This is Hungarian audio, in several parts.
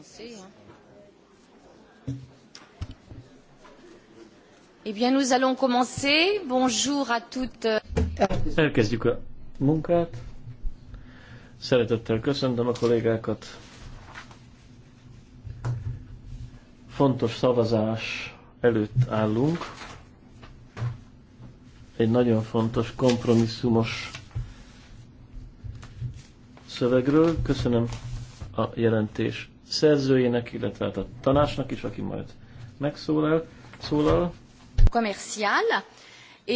commencer. Hein. Eh bien, nous allons commencer. Bonjour à toutes. Elkezdjük a munkát. Szeretettel köszöntöm a kollégákat. Fontos szavazás előtt állunk. Egy nagyon fontos kompromisszumos szövegről. Köszönöm a jelentés szerzőjének, illetve hát a tanácsnak is, aki majd megszólal. Szólal. Commercial.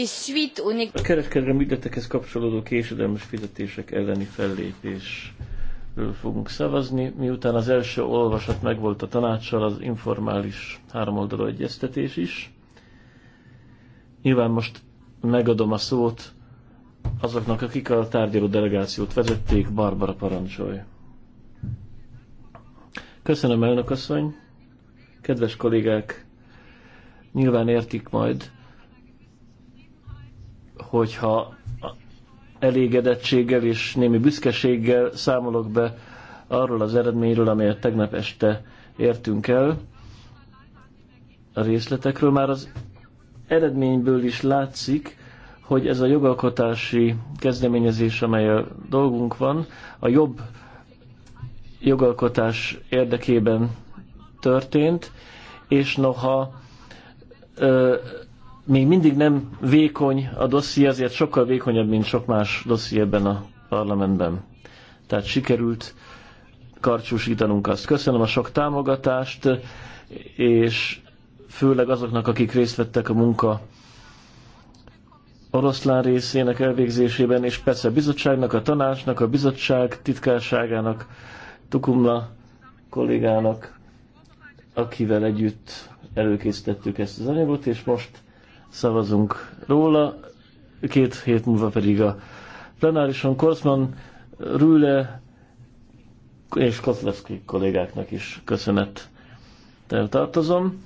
suite A kereskedelmi ügyletekhez kapcsolódó késedelmes fizetések elleni fellépés fogunk szavazni. Miután az első olvasat megvolt a tanácssal, az informális háromoldalú egyeztetés is. Nyilván most megadom a szót azoknak, akik a tárgyaló delegációt vezették. Barbara parancsolja. Köszönöm, elnök asszony. Kedves kollégák, nyilván értik majd, hogyha elégedettséggel és némi büszkeséggel számolok be arról az eredményről, amelyet tegnap este értünk el. A részletekről már az eredményből is látszik, hogy ez a jogalkotási kezdeményezés, amely a dolgunk van, a jobb jogalkotás érdekében történt, és noha ö, még mindig nem vékony a dosszi, azért sokkal vékonyabb, mint sok más dosszi ebben a parlamentben. Tehát sikerült karcsúsítanunk azt. Köszönöm a sok támogatást, és főleg azoknak, akik részt vettek a munka oroszlán részének elvégzésében, és persze a bizottságnak, a tanácsnak, a bizottság titkárságának, Tukumla kollégának, akivel együtt előkészítettük ezt az anyagot, és most szavazunk róla, két hét múlva pedig a plenárison Korsman, Rüle és Kozlevski kollégáknak is köszönettel tartozom.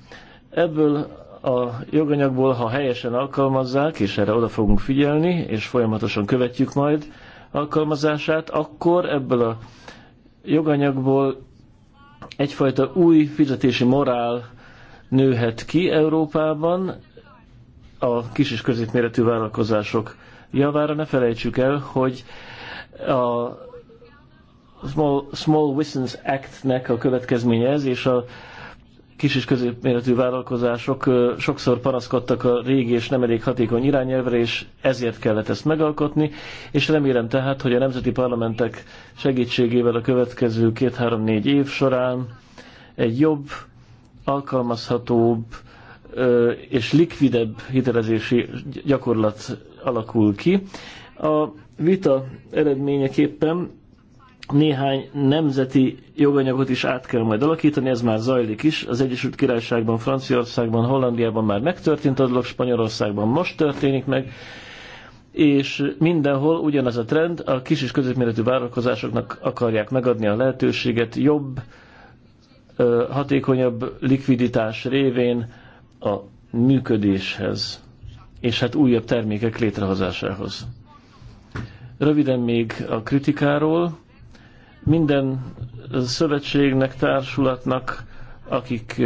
Ebből a joganyagból, ha helyesen alkalmazzák, és erre oda fogunk figyelni, és folyamatosan követjük majd alkalmazását, akkor ebből a joganyagból egyfajta új fizetési morál nőhet ki Európában a kis és középméretű vállalkozások javára. Ne felejtsük el, hogy a Small, Small Business Act-nek a következménye ez, és a kis és középméretű vállalkozások sokszor panaszkodtak a régi és nem elég hatékony irányelvre, és ezért kellett ezt megalkotni, és remélem tehát, hogy a nemzeti parlamentek segítségével a következő két-három-négy év során egy jobb, alkalmazhatóbb és likvidebb hitelezési gyakorlat alakul ki. A vita eredményeképpen néhány nemzeti joganyagot is át kell majd alakítani, ez már zajlik is. Az Egyesült Királyságban, Franciaországban, Hollandiában már megtörtént a dolog, Spanyolországban most történik meg, és mindenhol ugyanaz a trend, a kis és középméretű vállalkozásoknak akarják megadni a lehetőséget jobb, hatékonyabb likviditás révén a működéshez, és hát újabb termékek létrehozásához. Röviden még a kritikáról minden szövetségnek, társulatnak, akik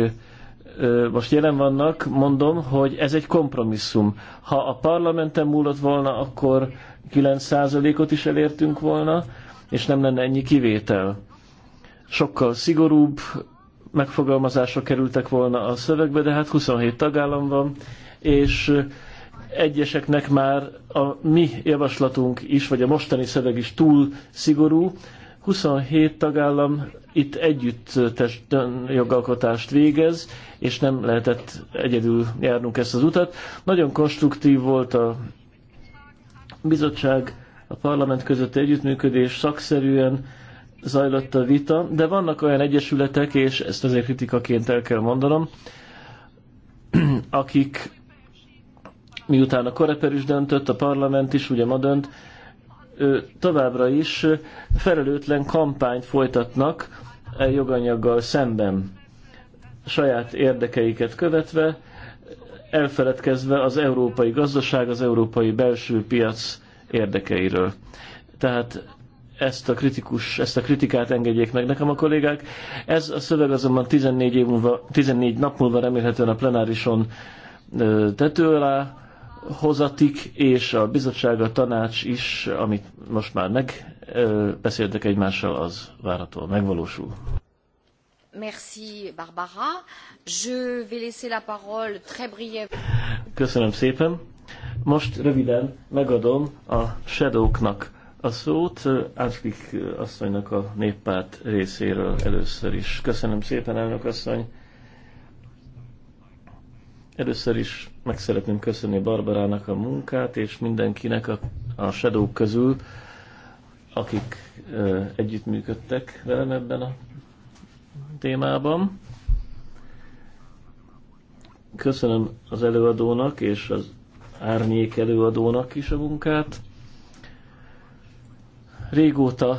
most jelen vannak, mondom, hogy ez egy kompromisszum. Ha a parlamenten múlott volna, akkor 9%-ot is elértünk volna, és nem lenne ennyi kivétel. Sokkal szigorúbb megfogalmazások kerültek volna a szövegbe, de hát 27 tagállam van, és egyeseknek már a mi javaslatunk is, vagy a mostani szöveg is túl szigorú, 27 tagállam itt együtt jogalkotást végez, és nem lehetett egyedül járnunk ezt az utat. Nagyon konstruktív volt a bizottság, a parlament közötti együttműködés, szakszerűen zajlott a vita, de vannak olyan egyesületek, és ezt azért kritikaként el kell mondanom, akik miután a koreper is döntött, a parlament is ugye ma dönt, továbbra is felelőtlen kampányt folytatnak e joganyaggal szemben, saját érdekeiket követve, elfeledkezve az európai gazdaság, az európai belső piac érdekeiről. Tehát ezt a, kritikus, ezt a kritikát engedjék meg nekem a kollégák. Ez a szöveg azonban 14, év múlva, 14 nap múlva remélhetően a plenárison tető alá hozatik, és a bizottság, a tanács is, amit most már megbeszéltek egymással, az várhatóan megvalósul. Merci Barbara. Je vais laisser la parole très brièvement. Köszönöm szépen. Most röviden megadom a shadowknak a szót, Átlik asszonynak a néppárt részéről először is. Köszönöm szépen, elnök asszony. Először is meg szeretném köszönni Barbarának a munkát, és mindenkinek a, a shadow közül, akik ö, együttműködtek velem ebben a témában. Köszönöm az előadónak és az árnyék előadónak is a munkát. Régóta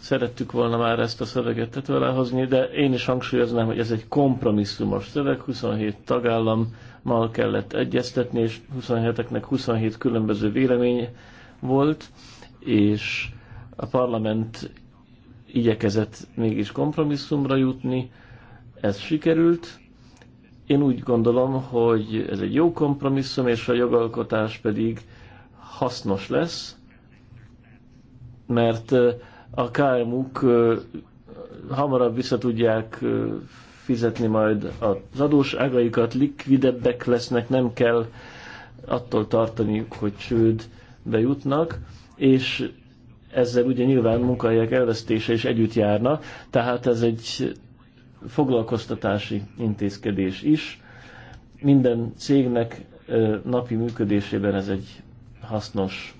szerettük volna már ezt a szöveget tetőlehozni, de én is hangsúlyoznám, hogy ez egy kompromisszumos szöveg, 27 tagállam mal kellett egyeztetni, és 27-eknek 27 különböző vélemény volt, és a parlament igyekezett mégis kompromisszumra jutni, ez sikerült. Én úgy gondolom, hogy ez egy jó kompromisszum, és a jogalkotás pedig hasznos lesz, mert a KMU-k hamarabb vissza tudják fizetni majd az adóságaikat, likvidebbek lesznek, nem kell attól tartaniuk, hogy csődbe jutnak, és ezzel ugye nyilván munkahelyek elvesztése is együtt járna, tehát ez egy foglalkoztatási intézkedés is. Minden cégnek napi működésében ez egy hasznos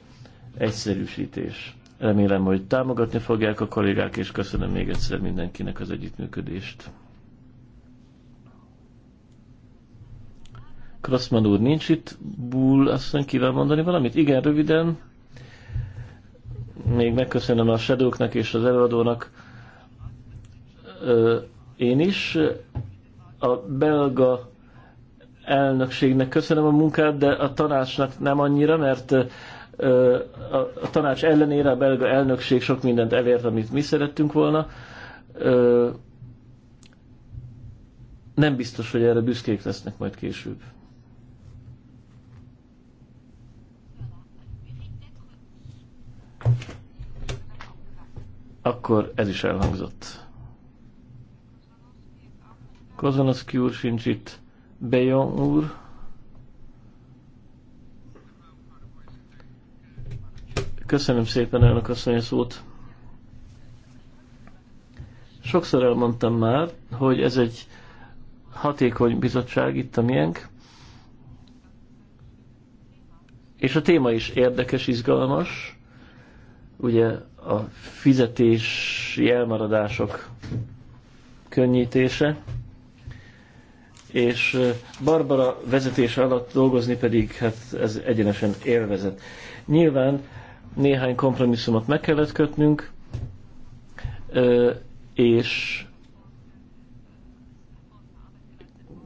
egyszerűsítés. Remélem, hogy támogatni fogják a kollégák, és köszönöm még egyszer mindenkinek az együttműködést. Krasman úr nincs itt. Bull asszony kíván mondani valamit? Igen, röviden. Még megköszönöm a sedóknak és az előadónak. Én is a belga elnökségnek köszönöm a munkát, de a tanácsnak nem annyira, mert a tanács ellenére a belga elnökség sok mindent elért, amit mi szerettünk volna. Nem biztos, hogy erre büszkék lesznek majd később. Akkor ez is elhangzott. Kozanoszki úr sincs itt. Bejon úr. Köszönöm szépen elnök asszony a szót. Sokszor elmondtam már, hogy ez egy hatékony bizottság, itt a miénk. És a téma is érdekes, izgalmas ugye a fizetési elmaradások könnyítése, és Barbara vezetése alatt dolgozni pedig hát ez egyenesen élvezett. Nyilván néhány kompromisszumot meg kellett kötnünk, és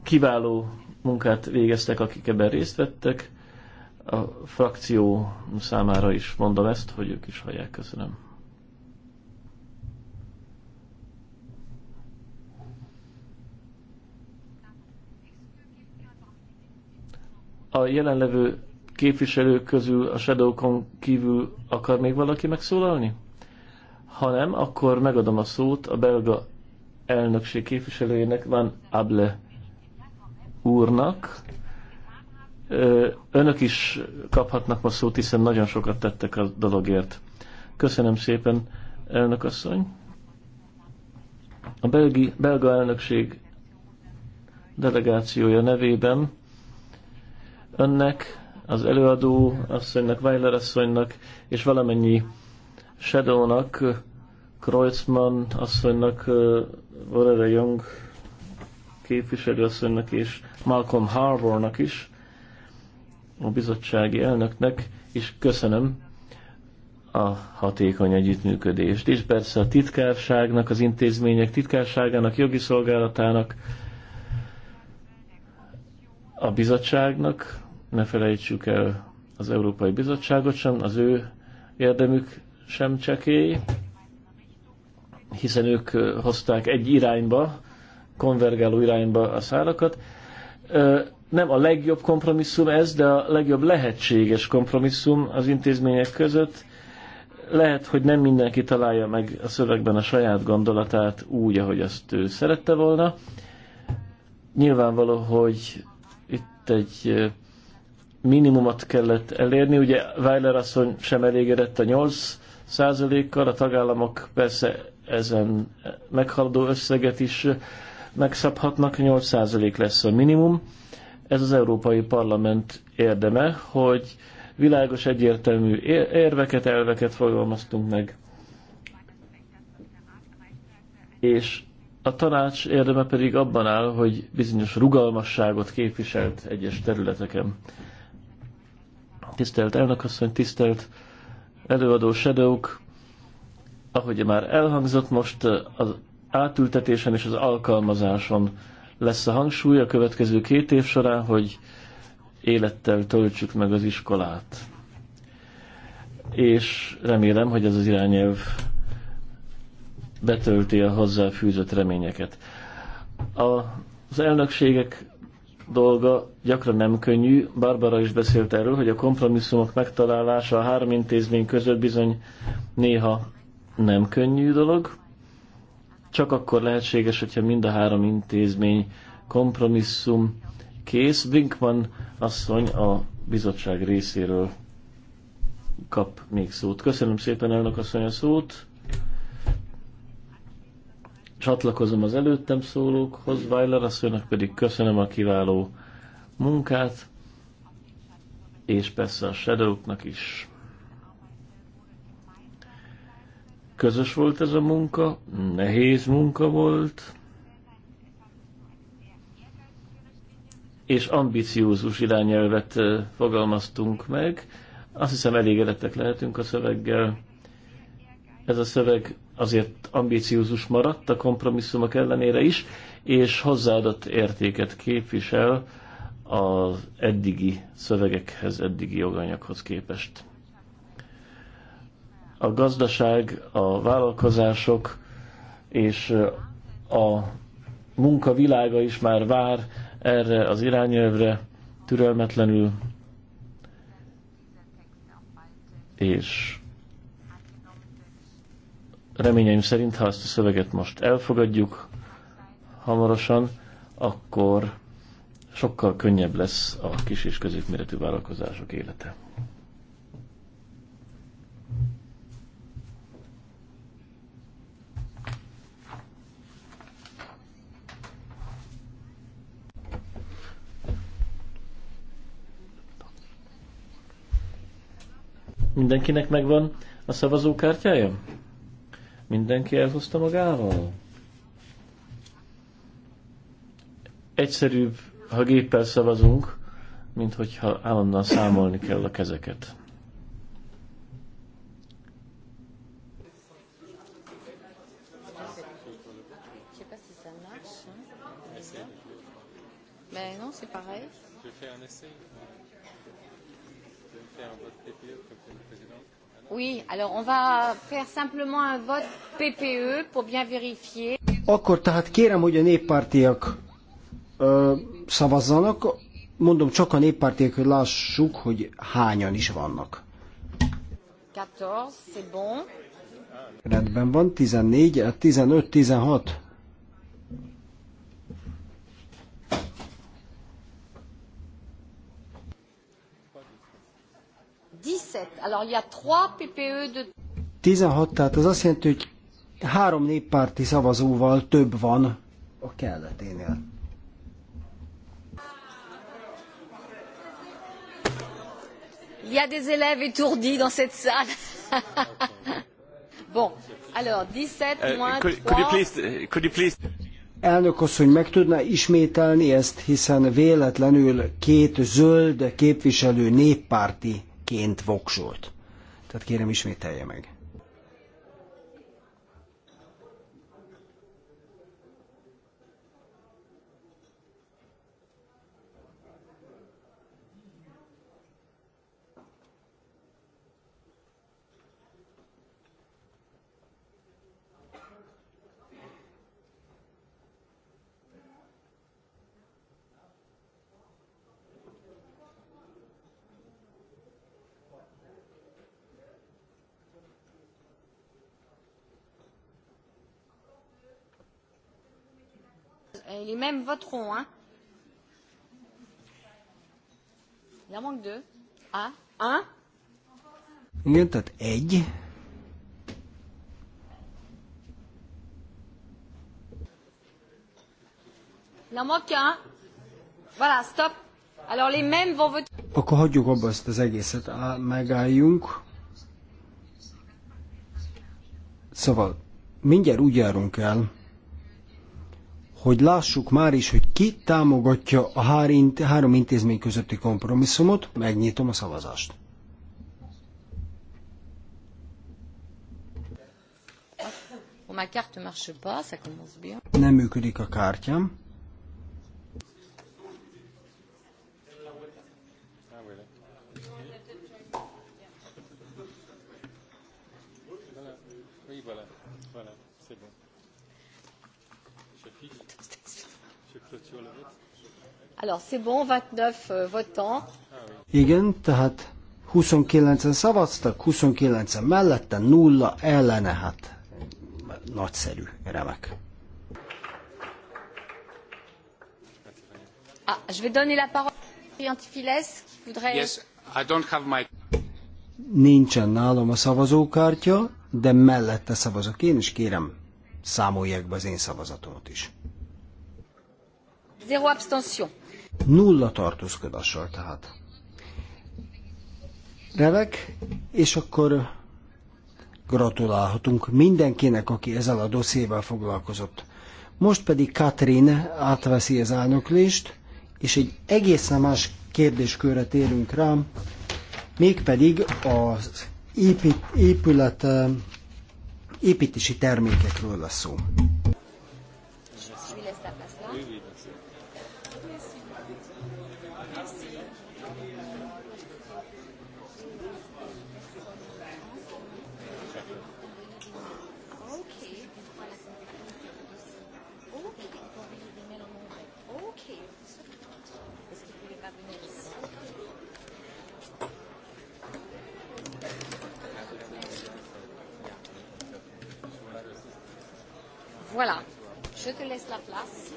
kiváló munkát végeztek, akik ebben részt vettek a frakció számára is mondom ezt, hogy ők is hallják. Köszönöm. A jelenlevő képviselők közül a Shadowkon kívül akar még valaki megszólalni? Ha nem, akkor megadom a szót a belga elnökség képviselőjének, Van Able úrnak. Önök is kaphatnak ma szót, hiszen nagyon sokat tettek a dologért. Köszönöm szépen, elnök asszony. A belgi, belga elnökség delegációja nevében önnek, az előadó asszonynak, Weiler asszonynak és valamennyi Shadownak, Kreuzmann asszonynak, Orere Young képviselő asszonynak és Malcolm Harbornak is a bizottsági elnöknek, és köszönöm a hatékony együttműködést, és persze a titkárságnak, az intézmények titkárságának, jogi szolgálatának, a bizottságnak, ne felejtsük el az Európai Bizottságot sem, az ő érdemük sem csekély, hiszen ők hozták egy irányba, konvergáló irányba a szálakat nem a legjobb kompromisszum ez, de a legjobb lehetséges kompromisszum az intézmények között. Lehet, hogy nem mindenki találja meg a szövegben a saját gondolatát úgy, ahogy azt ő szerette volna. Nyilvánvaló, hogy itt egy minimumot kellett elérni. Ugye Weiler asszony sem elégedett a 8 százalékkal, a tagállamok persze ezen meghaladó összeget is megszabhatnak, 8 százalék lesz a minimum ez az Európai Parlament érdeme, hogy világos, egyértelmű érveket, elveket fogalmaztunk meg. És a tanács érdeme pedig abban áll, hogy bizonyos rugalmasságot képviselt egyes területeken. Tisztelt elnökasszony, tisztelt előadó shadow ahogy már elhangzott most, az átültetésen és az alkalmazáson lesz a hangsúly a következő két év során, hogy élettel töltsük meg az iskolát. És remélem, hogy ez az irányelv betölti a hozzá fűzött reményeket. A, az elnökségek dolga gyakran nem könnyű. Barbara is beszélt erről, hogy a kompromisszumok megtalálása a három intézmény között bizony néha nem könnyű dolog csak akkor lehetséges, hogyha mind a három intézmény kompromisszum kész. Brinkman asszony a bizottság részéről kap még szót. Köszönöm szépen, elnök asszony, a szót. Csatlakozom az előttem szólókhoz, Weiler asszonynak pedig köszönöm a kiváló munkát, és persze a Shadowknak is. Közös volt ez a munka, nehéz munka volt, és ambiciózus irányelvet fogalmaztunk meg. Azt hiszem elégedettek lehetünk a szöveggel. Ez a szöveg azért ambiciózus maradt a kompromisszumok ellenére is, és hozzáadott értéket képvisel az eddigi szövegekhez, eddigi joganyaghoz képest a gazdaság, a vállalkozások és a munka világa is már vár erre az irányelvre türelmetlenül, és reményeim szerint, ha ezt a szöveget most elfogadjuk hamarosan, akkor sokkal könnyebb lesz a kis és középméretű vállalkozások élete. Mindenkinek megvan a szavazókártyája? Mindenki elhozta magával? Egyszerűbb, ha géppel szavazunk, mint hogyha állandóan számolni kell a kezeket. Mais non, c'est pareil. Je fais un essai. Oui, alors on va faire simplement un vote PPE pour bien vérifier. Akkor tehát kérem, hogy a néppártiak ö, szavazzanak. Mondom csak a néppártiak, hogy lássuk, hogy hányan is vannak. 14, c'est bon. Rendben van, 14, 15, 16. 16, e tehát az azt jelenti, hogy három néppárti szavazóval több van a kelleténél. Il y a des élèves étourdis dans cette salle. bon, alors 17 euh, moins 3. Could, you please, uh, could you please... Elnök asszony meg tudná ismételni ezt, hiszen véletlenül két zöld képviselő néppárti ként voksolt. Tehát kérem, ismételje meg. Et les mêmes voteront. Hein. Il en manque deux. Ah, un. Igen, tehát egy. Il en manque un. Voilà, stop. Alors les mêmes vont voter. Akkor hagyjuk abba ezt az egészet, megálljunk. Szóval mindjárt úgy járunk el, hogy lássuk már is, hogy ki támogatja a három intézmény közötti kompromisszumot, megnyitom a szavazást. Nem működik a kártyám. Alors, c'est bon, 29 euh, Igen, tehát 29-en szavaztak, 29-en mellette, nulla ellene, hát nagyszerű, remek. Ah, je vais donner la parole à Antifiles, qui voudrait... Yes, I don't have my... Nincsen nálam a szavazókártya, de mellette szavazok én, és kérem, számolják be az én szavazatomat is. Zero abstention. Nulla tartózkodással tehát. Revek, és akkor gratulálhatunk mindenkinek, aki ezzel a dossziéval foglalkozott. Most pedig Katrin átveszi az elnöklést, és egy egészen más kérdéskörre térünk rá, mégpedig az épít, épület építési termékekről lesz szó. laisse la place.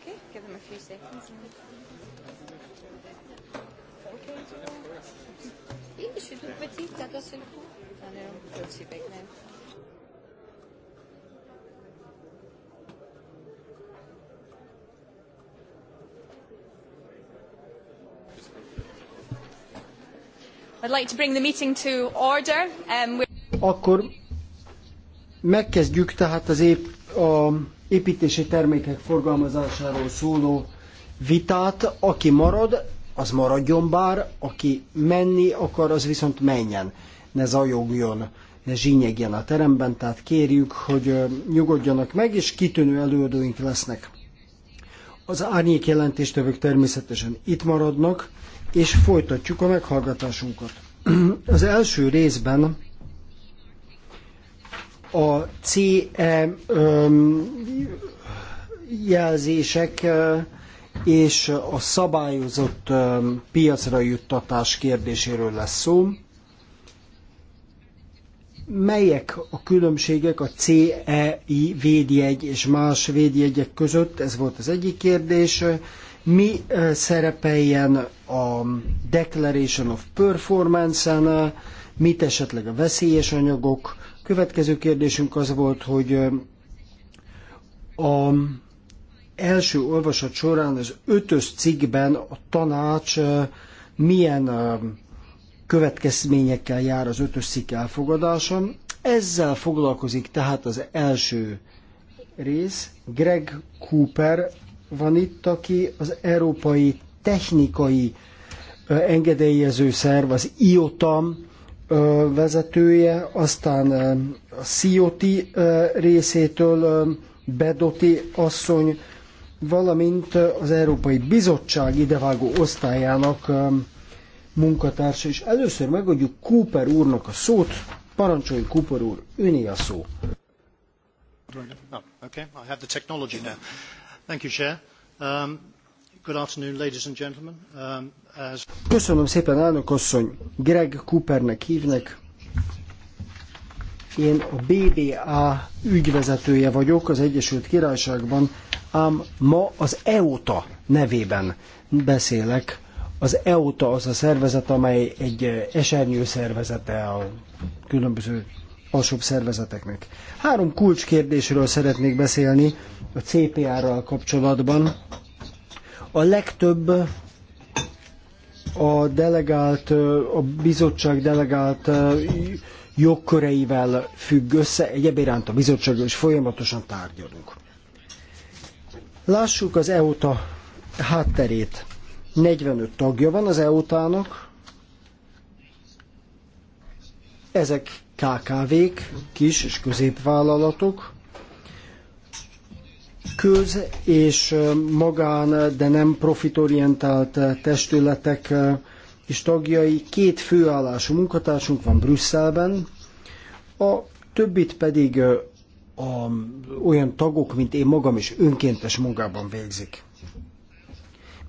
Okay, give them a few seconds. Okay. je suis toute petite, coup. I'd like to bring the meeting to order. Um, Akkor Megkezdjük tehát az ép, a építési termékek forgalmazásáról szóló vitát. Aki marad, az maradjon bár, aki menni akar, az viszont menjen, ne zajogjon, ne zsínyegjen a teremben, tehát kérjük, hogy nyugodjanak meg, és kitűnő előadóink lesznek. Az árnyék jelentéstevők természetesen itt maradnak, és folytatjuk a meghallgatásunkat. Az első részben a CE jelzések és a szabályozott piacra juttatás kérdéséről lesz szó. Melyek a különbségek a CEI védjegy és más védjegyek között? Ez volt az egyik kérdés. Mi szerepeljen a Declaration of Performance-en, mit esetleg a veszélyes anyagok, Következő kérdésünk az volt, hogy a első olvasat során az ötös cikkben a tanács milyen következményekkel jár az ötös cikk elfogadása. Ezzel foglalkozik tehát az első rész. Greg Cooper van itt, aki az Európai Technikai Engedélyező Szerv, az IOTAM vezetője, aztán a Szioti részétől Bedoti asszony, valamint az Európai Bizottság idevágó osztályának munkatársa, és először megadjuk Cooper úrnak a szót, parancsolj Cooper úr, üni a szó. Oh, okay. I have the technology now. Thank you, Chair. Um, Um, Köszönöm szépen, elnök asszony. Greg Coopernek hívnak. Én a BBA ügyvezetője vagyok az Egyesült Királyságban, ám ma az EOTA nevében beszélek. Az EOTA az a szervezet, amely egy esernyő szervezete a különböző alsóbb szervezeteknek. Három kulcskérdésről szeretnék beszélni a CPR-ral kapcsolatban, a legtöbb a delegált, a bizottság delegált jogköreivel függ össze, iránt a bizottsággal is folyamatosan tárgyalunk. Lássuk az EOTA hátterét. 45 tagja van az EOTA-nak, ezek KKV-k, kis és középvállalatok, köz- és magán, de nem profitorientált testületek és tagjai. Két főállású munkatársunk van Brüsszelben, a többit pedig a, olyan tagok, mint én magam is önkéntes munkában végzik.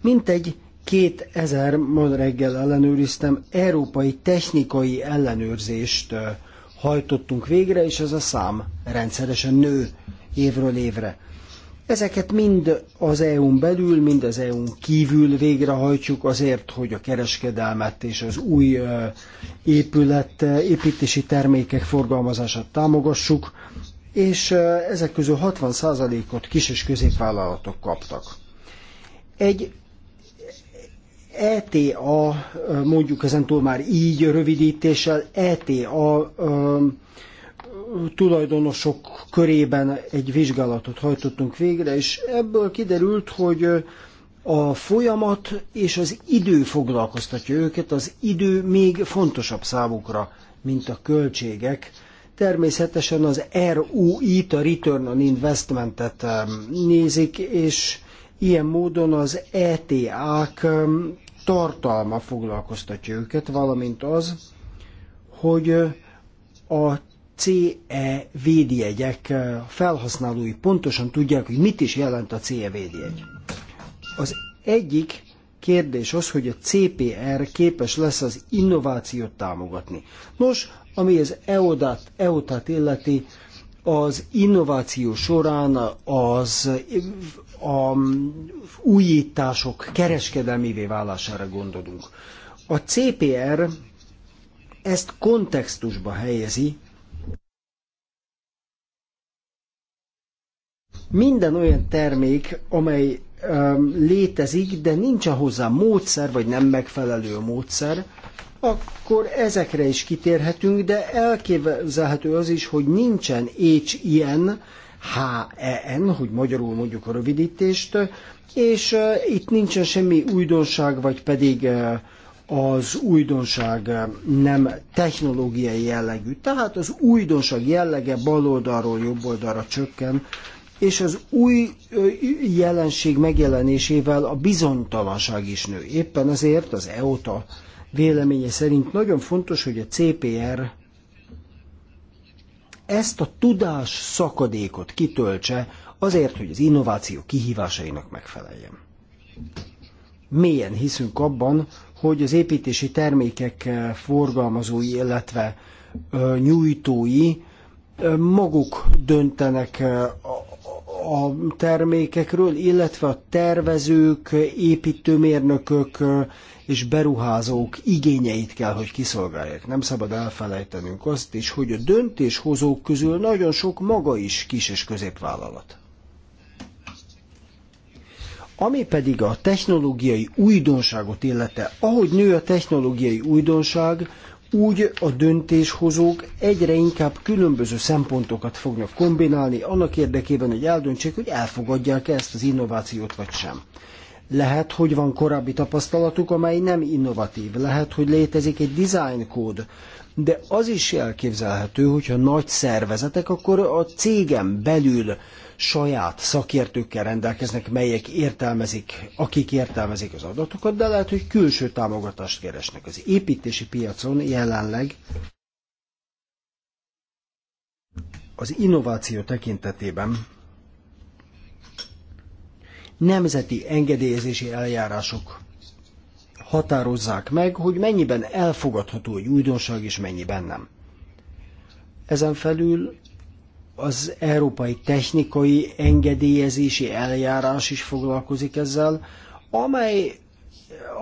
Mintegy 2000, ma reggel ellenőriztem, európai technikai ellenőrzést hajtottunk végre, és ez a szám rendszeresen nő évről évre. Ezeket mind az EU-n belül, mind az EU-n kívül végrehajtjuk azért, hogy a kereskedelmet és az új épület, építési termékek forgalmazását támogassuk, és ezek közül 60%-ot kis- és középvállalatok kaptak. Egy ETA, mondjuk ezen túl már így rövidítéssel, ETA tulajdonosok körében egy vizsgálatot hajtottunk végre, és ebből kiderült, hogy a folyamat és az idő foglalkoztatja őket, az idő még fontosabb számukra, mint a költségek. Természetesen az ROI-t, a Return on Investment-et nézik, és ilyen módon az ETA-k tartalma foglalkoztatja őket, valamint az, hogy a CE védjegyek eh, felhasználói pontosan tudják, hogy mit is jelent a CE védjegy. Az egyik kérdés az, hogy a CPR képes lesz az innovációt támogatni. Nos, ami az EODAT, EOTAT illeti, az innováció során az a újítások kereskedelmévé válására gondolunk. A CPR ezt kontextusba helyezi, Minden olyan termék, amely um, létezik, de nincs hozzá módszer, vagy nem megfelelő a módszer, akkor ezekre is kitérhetünk, de elképzelhető az is, hogy nincsen HIN, e HEN, hogy magyarul mondjuk a rövidítést, és uh, itt nincsen semmi újdonság, vagy pedig uh, az újdonság uh, nem technológiai jellegű. Tehát az újdonság jellege baloldalról jobb oldalra csökken, és az új jelenség megjelenésével a bizonytalanság is nő. Éppen ezért az EOTA véleménye szerint nagyon fontos, hogy a CPR ezt a tudás szakadékot kitöltse azért, hogy az innováció kihívásainak megfeleljen. Mélyen hiszünk abban, hogy az építési termékek forgalmazói, illetve nyújtói maguk döntenek a termékekről, illetve a tervezők, építőmérnökök és beruházók igényeit kell, hogy kiszolgálják. Nem szabad elfelejtenünk azt is, hogy a döntéshozók közül nagyon sok maga is kis és középvállalat. Ami pedig a technológiai újdonságot illete, ahogy nő a technológiai újdonság, úgy a döntéshozók egyre inkább különböző szempontokat fognak kombinálni annak érdekében, hogy eldöntsék, hogy elfogadják -e ezt az innovációt vagy sem. Lehet, hogy van korábbi tapasztalatuk, amely nem innovatív. Lehet, hogy létezik egy design kód, de az is elképzelhető, hogyha nagy szervezetek, akkor a cégen belül saját szakértőkkel rendelkeznek, melyek értelmezik, akik értelmezik az adatokat, de lehet, hogy külső támogatást keresnek. Az építési piacon jelenleg az innováció tekintetében nemzeti engedélyezési eljárások határozzák meg, hogy mennyiben elfogadható egy újdonság és mennyiben nem. Ezen felül az európai technikai engedélyezési eljárás is foglalkozik ezzel, amely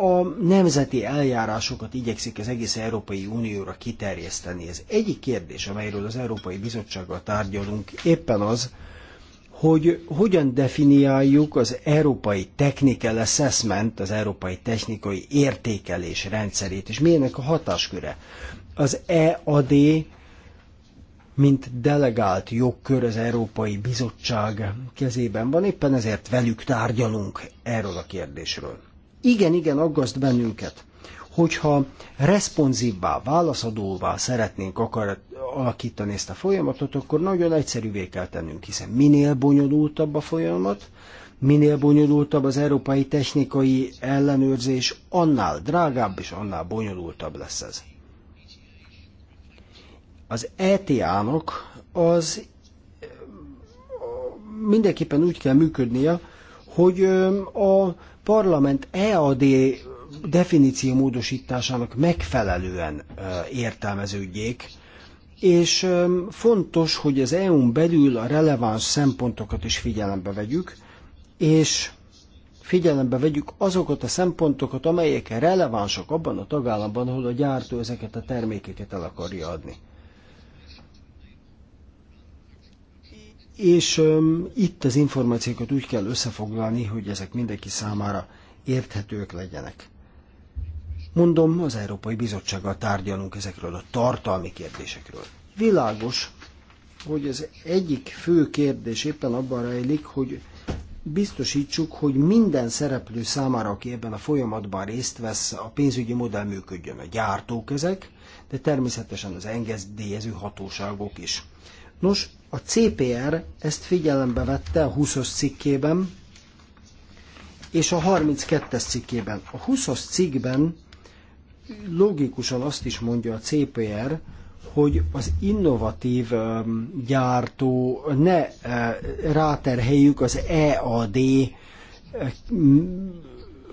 a nemzeti eljárásokat igyekszik az egész Európai Unióra kiterjeszteni. Ez egyik kérdés, amelyről az Európai Bizottsággal tárgyalunk, éppen az, hogy hogyan definiáljuk az Európai Technical Assessment, az Európai Technikai Értékelés rendszerét, és milyenek a hatásköre. Az EAD mint delegált jogkör az Európai Bizottság kezében van, éppen ezért velük tárgyalunk erről a kérdésről. Igen, igen, aggaszt bennünket, hogyha responsívvá, válaszadóvá szeretnénk akar, alakítani ezt a folyamatot, akkor nagyon egyszerűvé kell tennünk, hiszen minél bonyolultabb a folyamat, minél bonyolultabb az európai technikai ellenőrzés, annál drágább és annál bonyolultabb lesz ez. Az ETA-nak az mindenképpen úgy kell működnie, hogy a parlament EAD definíció módosításának megfelelően értelmeződjék, és fontos, hogy az EU-n belül a releváns szempontokat is figyelembe vegyük, és figyelembe vegyük azokat a szempontokat, amelyek relevánsak abban a tagállamban, ahol a gyártó ezeket a termékeket el akarja adni. és um, itt az információkat úgy kell összefoglalni, hogy ezek mindenki számára érthetők legyenek. Mondom, az Európai Bizottsággal tárgyalunk ezekről a tartalmi kérdésekről. Világos, hogy az egyik fő kérdés éppen abban rejlik, hogy biztosítsuk, hogy minden szereplő számára, aki ebben a folyamatban részt vesz, a pénzügyi modell működjön. A gyártók ezek, de természetesen az engedélyező hatóságok is. Nos, a CPR ezt figyelembe vette a 20-os cikkében, és a 32-es cikkében. A 20 os cikkben logikusan azt is mondja a CPR, hogy az innovatív um, gyártó ne uh, ráterheljük az EAD uh,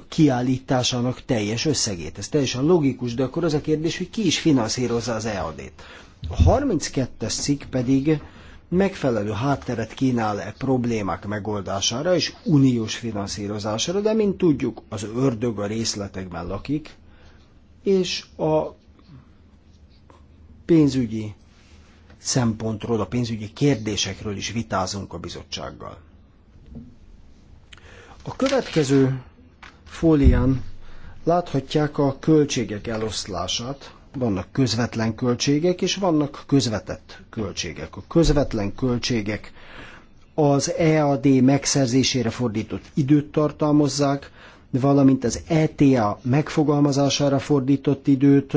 kiállításának teljes összegét. Ez teljesen logikus, de akkor az a kérdés, hogy ki is finanszírozza az EAD-t. A 32-es cikk pedig megfelelő hátteret kínál-e problémák megoldására és uniós finanszírozására, de mint tudjuk, az ördög a részletekben lakik, és a pénzügyi szempontról, a pénzügyi kérdésekről is vitázunk a bizottsággal. A következő fólián láthatják a költségek eloszlását, vannak közvetlen költségek, és vannak közvetett költségek. A közvetlen költségek az EAD megszerzésére fordított időt tartalmazzák, valamint az ETA megfogalmazására fordított időt,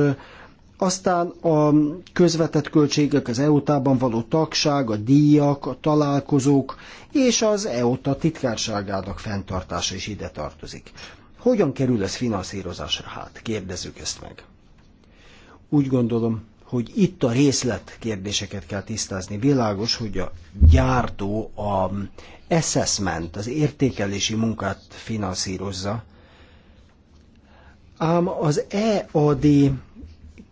aztán a közvetett költségek, az EOTA-ban való tagság, a díjak, a találkozók és az EOTA titkárságának fenntartása is ide tartozik. Hogyan kerül ez finanszírozásra? Hát kérdezzük ezt meg. Úgy gondolom, hogy itt a részlet kérdéseket kell tisztázni. Világos, hogy a gyártó a assessment, az értékelési munkát finanszírozza, ám az EAD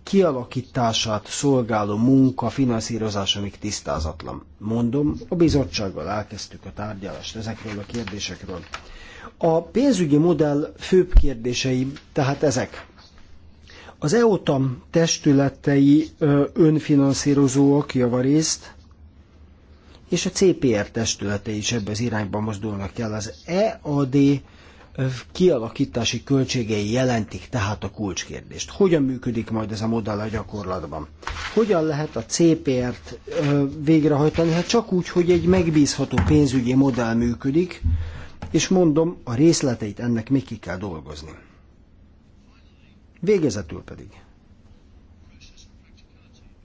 kialakítását szolgáló munka finanszírozása még tisztázatlan. Mondom, a bizottsággal elkezdtük a tárgyalást ezekről a kérdésekről. A pénzügyi modell főbb kérdései tehát ezek. Az EOTAM testületei önfinanszírozóak javarészt, és a CPR testülete is ebbe az irányba mozdulnak el. Az EAD kialakítási költségei jelentik tehát a kulcskérdést. Hogyan működik majd ez a modell a gyakorlatban? Hogyan lehet a CPR-t végrehajtani? Hát csak úgy, hogy egy megbízható pénzügyi modell működik, és mondom, a részleteit ennek még ki kell dolgozni. Végezetül pedig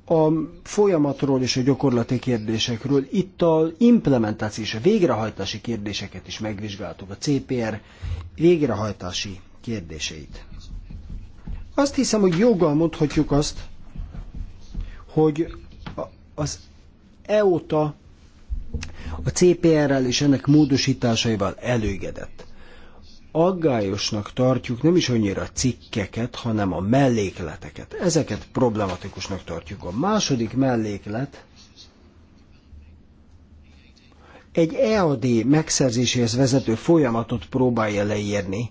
a folyamatról és a gyakorlati kérdésekről, itt a implementáció és a végrehajtási kérdéseket is megvizsgáltuk, a CPR végrehajtási kérdéseit. Azt hiszem, hogy joggal mondhatjuk azt, hogy az EOTA a CPR-rel és ennek módosításaival előgedett aggályosnak tartjuk nem is annyira a cikkeket, hanem a mellékleteket. Ezeket problematikusnak tartjuk. A második melléklet egy EAD megszerzéséhez vezető folyamatot próbálja leírni,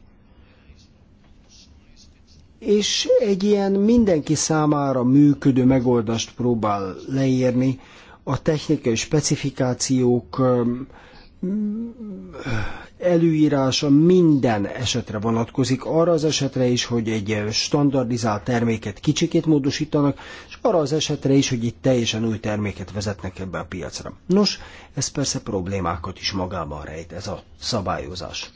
és egy ilyen mindenki számára működő megoldást próbál leírni, a technikai specifikációk előírása minden esetre vonatkozik, arra az esetre is, hogy egy standardizált terméket kicsikét módosítanak, és arra az esetre is, hogy egy teljesen új terméket vezetnek ebbe a piacra. Nos, ez persze problémákat is magában rejt, ez a szabályozás.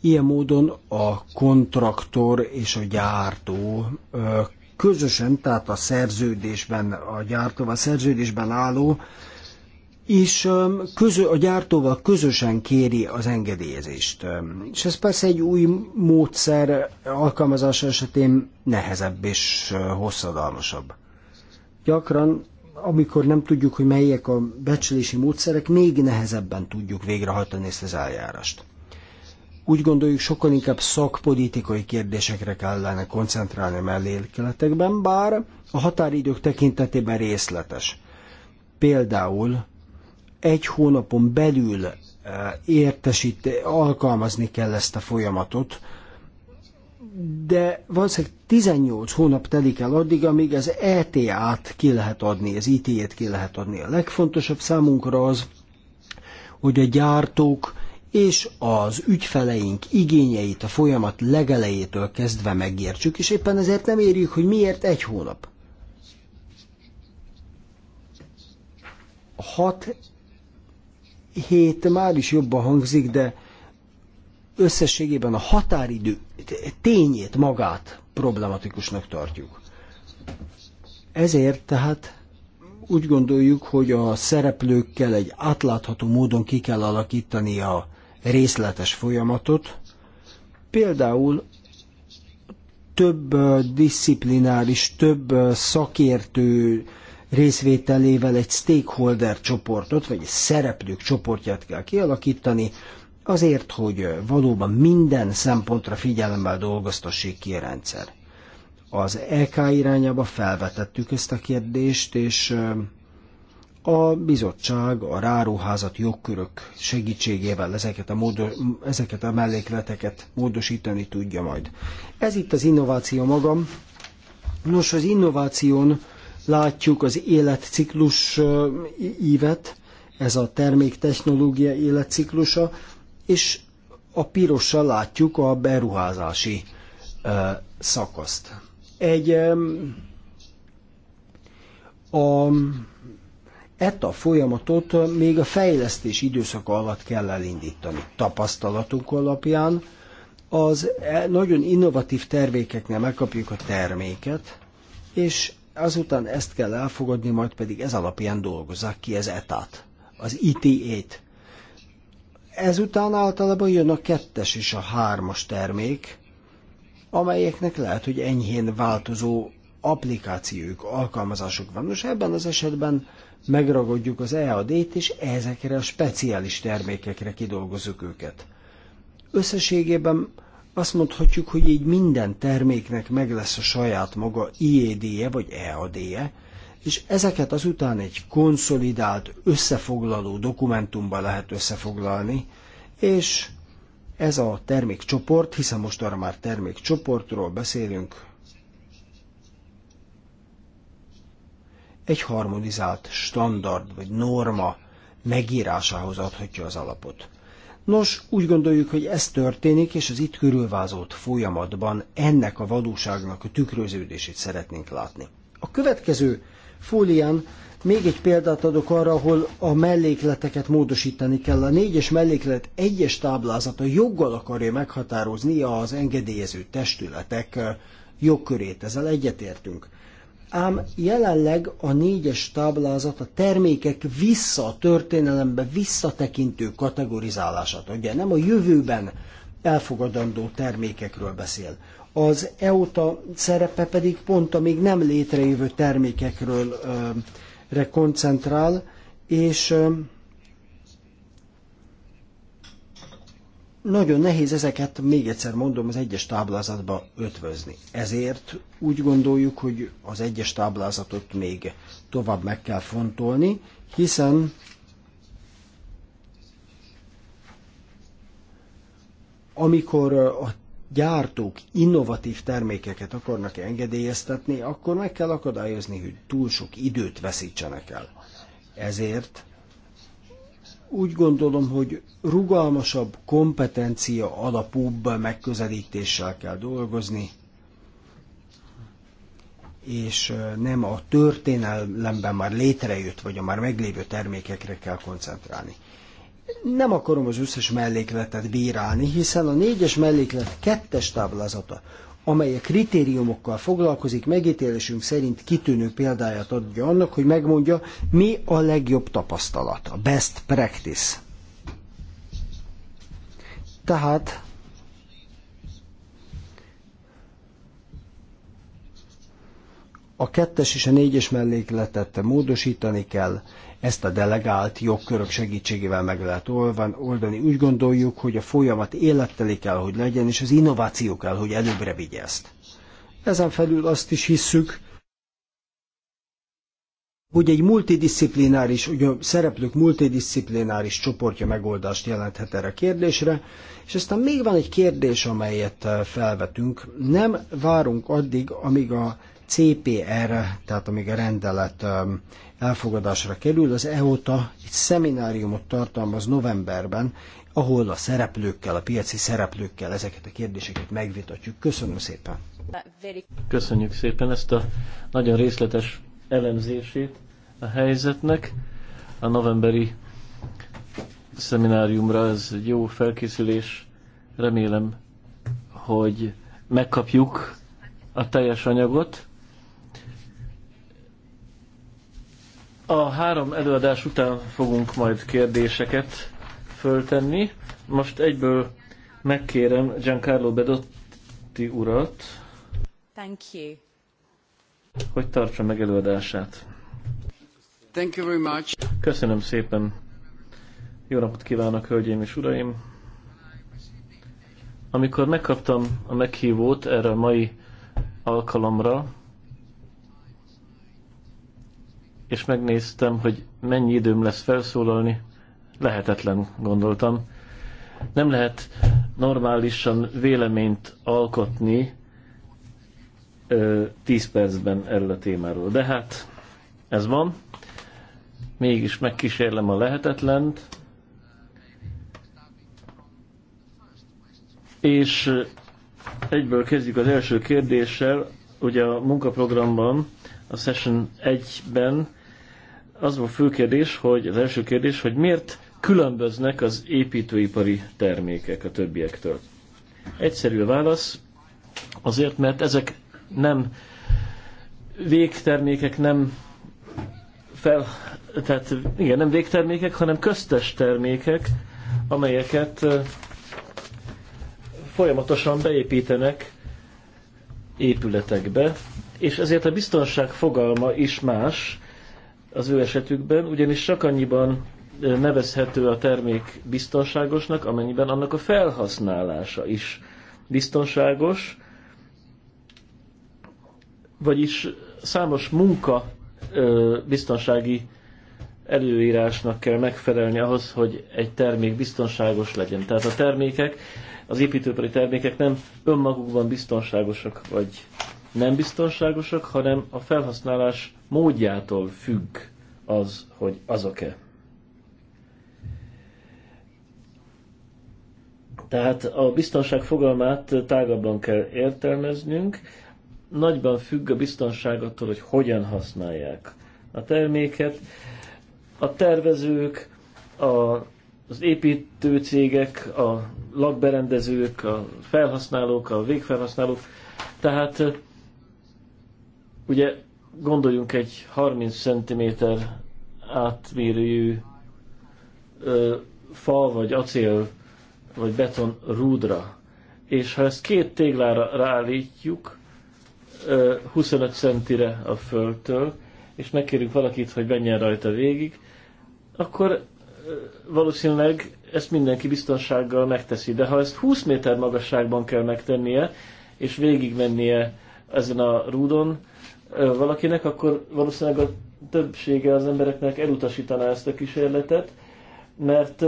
Ilyen módon a kontraktor és a gyártó közösen, tehát a szerződésben, a gyártóval szerződésben álló és közö, a gyártóval közösen kéri az engedélyezést. És ez persze egy új módszer alkalmazása esetén nehezebb és hosszadalmasabb. Gyakran, amikor nem tudjuk, hogy melyek a becslési módszerek, még nehezebben tudjuk végrehajtani ezt az eljárást. Úgy gondoljuk, sokkal inkább szakpolitikai kérdésekre kellene koncentrálni a mellékletekben, bár a határidők tekintetében részletes. Például egy hónapon belül eh, értesít, alkalmazni kell ezt a folyamatot, de valószínűleg 18 hónap telik el addig, amíg az ETA-t ki lehet adni, az IT-t ki lehet adni. A legfontosabb számunkra az, hogy a gyártók és az ügyfeleink igényeit a folyamat legelejétől kezdve megértsük, és éppen ezért nem érjük, hogy miért egy hónap. Hat hét már is jobban hangzik, de összességében a határidő tényét, magát problematikusnak tartjuk. Ezért tehát úgy gondoljuk, hogy a szereplőkkel egy átlátható módon ki kell alakítani a részletes folyamatot. Például több disziplináris, több szakértő részvételével egy stakeholder csoportot, vagy egy szereplők csoportját kell kialakítani, azért, hogy valóban minden szempontra figyelemmel dolgoztassék ki a rendszer. Az EK irányába felvetettük ezt a kérdést, és a bizottság a ráruházat jogkörök segítségével ezeket a, módo- ezeket a mellékleteket módosítani tudja majd. Ez itt az innováció magam. Nos, az innováción látjuk az életciklus ívet, ez a termék technológia életciklusa, és a pirossal látjuk a beruházási szakaszt. Egy a a folyamatot még a fejlesztés időszaka alatt kell elindítani. Tapasztalatunk alapján az e- nagyon innovatív termékeknél megkapjuk a terméket, és azután ezt kell elfogadni, majd pedig ez alapján dolgozzák ki az etát, az ita t Ezután általában jön a kettes és a hármas termék, amelyeknek lehet, hogy enyhén változó applikációk, alkalmazások van. Most ebben az esetben megragadjuk az EAD-t, és ezekre a speciális termékekre kidolgozzuk őket. Összességében azt mondhatjuk, hogy így minden terméknek meg lesz a saját maga IED-je vagy EAD-je, és ezeket azután egy konszolidált, összefoglaló dokumentumban lehet összefoglalni, és ez a termékcsoport, hiszen most arra már termékcsoportról beszélünk, egy harmonizált standard vagy norma megírásához adhatja az alapot. Nos, úgy gondoljuk, hogy ez történik, és az itt körülvázolt folyamatban ennek a valóságnak a tükröződését szeretnénk látni. A következő fólián még egy példát adok arra, ahol a mellékleteket módosítani kell. A négyes melléklet egyes táblázata joggal akarja meghatározni az engedélyező testületek eh, jogkörét. Ezzel egyetértünk ám jelenleg a négyes táblázat a termékek vissza a történelembe visszatekintő kategorizálását adja, nem a jövőben elfogadandó termékekről beszél. Az EOTA szerepe pedig pont a még nem létrejövő termékekről ö, koncentrál, és ö, nagyon nehéz ezeket, még egyszer mondom, az egyes táblázatba ötvözni. Ezért úgy gondoljuk, hogy az egyes táblázatot még tovább meg kell fontolni, hiszen amikor a gyártók innovatív termékeket akarnak engedélyeztetni, akkor meg kell akadályozni, hogy túl sok időt veszítsenek el. Ezért úgy gondolom, hogy rugalmasabb, kompetencia alapúbb megközelítéssel kell dolgozni, és nem a történelemben már létrejött, vagy a már meglévő termékekre kell koncentrálni. Nem akarom az összes mellékletet bírálni, hiszen a négyes melléklet kettes táblázata amely a kritériumokkal foglalkozik, megítélésünk szerint kitűnő példáját adja annak, hogy megmondja, mi a legjobb tapasztalat, a best practice. Tehát a kettes és a négyes mellékletet módosítani kell, ezt a delegált jogkörök segítségével meg lehet oldani. Úgy gondoljuk, hogy a folyamat életteli kell, hogy legyen, és az innováció kell, hogy előbbre vigye ezt. Ezen felül azt is hisszük, hogy egy multidisziplináris, hogy a szereplők multidisziplináris csoportja megoldást jelenthet erre a kérdésre, és aztán még van egy kérdés, amelyet eh, felvetünk. Nem várunk addig, amíg a CPR, tehát amíg a rendelet eh, elfogadásra kerül. Az EOTA egy szemináriumot tartalmaz novemberben, ahol a szereplőkkel, a piaci szereplőkkel ezeket a kérdéseket megvitatjuk. Köszönöm szépen! Köszönjük szépen ezt a nagyon részletes elemzését a helyzetnek. A novemberi szemináriumra ez egy jó felkészülés. Remélem, hogy megkapjuk a teljes anyagot A három előadás után fogunk majd kérdéseket föltenni. Most egyből megkérem Giancarlo Bedotti urat, Thank you. hogy tartsa meg előadását. Thank you very much. Köszönöm szépen. Jó napot kívánok, hölgyeim és uraim! Amikor megkaptam a meghívót erre a mai alkalomra, és megnéztem, hogy mennyi időm lesz felszólalni. Lehetetlen, gondoltam. Nem lehet normálisan véleményt alkotni ö, 10 percben erről a témáról. De hát ez van. Mégis megkísérlem a lehetetlent. És egyből kezdjük az első kérdéssel. Ugye a munkaprogramban, a Session 1-ben az a fő kérdés, hogy az első kérdés, hogy miért különböznek az építőipari termékek a többiektől. Egyszerű a válasz, azért, mert ezek nem végtermékek, nem fel, tehát igen, nem végtermékek, hanem köztes termékek, amelyeket folyamatosan beépítenek épületekbe, és ezért a biztonság fogalma is más, az ő esetükben, ugyanis csak annyiban nevezhető a termék biztonságosnak, amennyiben annak a felhasználása is biztonságos, vagyis számos munka biztonsági előírásnak kell megfelelni ahhoz, hogy egy termék biztonságos legyen. Tehát a termékek, az építőipari termékek nem önmagukban biztonságosak vagy nem biztonságosak, hanem a felhasználás módjától függ az, hogy azok-e. Tehát a biztonság fogalmát tágabban kell értelmeznünk, nagyban függ a biztonság attól, hogy hogyan használják a terméket. A tervezők, a, az építőcégek, a lakberendezők, a felhasználók, a végfelhasználók, tehát Ugye gondoljunk egy 30 cm átmérőjű ö, fa, vagy acél, vagy beton rúdra. És ha ezt két téglára ráállítjuk, 25 centire a földtől, és megkérünk valakit, hogy menjen rajta végig, akkor valószínűleg ezt mindenki biztonsággal megteszi. De ha ezt 20 méter magasságban kell megtennie, és végigmennie ezen a rúdon, valakinek, akkor valószínűleg a többsége az embereknek elutasítaná ezt a kísérletet, mert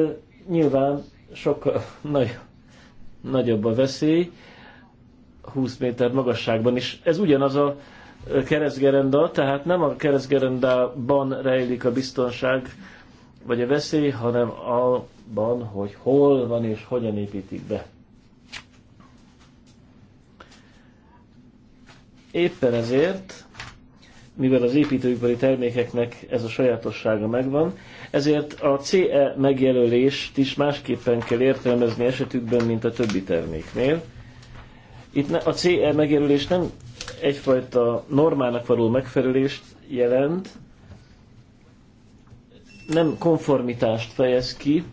nyilván sokkal nagy, nagyobb a veszély, 20 méter magasságban is. Ez ugyanaz a keresztgerenda, tehát nem a keresztgerendában rejlik a biztonság vagy a veszély, hanem abban, hogy hol van és hogyan építik be. Éppen ezért mivel az építőipari termékeknek ez a sajátossága megvan, ezért a CE megjelölést is másképpen kell értelmezni esetükben, mint a többi terméknél. Itt a CE megjelölés nem egyfajta normának való megfelelést jelent, nem konformitást fejez ki,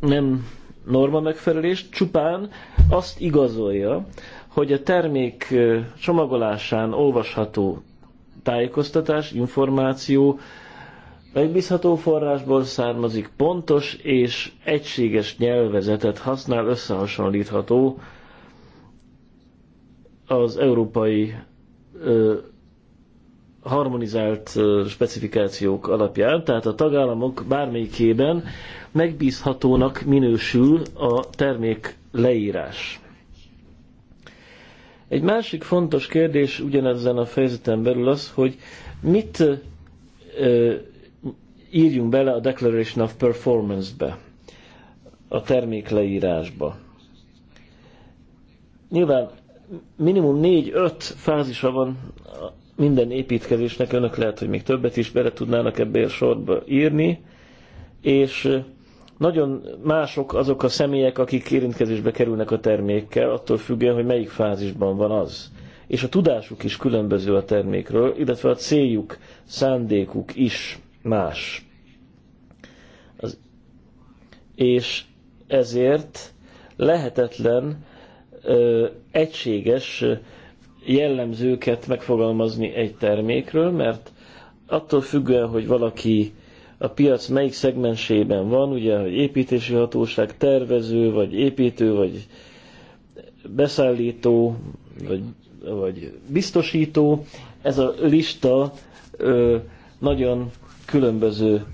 nem norma megfelelést, csupán azt igazolja, hogy a termék csomagolásán olvasható tájékoztatás, információ megbízható forrásból származik, pontos és egységes nyelvezetet használ, összehasonlítható az európai ö, harmonizált ö, specifikációk alapján, tehát a tagállamok bármelyikében megbízhatónak minősül a termék leírás. Egy másik fontos kérdés ugyanezen a fejezeten belül az, hogy mit ö, írjunk bele a Declaration of Performance-be, a termék leírásba. Nyilván minimum 4-5 fázisa van minden építkezésnek, önök lehet, hogy még többet is bele tudnának ebbe a sorba írni, és nagyon mások azok a személyek, akik érintkezésbe kerülnek a termékkel, attól függően, hogy melyik fázisban van az. És a tudásuk is különböző a termékről, illetve a céljuk, szándékuk is más. Az, és ezért lehetetlen ö, egységes jellemzőket megfogalmazni egy termékről, mert attól függően, hogy valaki a piac melyik szegmensében van, ugye, hogy építési hatóság, tervező, vagy építő, vagy beszállító, vagy, vagy biztosító. Ez a lista ö, nagyon különböző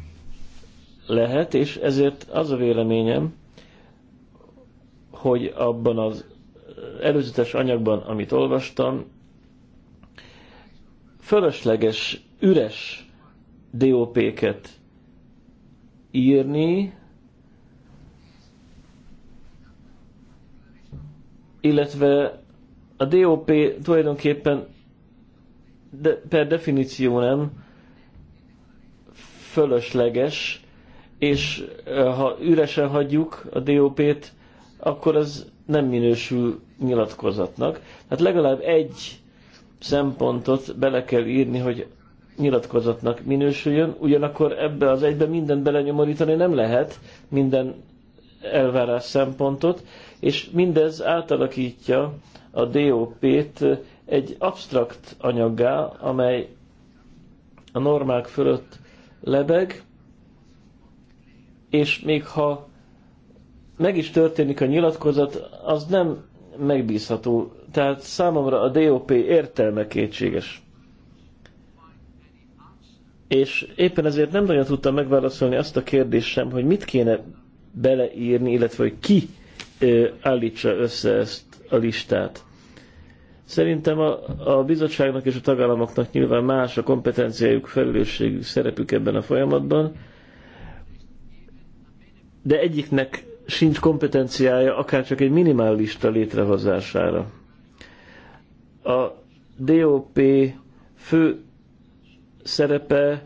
lehet, és ezért az a véleményem, hogy abban az előzetes anyagban, amit olvastam, fölösleges, üres DOP-ket írni, illetve a DOP tulajdonképpen de, per definíció nem fölösleges, és ha üresen hagyjuk a DOP-t, akkor az nem minősül nyilatkozatnak. Tehát legalább egy szempontot bele kell írni, hogy nyilatkozatnak minősüljön, ugyanakkor ebbe az egybe minden belenyomorítani nem lehet, minden elvárás szempontot, és mindez átalakítja a DOP-t egy abstrakt anyaggá, amely a normák fölött lebeg, és még ha meg is történik a nyilatkozat, az nem megbízható. Tehát számomra a DOP értelme kétséges. És éppen ezért nem nagyon tudtam megválaszolni azt a kérdést sem, hogy mit kéne beleírni, illetve hogy ki ö, állítsa össze ezt a listát. Szerintem a, a bizottságnak és a tagállamoknak nyilván más a kompetenciájuk, felelősségük, szerepük ebben a folyamatban, de egyiknek sincs kompetenciája akár csak egy minimálista létrehozására. A DOP fő szerepe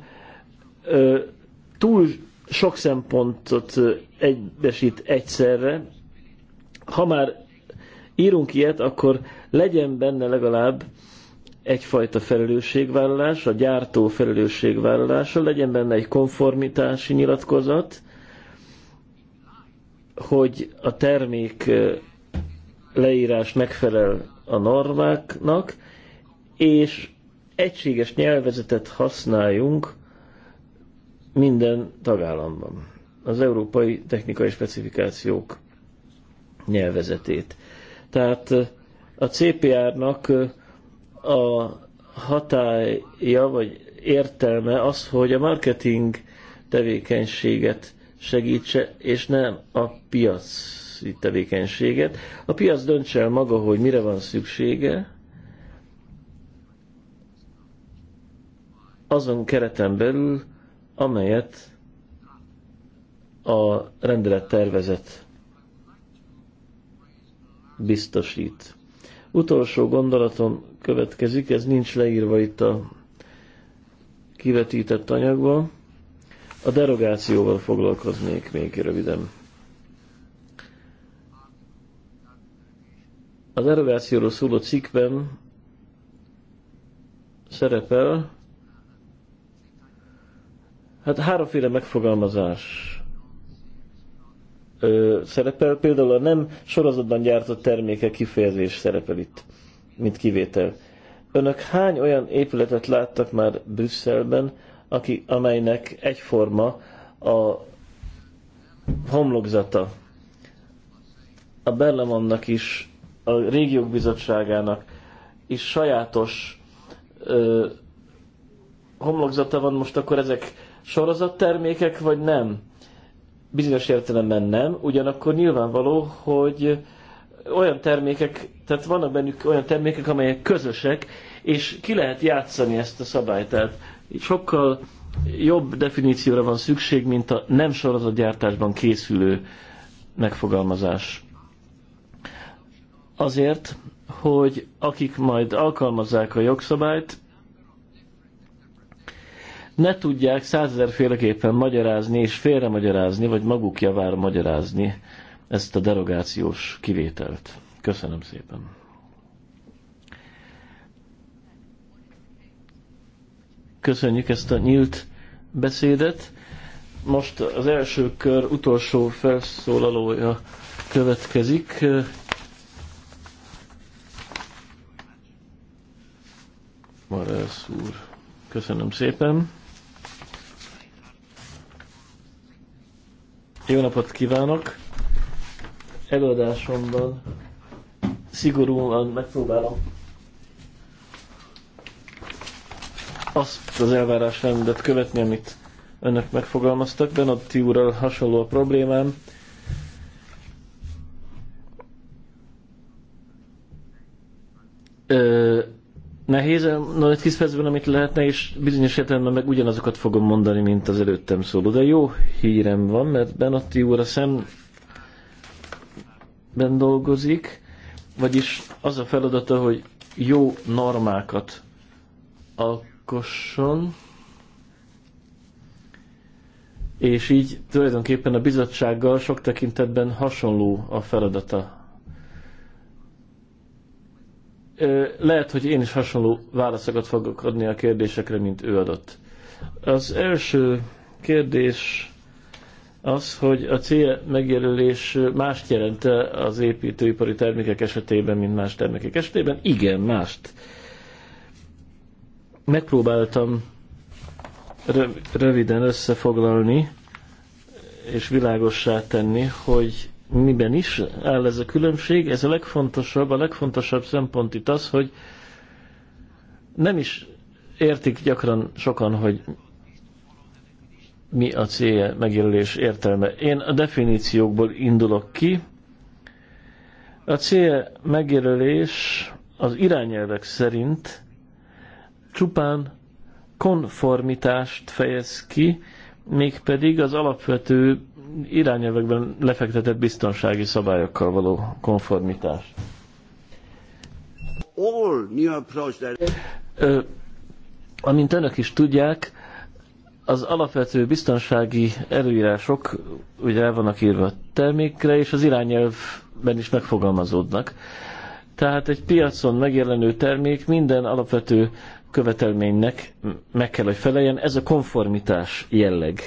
túl sok szempontot egybesít egyszerre. Ha már írunk ilyet, akkor legyen benne legalább egyfajta felelősségvállalás, a gyártó felelősségvállalása, legyen benne egy konformitási nyilatkozat, hogy a termék leírás megfelel a normáknak, és egységes nyelvezetet használjunk minden tagállamban. Az európai technikai specifikációk nyelvezetét. Tehát eh, a CPR-nak eh, a hatája vagy értelme az, hogy a marketing tevékenységet segítse, és nem a piaci tevékenységet. A piac döntse el maga, hogy mire van szüksége, azon kereten belül, amelyet a rendelet tervezet biztosít. Utolsó gondolatom következik, ez nincs leírva itt a kivetített anyagban. A derogációval foglalkoznék még röviden. A derogációról szóló cikkben szerepel, Hát háromféle megfogalmazás ö, szerepel, például a nem sorozatban gyártott termékek kifejezés szerepel itt, mint kivétel. Önök hány olyan épületet láttak már Brüsszelben, aki, amelynek egyforma a homlokzata? A Berlemannak is, a régiók bizottságának is sajátos ö, homlokzata van, most akkor ezek sorozattermékek, vagy nem? Bizonyos értelemben nem, ugyanakkor nyilvánvaló, hogy olyan termékek, tehát vannak bennük olyan termékek, amelyek közösek, és ki lehet játszani ezt a szabályt. Tehát sokkal jobb definícióra van szükség, mint a nem sorozatgyártásban készülő megfogalmazás. Azért, hogy akik majd alkalmazzák a jogszabályt, ne tudják százezerféleképpen magyarázni és félremagyarázni, vagy maguk javára magyarázni ezt a derogációs kivételt. Köszönöm szépen. Köszönjük ezt a nyílt beszédet. Most az első kör utolsó felszólalója következik. Marelsz úr. Köszönöm szépen. Jó napot kívánok! Előadásomban szigorúan megpróbálom azt az elvárásrendet követni, amit önök megfogalmaztak. a úrral hasonló a problémám. Ö, nehéz, eh, na, tíz percben, amit lehetne, és bizonyos értelemben meg ugyanazokat fogom mondani, mint az előttem szóló. De jó hírem van, mert Benatti úr a szemben dolgozik, vagyis az a feladata, hogy jó normákat alkosson, és így tulajdonképpen a bizottsággal sok tekintetben hasonló a feladata lehet, hogy én is hasonló válaszokat fogok adni a kérdésekre, mint ő adott. Az első kérdés az, hogy a cél megjelölés mást jelent -e az építőipari termékek esetében, mint más termékek esetében? Igen, mást. Megpróbáltam röviden összefoglalni és világossá tenni, hogy miben is áll ez a különbség. Ez a legfontosabb, a legfontosabb szempont itt az, hogy nem is értik gyakran sokan, hogy mi a célja megjelölés értelme. Én a definíciókból indulok ki. A cél megjelölés az irányelvek szerint csupán konformitást fejez ki, mégpedig az alapvető irányelvekben lefektetett biztonsági szabályokkal való konformitás. amint önök is tudják, az alapvető biztonsági előírások ugye el vannak írva a termékre, és az irányelvben is megfogalmazódnak. Tehát egy piacon megjelenő termék minden alapvető követelménynek meg kell, hogy feleljen. Ez a konformitás jelleg.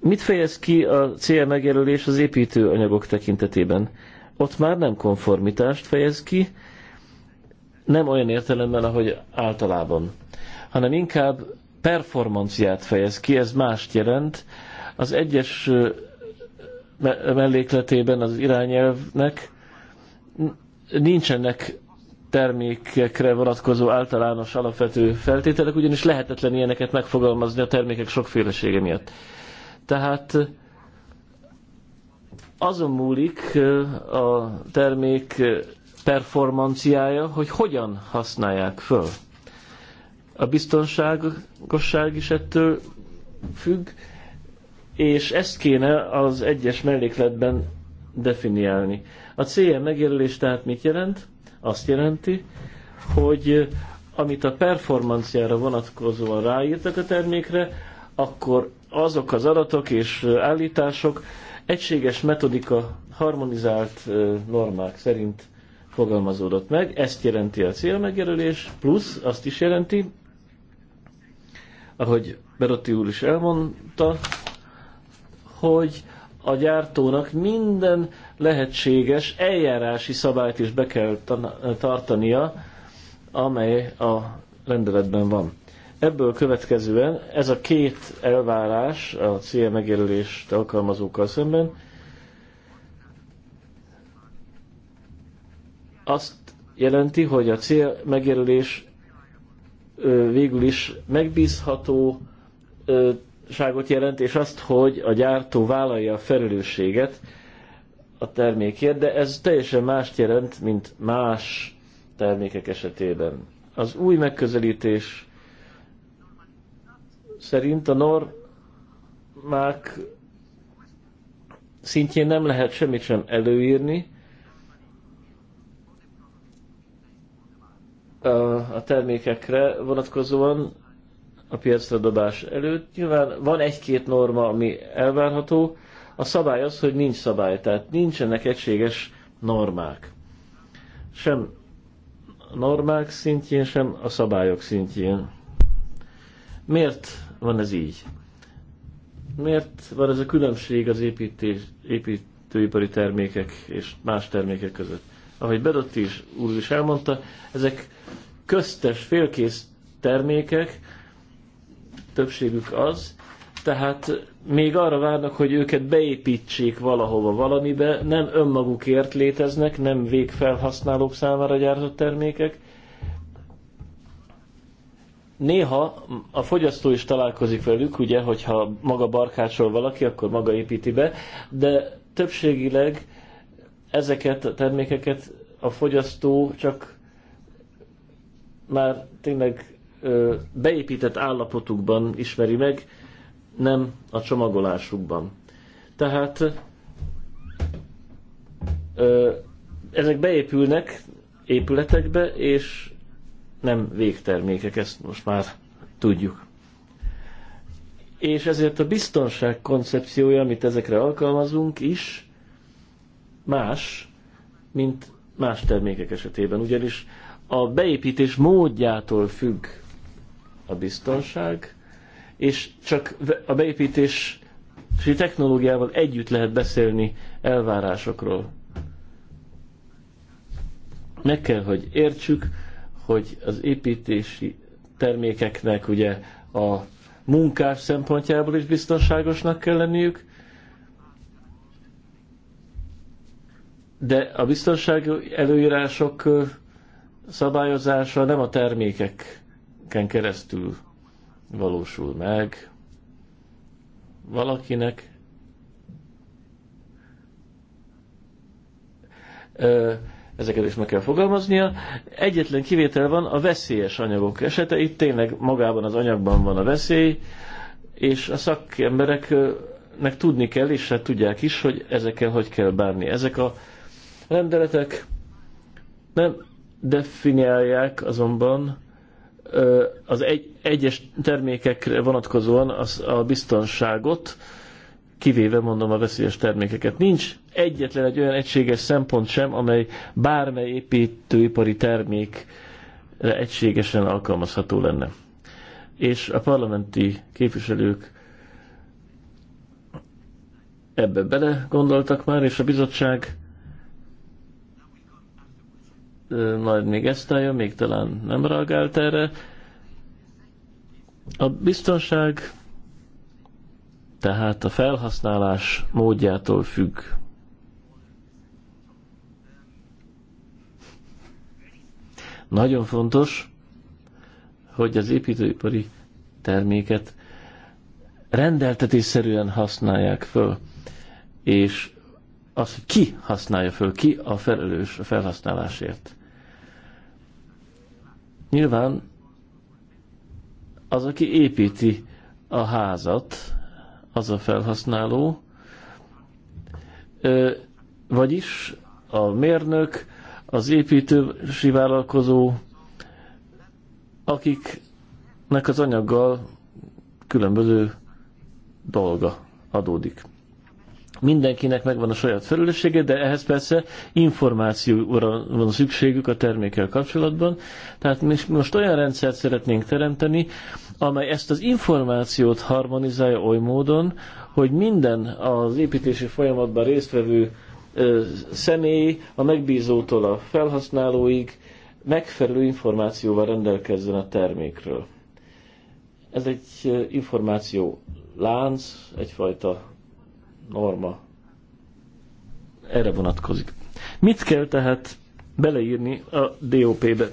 Mit fejez ki a cél megjelölés az építőanyagok tekintetében? Ott már nem konformitást fejez ki, nem olyan értelemben, ahogy általában, hanem inkább performanciát fejez ki, ez mást jelent. Az egyes mellékletében az irányelvnek nincsenek termékekre vonatkozó általános alapvető feltételek, ugyanis lehetetlen ilyeneket megfogalmazni a termékek sokfélesége miatt. Tehát azon múlik a termék performanciája, hogy hogyan használják föl. A biztonságosság is ettől függ, és ezt kéne az egyes mellékletben definiálni. A CE megjelölés tehát mit jelent? Azt jelenti, hogy amit a performanciára vonatkozóan ráírtak a termékre, akkor azok az adatok és állítások egységes metodika, harmonizált normák szerint fogalmazódott meg. Ezt jelenti a célmegjelölés, plusz azt is jelenti, ahogy Berotti úr is elmondta, hogy a gyártónak minden lehetséges eljárási szabályt is be kell tartania, amely a rendeletben van. Ebből következően ez a két elvárás a cél megjelölést alkalmazókkal szemben azt jelenti, hogy a cél megjelölés végül is megbízható ságot jelent, és azt, hogy a gyártó vállalja a felelősséget a termékért, de ez teljesen mást jelent, mint más termékek esetében. Az új megközelítés szerint a normák szintjén nem lehet semmit sem előírni. A termékekre vonatkozóan a piacra dobás előtt. Nyilván van egy-két norma, ami elvárható. A szabály az, hogy nincs szabály, tehát nincsenek egységes normák. Sem normák szintjén, sem a szabályok szintjén. Miért van ez így? Miért van ez a különbség az építés, építőipari termékek és más termékek között? Ahogy Bedotti is, úr is elmondta, ezek köztes, félkész termékek, többségük az, tehát még arra várnak, hogy őket beépítsék valahova, valamibe, nem önmagukért léteznek, nem végfelhasználók számára gyártott termékek, Néha a fogyasztó is találkozik velük, ugye, hogyha maga barkácsol valaki, akkor maga építi be, de többségileg ezeket a termékeket a fogyasztó csak már tényleg beépített állapotukban ismeri meg, nem a csomagolásukban. Tehát ezek beépülnek épületekbe, és nem végtermékek, ezt most már tudjuk. És ezért a biztonság koncepciója, amit ezekre alkalmazunk is, más, mint más termékek esetében. Ugyanis a beépítés módjától függ a biztonság, és csak a beépítési technológiával együtt lehet beszélni elvárásokról. Meg kell, hogy értsük, hogy az építési termékeknek ugye a munkás szempontjából is biztonságosnak kell lenniük, de a biztonság előírások szabályozása nem a termékeken keresztül valósul meg. Valakinek ö, ezeket is meg kell fogalmaznia. Egyetlen kivétel van a veszélyes anyagok esete, itt tényleg magában az anyagban van a veszély, és a szakembereknek tudni kell, és hát tudják is, hogy ezekkel hogy kell bánni. Ezek a rendeletek nem definiálják azonban az egy, egyes termékekre vonatkozóan az, a biztonságot, kivéve mondom a veszélyes termékeket. Nincs egyetlen egy olyan egységes szempont sem, amely bármely építőipari termékre egységesen alkalmazható lenne. És a parlamenti képviselők ebbe bele gondoltak már, és a bizottság majd még ezt álljon, még talán nem reagált erre. A biztonság tehát a felhasználás módjától függ. Nagyon fontos, hogy az építőipari terméket rendeltetésszerűen használják föl, és az, hogy ki használja föl, ki a felelős a felhasználásért. Nyilván az, aki építi a házat, az a felhasználó, vagyis a mérnök, az építősi vállalkozó, akiknek az anyaggal különböző dolga adódik. Mindenkinek megvan a saját felelőssége, de ehhez persze információra van szükségük a termékkel kapcsolatban. Tehát mi most olyan rendszert szeretnénk teremteni, amely ezt az információt harmonizálja oly módon, hogy minden az építési folyamatban résztvevő személy a megbízótól a felhasználóig megfelelő információval rendelkezzen a termékről. Ez egy információ lánc, egyfajta norma erre vonatkozik. Mit kell tehát beleírni a DOP-be?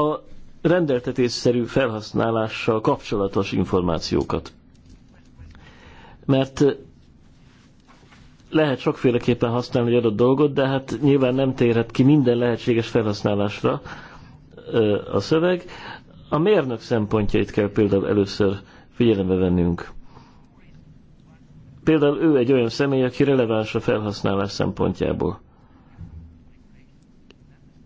A rendeltetésszerű felhasználással kapcsolatos információkat. Mert eh, lehet sokféleképpen használni egy adott dolgot, de hát nyilván nem térhet ki minden lehetséges felhasználásra eh, a szöveg. A mérnök szempontjait kell például először figyelembe vennünk. Például ő egy olyan személy, aki releváns a felhasználás szempontjából.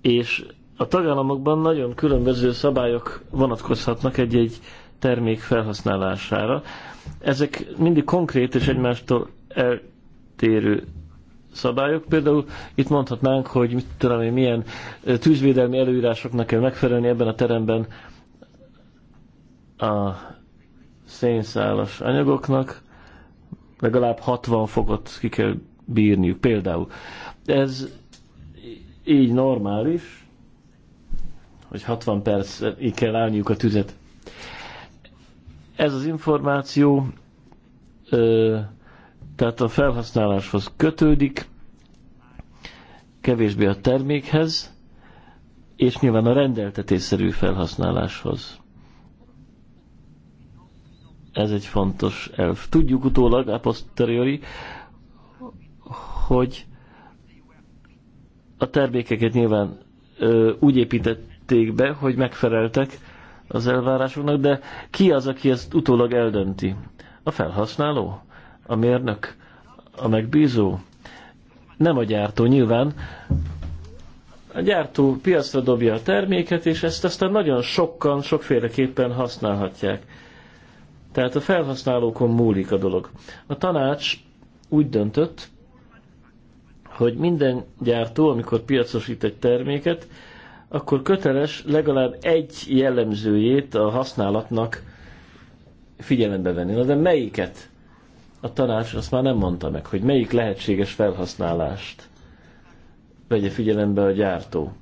És a tagállamokban nagyon különböző szabályok vonatkozhatnak egy-egy termék felhasználására. Ezek mindig konkrét és egymástól eltérő szabályok. Például itt mondhatnánk, hogy mit tudom én, milyen tűzvédelmi előírásoknak kell megfelelni ebben a teremben a szénszálas anyagoknak, legalább 60 fokot ki kell bírniuk például. Ez így normális, hogy 60 percig kell állniuk a tüzet. Ez az információ ö, tehát a felhasználáshoz kötődik, kevésbé a termékhez, és nyilván a rendeltetésszerű felhasználáshoz. Ez egy fontos elv. Tudjuk utólag, a posteriori, hogy a termékeket nyilván ö, úgy építették be, hogy megfeleltek az elvárásoknak, de ki az, aki ezt utólag eldönti? A felhasználó? A mérnök? A megbízó? Nem a gyártó nyilván. A gyártó piacra dobja a terméket, és ezt aztán nagyon sokan, sokféleképpen használhatják. Tehát a felhasználókon múlik a dolog. A tanács úgy döntött, hogy minden gyártó, amikor piacosít egy terméket, akkor köteles legalább egy jellemzőjét a használatnak figyelembe venni. Na de melyiket? A tanács azt már nem mondta meg, hogy melyik lehetséges felhasználást vegye figyelembe a gyártó.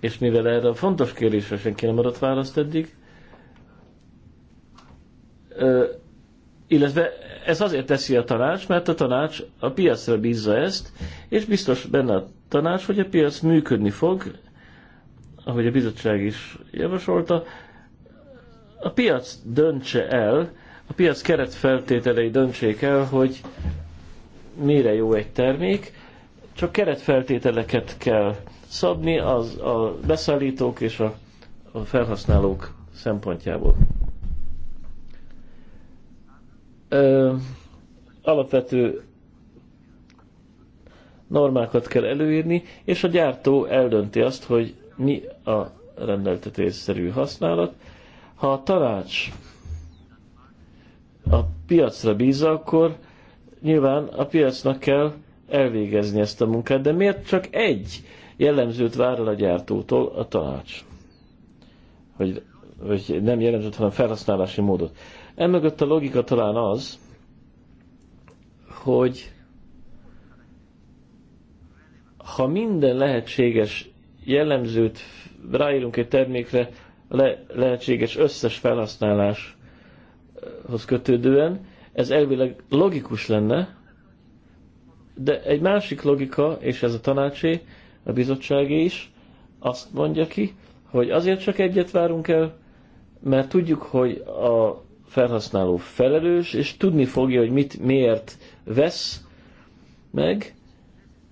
És mivel erre a fontos kérdésre senki nem adott választ eddig, illetve ez azért teszi a tanács, mert a tanács a piacra bízza ezt, és biztos benne a tanács, hogy a piac működni fog, ahogy a bizottság is javasolta, a piac döntse el, a piac keretfeltételei döntsék el, hogy mire jó egy termék, csak keretfeltételeket kell szabni az, a beszállítók és a, a felhasználók szempontjából alapvető normákat kell előírni, és a gyártó eldönti azt, hogy mi a rendeltetésszerű használat. Ha a tanács a piacra bízza, akkor nyilván a piacnak kell elvégezni ezt a munkát, de miért csak egy jellemzőt vár el a gyártótól a tanács? Hogy, hogy nem jellemzőt, hanem felhasználási módot. Emögött a logika talán az, hogy ha minden lehetséges jellemzőt ráírunk egy termékre, le, lehetséges összes felhasználáshoz kötődően, ez elvileg logikus lenne, de egy másik logika, és ez a tanácsé, a bizottságé is, azt mondja ki, hogy azért csak egyet várunk el, mert tudjuk, hogy a felhasználó felelős, és tudni fogja, hogy mit, miért vesz meg,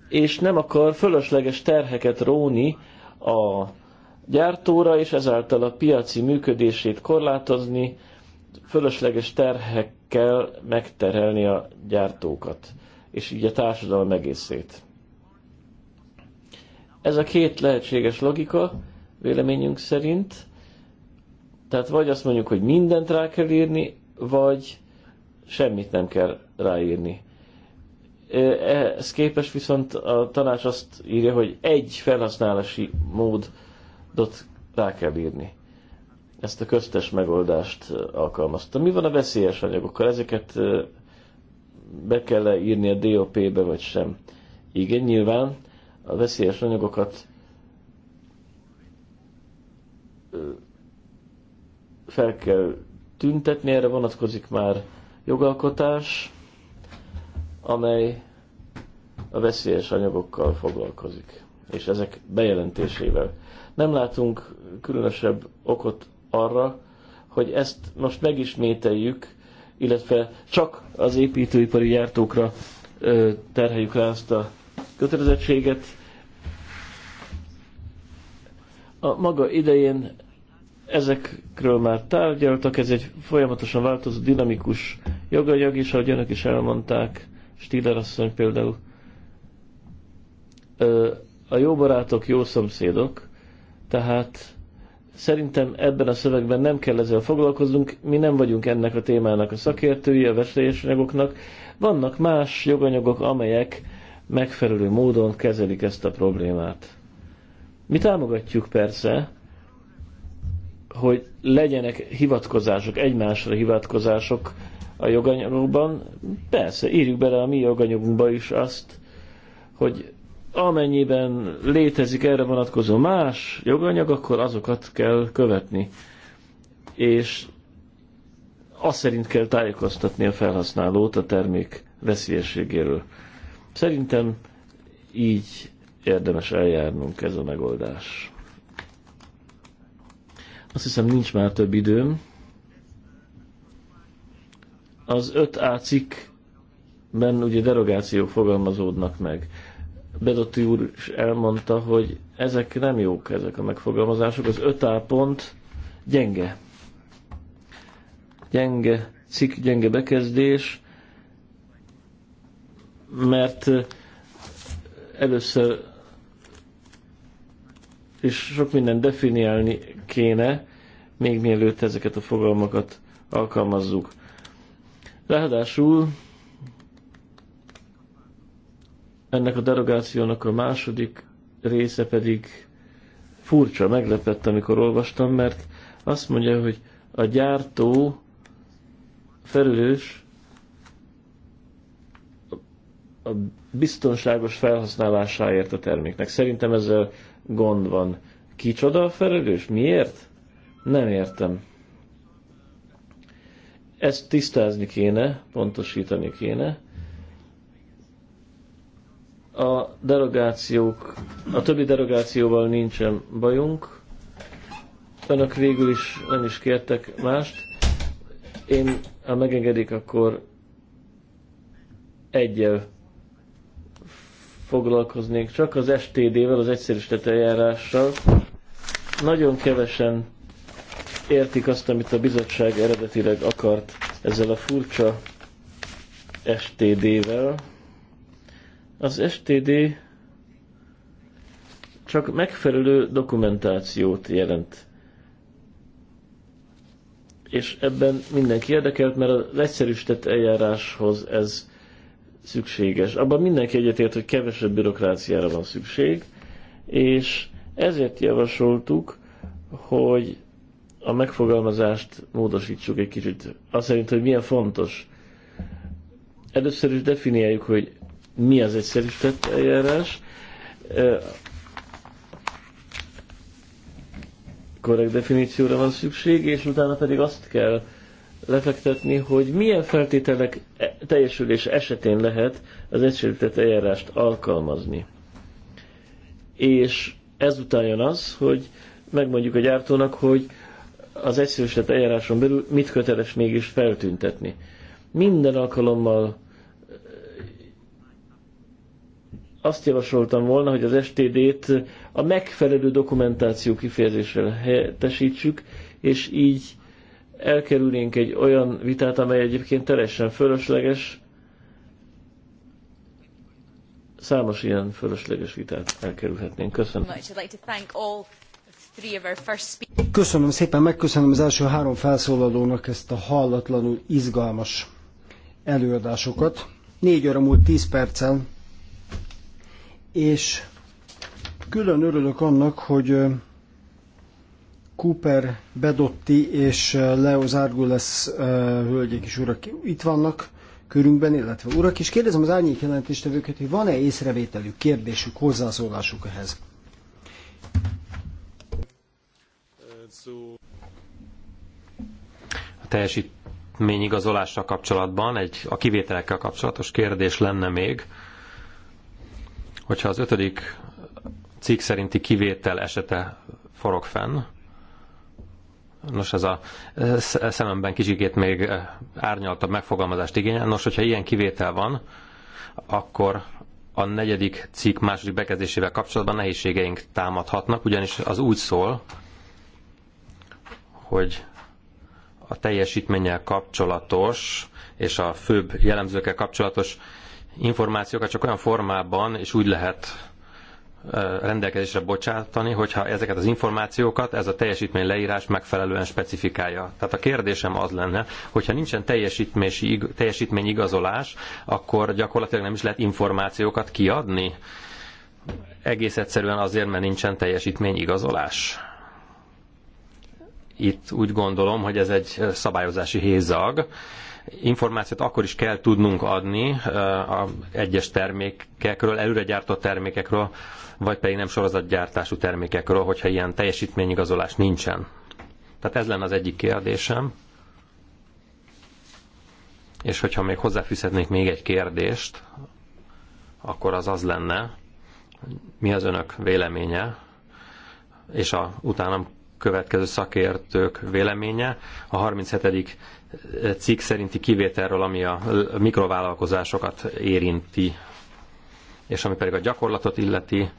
és nem akar fölösleges terheket róni a gyártóra, és ezáltal a piaci működését korlátozni, fölösleges terhekkel megterelni a gyártókat, és így a társadalom egészét. Ez a két lehetséges logika, véleményünk szerint, tehát vagy azt mondjuk, hogy mindent rá kell írni, vagy semmit nem kell ráírni. Ehhez képest viszont a tanács azt írja, hogy egy felhasználási módot rá kell írni. Ezt a köztes megoldást alkalmazta. Mi van a veszélyes anyagokkal? Ezeket be kell -e írni a DOP-be, vagy sem? Igen, nyilván a veszélyes anyagokat fel kell tüntetni, erre vonatkozik már jogalkotás, amely a veszélyes anyagokkal foglalkozik, és ezek bejelentésével. Nem látunk különösebb okot arra, hogy ezt most megismételjük, illetve csak az építőipari gyártókra terheljük rá ezt a kötelezettséget. A maga idején Ezekről már tárgyaltak, ez egy folyamatosan változó, dinamikus joganyag is, ahogy önök is elmondták, Stiller asszony például. A jó barátok, jó szomszédok, tehát szerintem ebben a szövegben nem kell ezzel foglalkoznunk, mi nem vagyunk ennek a témának a szakértői, a veszélyesanyagoknak. Vannak más joganyagok, amelyek megfelelő módon kezelik ezt a problémát. Mi támogatjuk persze hogy legyenek hivatkozások, egymásra hivatkozások a joganyagokban. Persze, írjuk bele a mi joganyagunkba is azt, hogy amennyiben létezik erre vonatkozó más joganyag, akkor azokat kell követni. És azt szerint kell tájékoztatni a felhasználót a termék veszélyességéről. Szerintem így érdemes eljárnunk ez a megoldás. Azt hiszem nincs már több időm. Az 5A cikkben ugye derogációk fogalmazódnak meg. Bedotti úr is elmondta, hogy ezek nem jók, ezek a megfogalmazások. Az 5A pont gyenge. Gyenge cikk, gyenge bekezdés, mert először és sok minden definiálni kéne, még mielőtt ezeket a fogalmakat alkalmazzuk. Ráadásul ennek a derogációnak a második része pedig furcsa, meglepett, amikor olvastam, mert azt mondja, hogy a gyártó felelős a biztonságos felhasználásáért a terméknek. Szerintem ezzel gond van. Kicsoda a felelős? Miért? Nem értem. Ezt tisztázni kéne, pontosítani kéne. A derogációk, a többi derogációval nincsen bajunk. Önök végül is nem is kértek mást. Én, ha megengedik, akkor egyel foglalkoznék csak az STD-vel, az egyszerűsített eljárással. Nagyon kevesen értik azt, amit a bizottság eredetileg akart ezzel a furcsa STD-vel. Az STD csak megfelelő dokumentációt jelent. És ebben mindenki érdekelt, mert az egyszerűsített eljáráshoz ez szükséges. Abban mindenki egyetért, hogy kevesebb bürokráciára van szükség, és ezért javasoltuk, hogy a megfogalmazást módosítsuk egy kicsit. Azt szerint, hogy milyen fontos. Először is definiáljuk, hogy mi az egyszerűsített eljárás. Korrekt definícióra van szükség, és utána pedig azt kell lefektetni, hogy milyen feltételek e- teljesülés esetén lehet az egyszerűtett eljárást alkalmazni. És ezután jön az, hogy megmondjuk a gyártónak, hogy az egyszerűsített eljáráson belül mit köteles mégis feltüntetni. Minden alkalommal e, azt javasoltam volna, hogy az STD-t a megfelelő dokumentáció kifejezésre helyettesítsük, és így elkerülnénk egy olyan vitát, amely egyébként teljesen fölösleges, számos ilyen fölösleges vitát elkerülhetnénk. Köszönöm. Köszönöm szépen, megköszönöm az első három felszólalónak ezt a hallatlanul izgalmas előadásokat. Négy óra múlt tíz perccel, és külön örülök annak, hogy Cooper, Bedotti és eh, Leo Zárgulesz eh, hölgyek és urak itt vannak körünkben, illetve urak, és kérdezem az árnyék jelentéstevőket, hogy van-e észrevételük, kérdésük, hozzászólásuk ehhez. A teljesítményigazolásra kapcsolatban egy a kivételekkel kapcsolatos kérdés lenne még, hogyha az ötödik cikk szerinti kivétel esete forog fenn, Nos, ez a szememben kicsikét még árnyaltabb megfogalmazást igényel. Nos, hogyha ilyen kivétel van, akkor a negyedik cikk második bekezdésével kapcsolatban nehézségeink támadhatnak, ugyanis az úgy szól, hogy a teljesítménnyel kapcsolatos és a főbb jellemzőkkel kapcsolatos információkat csak olyan formában és úgy lehet rendelkezésre bocsátani, hogyha ezeket az információkat ez a teljesítmény leírás megfelelően specifikálja. Tehát a kérdésem az lenne, hogyha nincsen teljesítmény igazolás, akkor gyakorlatilag nem is lehet információkat kiadni? Egész egyszerűen azért, mert nincsen teljesítmény igazolás. Itt úgy gondolom, hogy ez egy szabályozási hézag, információt akkor is kell tudnunk adni a egyes termékekről, előregyártott termékekről, vagy pedig nem sorozatgyártású termékekről, hogyha ilyen teljesítményigazolás nincsen. Tehát ez lenne az egyik kérdésem. És hogyha még hozzáfűzhetnék még egy kérdést, akkor az az lenne, mi az önök véleménye, és a utánam következő szakértők véleménye. A 37. cikk szerinti kivételről, ami a mikrovállalkozásokat érinti és ami pedig a gyakorlatot illeti,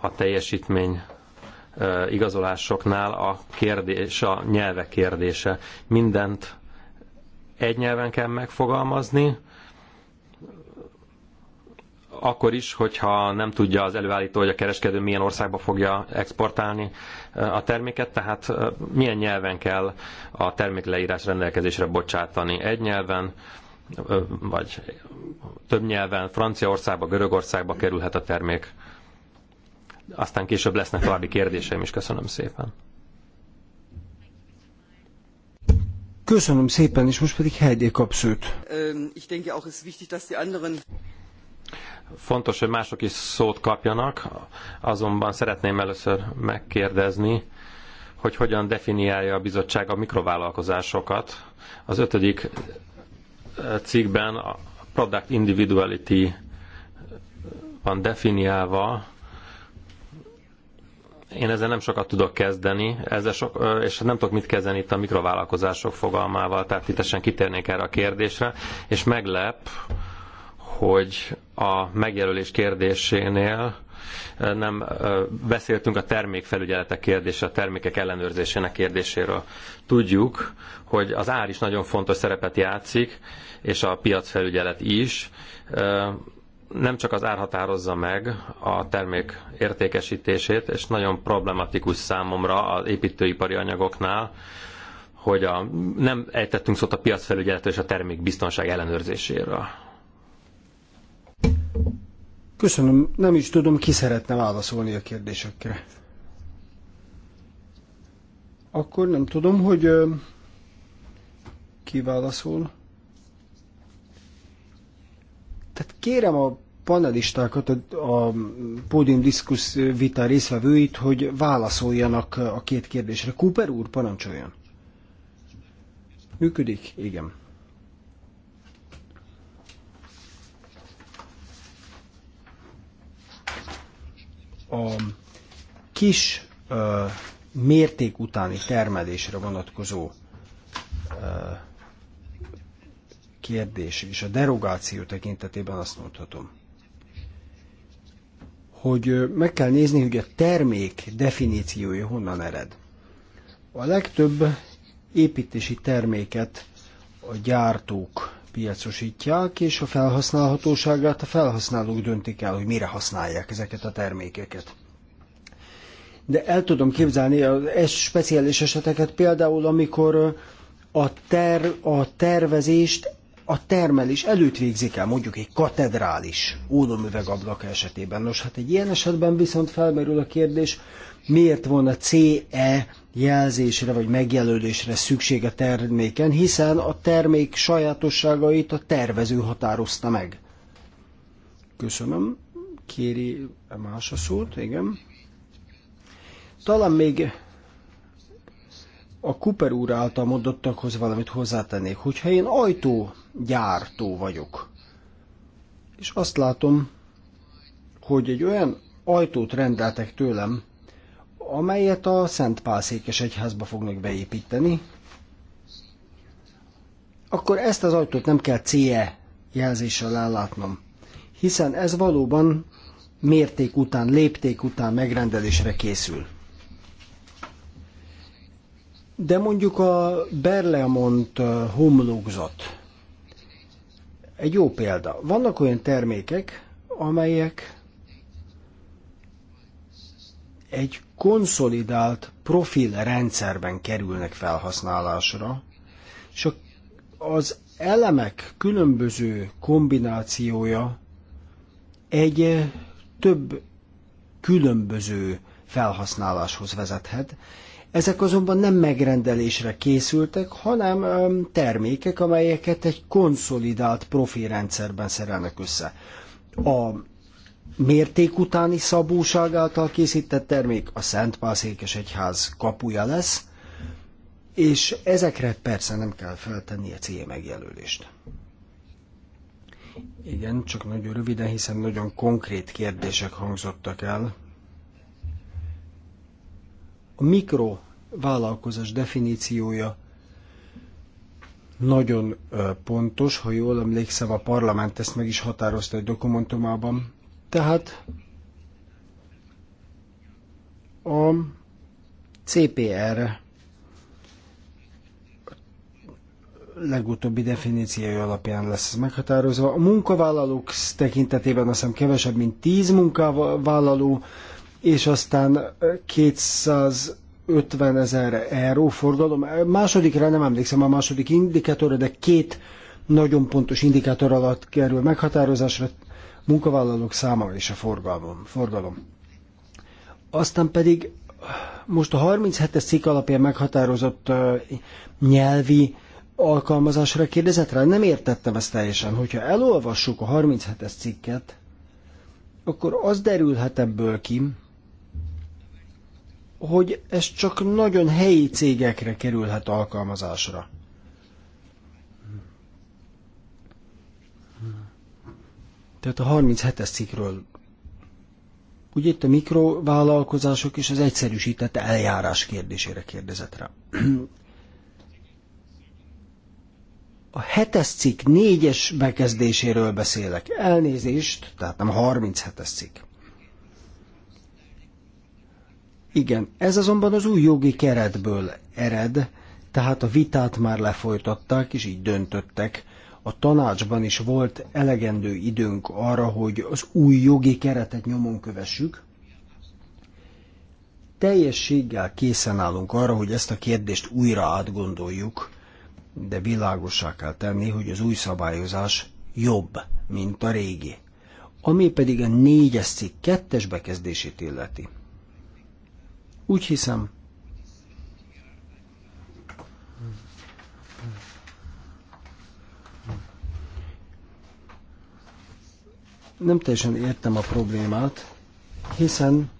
a teljesítmény igazolásoknál a kérdés, a nyelvek kérdése. Mindent egy nyelven kell megfogalmazni, akkor is, hogyha nem tudja az előállító, hogy a kereskedő milyen országba fogja exportálni a terméket, tehát milyen nyelven kell a termék leírás rendelkezésre bocsátani. Egy nyelven, vagy több nyelven, Franciaországba, Görögországba kerülhet a termék. Aztán később lesznek további kérdéseim is. Köszönöm szépen. Köszönöm szépen, és most pedig Heidi kapszőt. Fontos, hogy mások is szót kapjanak, azonban szeretném először megkérdezni, hogy hogyan definiálja a bizottság a mikrovállalkozásokat. Az ötödik eh, cikkben product individuality van definiálva, én ezzel nem sokat tudok kezdeni, ezzel sok, és nem tudok mit kezdeni itt a mikrovállalkozások fogalmával, tehát itt kitérnék erre a kérdésre, és meglep, hogy a megjelölés kérdésénél nem beszéltünk a termékfelügyeletek kérdése, a termékek ellenőrzésének kérdéséről. Tudjuk, hogy az ár is nagyon fontos szerepet játszik, és a piacfelügyelet is nem csak az ár határozza meg a termék értékesítését, és nagyon problematikus számomra az építőipari anyagoknál, hogy a, nem ejtettünk szót a piacfelügyelet és a termék biztonság ellenőrzéséről. Köszönöm. Nem is tudom, ki szeretne válaszolni a kérdésekre. Akkor nem tudom, hogy ki válaszol. Tehát kérem a panelistákat, a pódium diszkusz vita részvevőit, hogy válaszoljanak a két kérdésre. Cooper úr, parancsoljon. Működik? Igen. A kis mérték utáni termelésre vonatkozó kérdés, és a derogáció tekintetében azt mondhatom, hogy meg kell nézni, hogy a termék definíciója honnan ered. A legtöbb építési terméket a gyártók piacosítják, és a felhasználhatóságát a felhasználók döntik el, hogy mire használják ezeket a termékeket. De el tudom képzelni az speciális eseteket, például amikor a, ter, a tervezést a termelés előtt végzik el, mondjuk egy katedrális ólomüvegablaka esetében. Nos, hát egy ilyen esetben viszont felmerül a kérdés, miért van a CE jelzésre vagy megjelölésre szükség a terméken, hiszen a termék sajátosságait a tervező határozta meg. Köszönöm. Kéri más a szót, igen. Talán még a Cooper úr által mondottakhoz valamit hozzátennék. Hogyha én ajtógyártó vagyok, és azt látom, hogy egy olyan ajtót rendeltek tőlem, amelyet a Szent Pálszékes Egyházba fognak beépíteni, akkor ezt az ajtót nem kell CE jelzéssel ellátnom, hiszen ez valóban mérték után, lépték után megrendelésre készül. De mondjuk a Berlemont uh, homlokzat egy jó példa. Vannak olyan termékek, amelyek egy konszolidált rendszerben kerülnek felhasználásra, és az elemek különböző kombinációja egy uh, több különböző felhasználáshoz vezethet, ezek azonban nem megrendelésre készültek, hanem termékek, amelyeket egy konszolidált rendszerben szerelnek össze. A mérték utáni szabóság által készített termék a Szent Pászékes Egyház kapuja lesz, és ezekre persze nem kell feltenni a CE megjelölést. Igen, csak nagyon röviden, hiszen nagyon konkrét kérdések hangzottak el. A mikrovállalkozás definíciója nagyon pontos, ha jól emlékszem, a parlament ezt meg is határozta egy dokumentumában. Tehát a CPR legutóbbi definíciója alapján lesz ez meghatározva. A munkavállalók tekintetében azt hiszem kevesebb, mint 10 munkavállaló és aztán 250 ezer euró forgalom. Másodikra nem emlékszem a második indikátorra, de két nagyon pontos indikátor alatt kerül meghatározásra munkavállalók száma és a forgalom. forgalom. Aztán pedig most a 37-es cikk alapján meghatározott nyelvi alkalmazásra kérdezett rá? Nem értettem ezt teljesen. Hogyha elolvassuk a 37-es cikket, akkor az derülhet ebből ki, hogy ez csak nagyon helyi cégekre kerülhet alkalmazásra. Tehát a 37-es cikkről. Ugye itt a mikrovállalkozások és az egyszerűsített eljárás kérdésére kérdezett rá. A 7-es cikk négyes bekezdéséről beszélek. Elnézést, tehát nem 37-es cikk. Igen, ez azonban az új jogi keretből ered, tehát a vitát már lefolytatták, és így döntöttek. A tanácsban is volt elegendő időnk arra, hogy az új jogi keretet nyomon kövessük. Teljességgel készen állunk arra, hogy ezt a kérdést újra átgondoljuk, de világosá kell tenni, hogy az új szabályozás jobb, mint a régi. Ami pedig a négyes cikk kettes bekezdését illeti. Úgy hiszem, nem teljesen értem a problémát, hiszen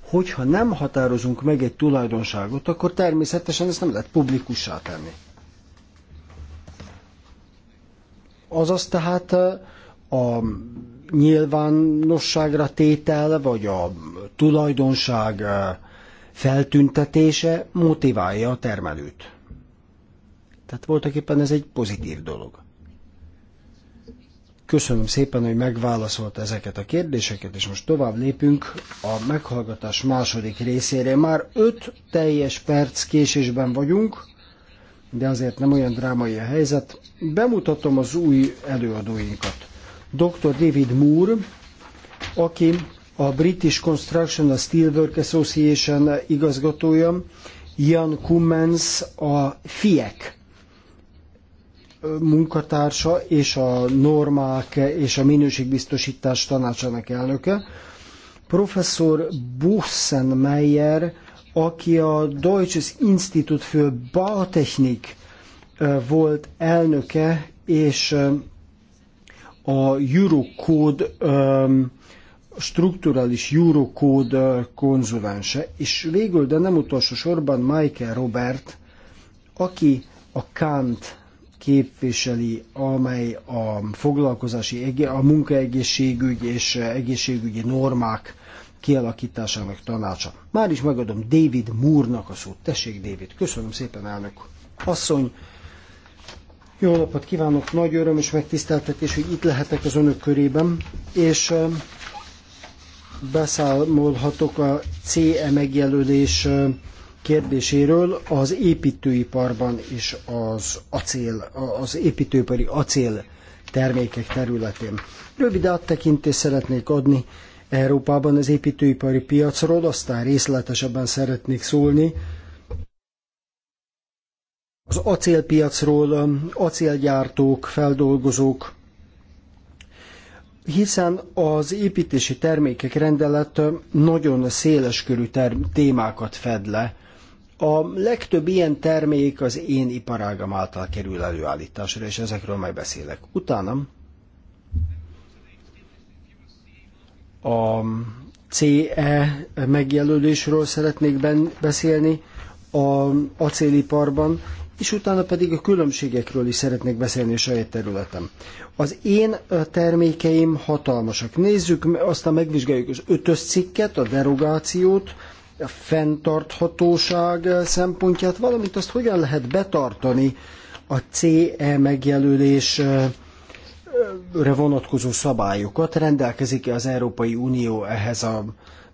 hogyha nem határozunk meg egy tulajdonságot, akkor természetesen ezt nem lehet publikussá tenni. Azaz tehát a nyilvánosságra tétel, vagy a tulajdonság eh, feltüntetése motiválja a termelőt. Tehát voltak éppen ez egy pozitív dolog. Köszönöm szépen, hogy megválaszolt ezeket a kérdéseket, és most tovább lépünk a meghallgatás második részére. Már öt teljes perc késésben vagyunk, de azért nem olyan drámai a helyzet. Bemutatom az új előadóinkat dr. David Moore, aki a British Construction Steelwork Association igazgatója, Ian Cummins a FIEK munkatársa és a normák és a minőségbiztosítás tanácsának elnöke. Professzor Buchsenmeier, aki a Deutsches Institut für Bautechnik volt elnöke, és a Eurocode um, strukturális Eurocode uh, konzulánse, és végül, de nem utolsó sorban Michael Robert, aki a Kant képviseli, amely a foglalkozási, a munkaegészségügy és egészségügyi normák kialakításának tanácsa. Már is megadom David Moore-nak a szót. Tessék, David, köszönöm szépen, elnök asszony. Jó napot kívánok, nagy öröm és megtiszteltetés, hogy itt lehetek az önök körében, és beszámolhatok a CE megjelölés kérdéséről az építőiparban és az acél, az építőipari acél termékek területén. Rövid áttekintést szeretnék adni Európában az építőipari piacról, aztán részletesebben szeretnék szólni az acélpiacról, acélgyártók, feldolgozók, hiszen az építési termékek rendelet nagyon széles körű témákat fed le. A legtöbb ilyen termék az én iparágam által kerül előállításra, és ezekről majd beszélek. Utána a CE megjelölésről szeretnék ben beszélni, a acéliparban, és utána pedig a különbségekről is szeretnék beszélni a saját területem. Az én termékeim hatalmasak. Nézzük, aztán megvizsgáljuk az ötös cikket, a derogációt, a fenntarthatóság szempontját, valamint azt hogyan lehet betartani a CE megjelölésre vonatkozó szabályokat. Rendelkezik-e az Európai Unió ehhez a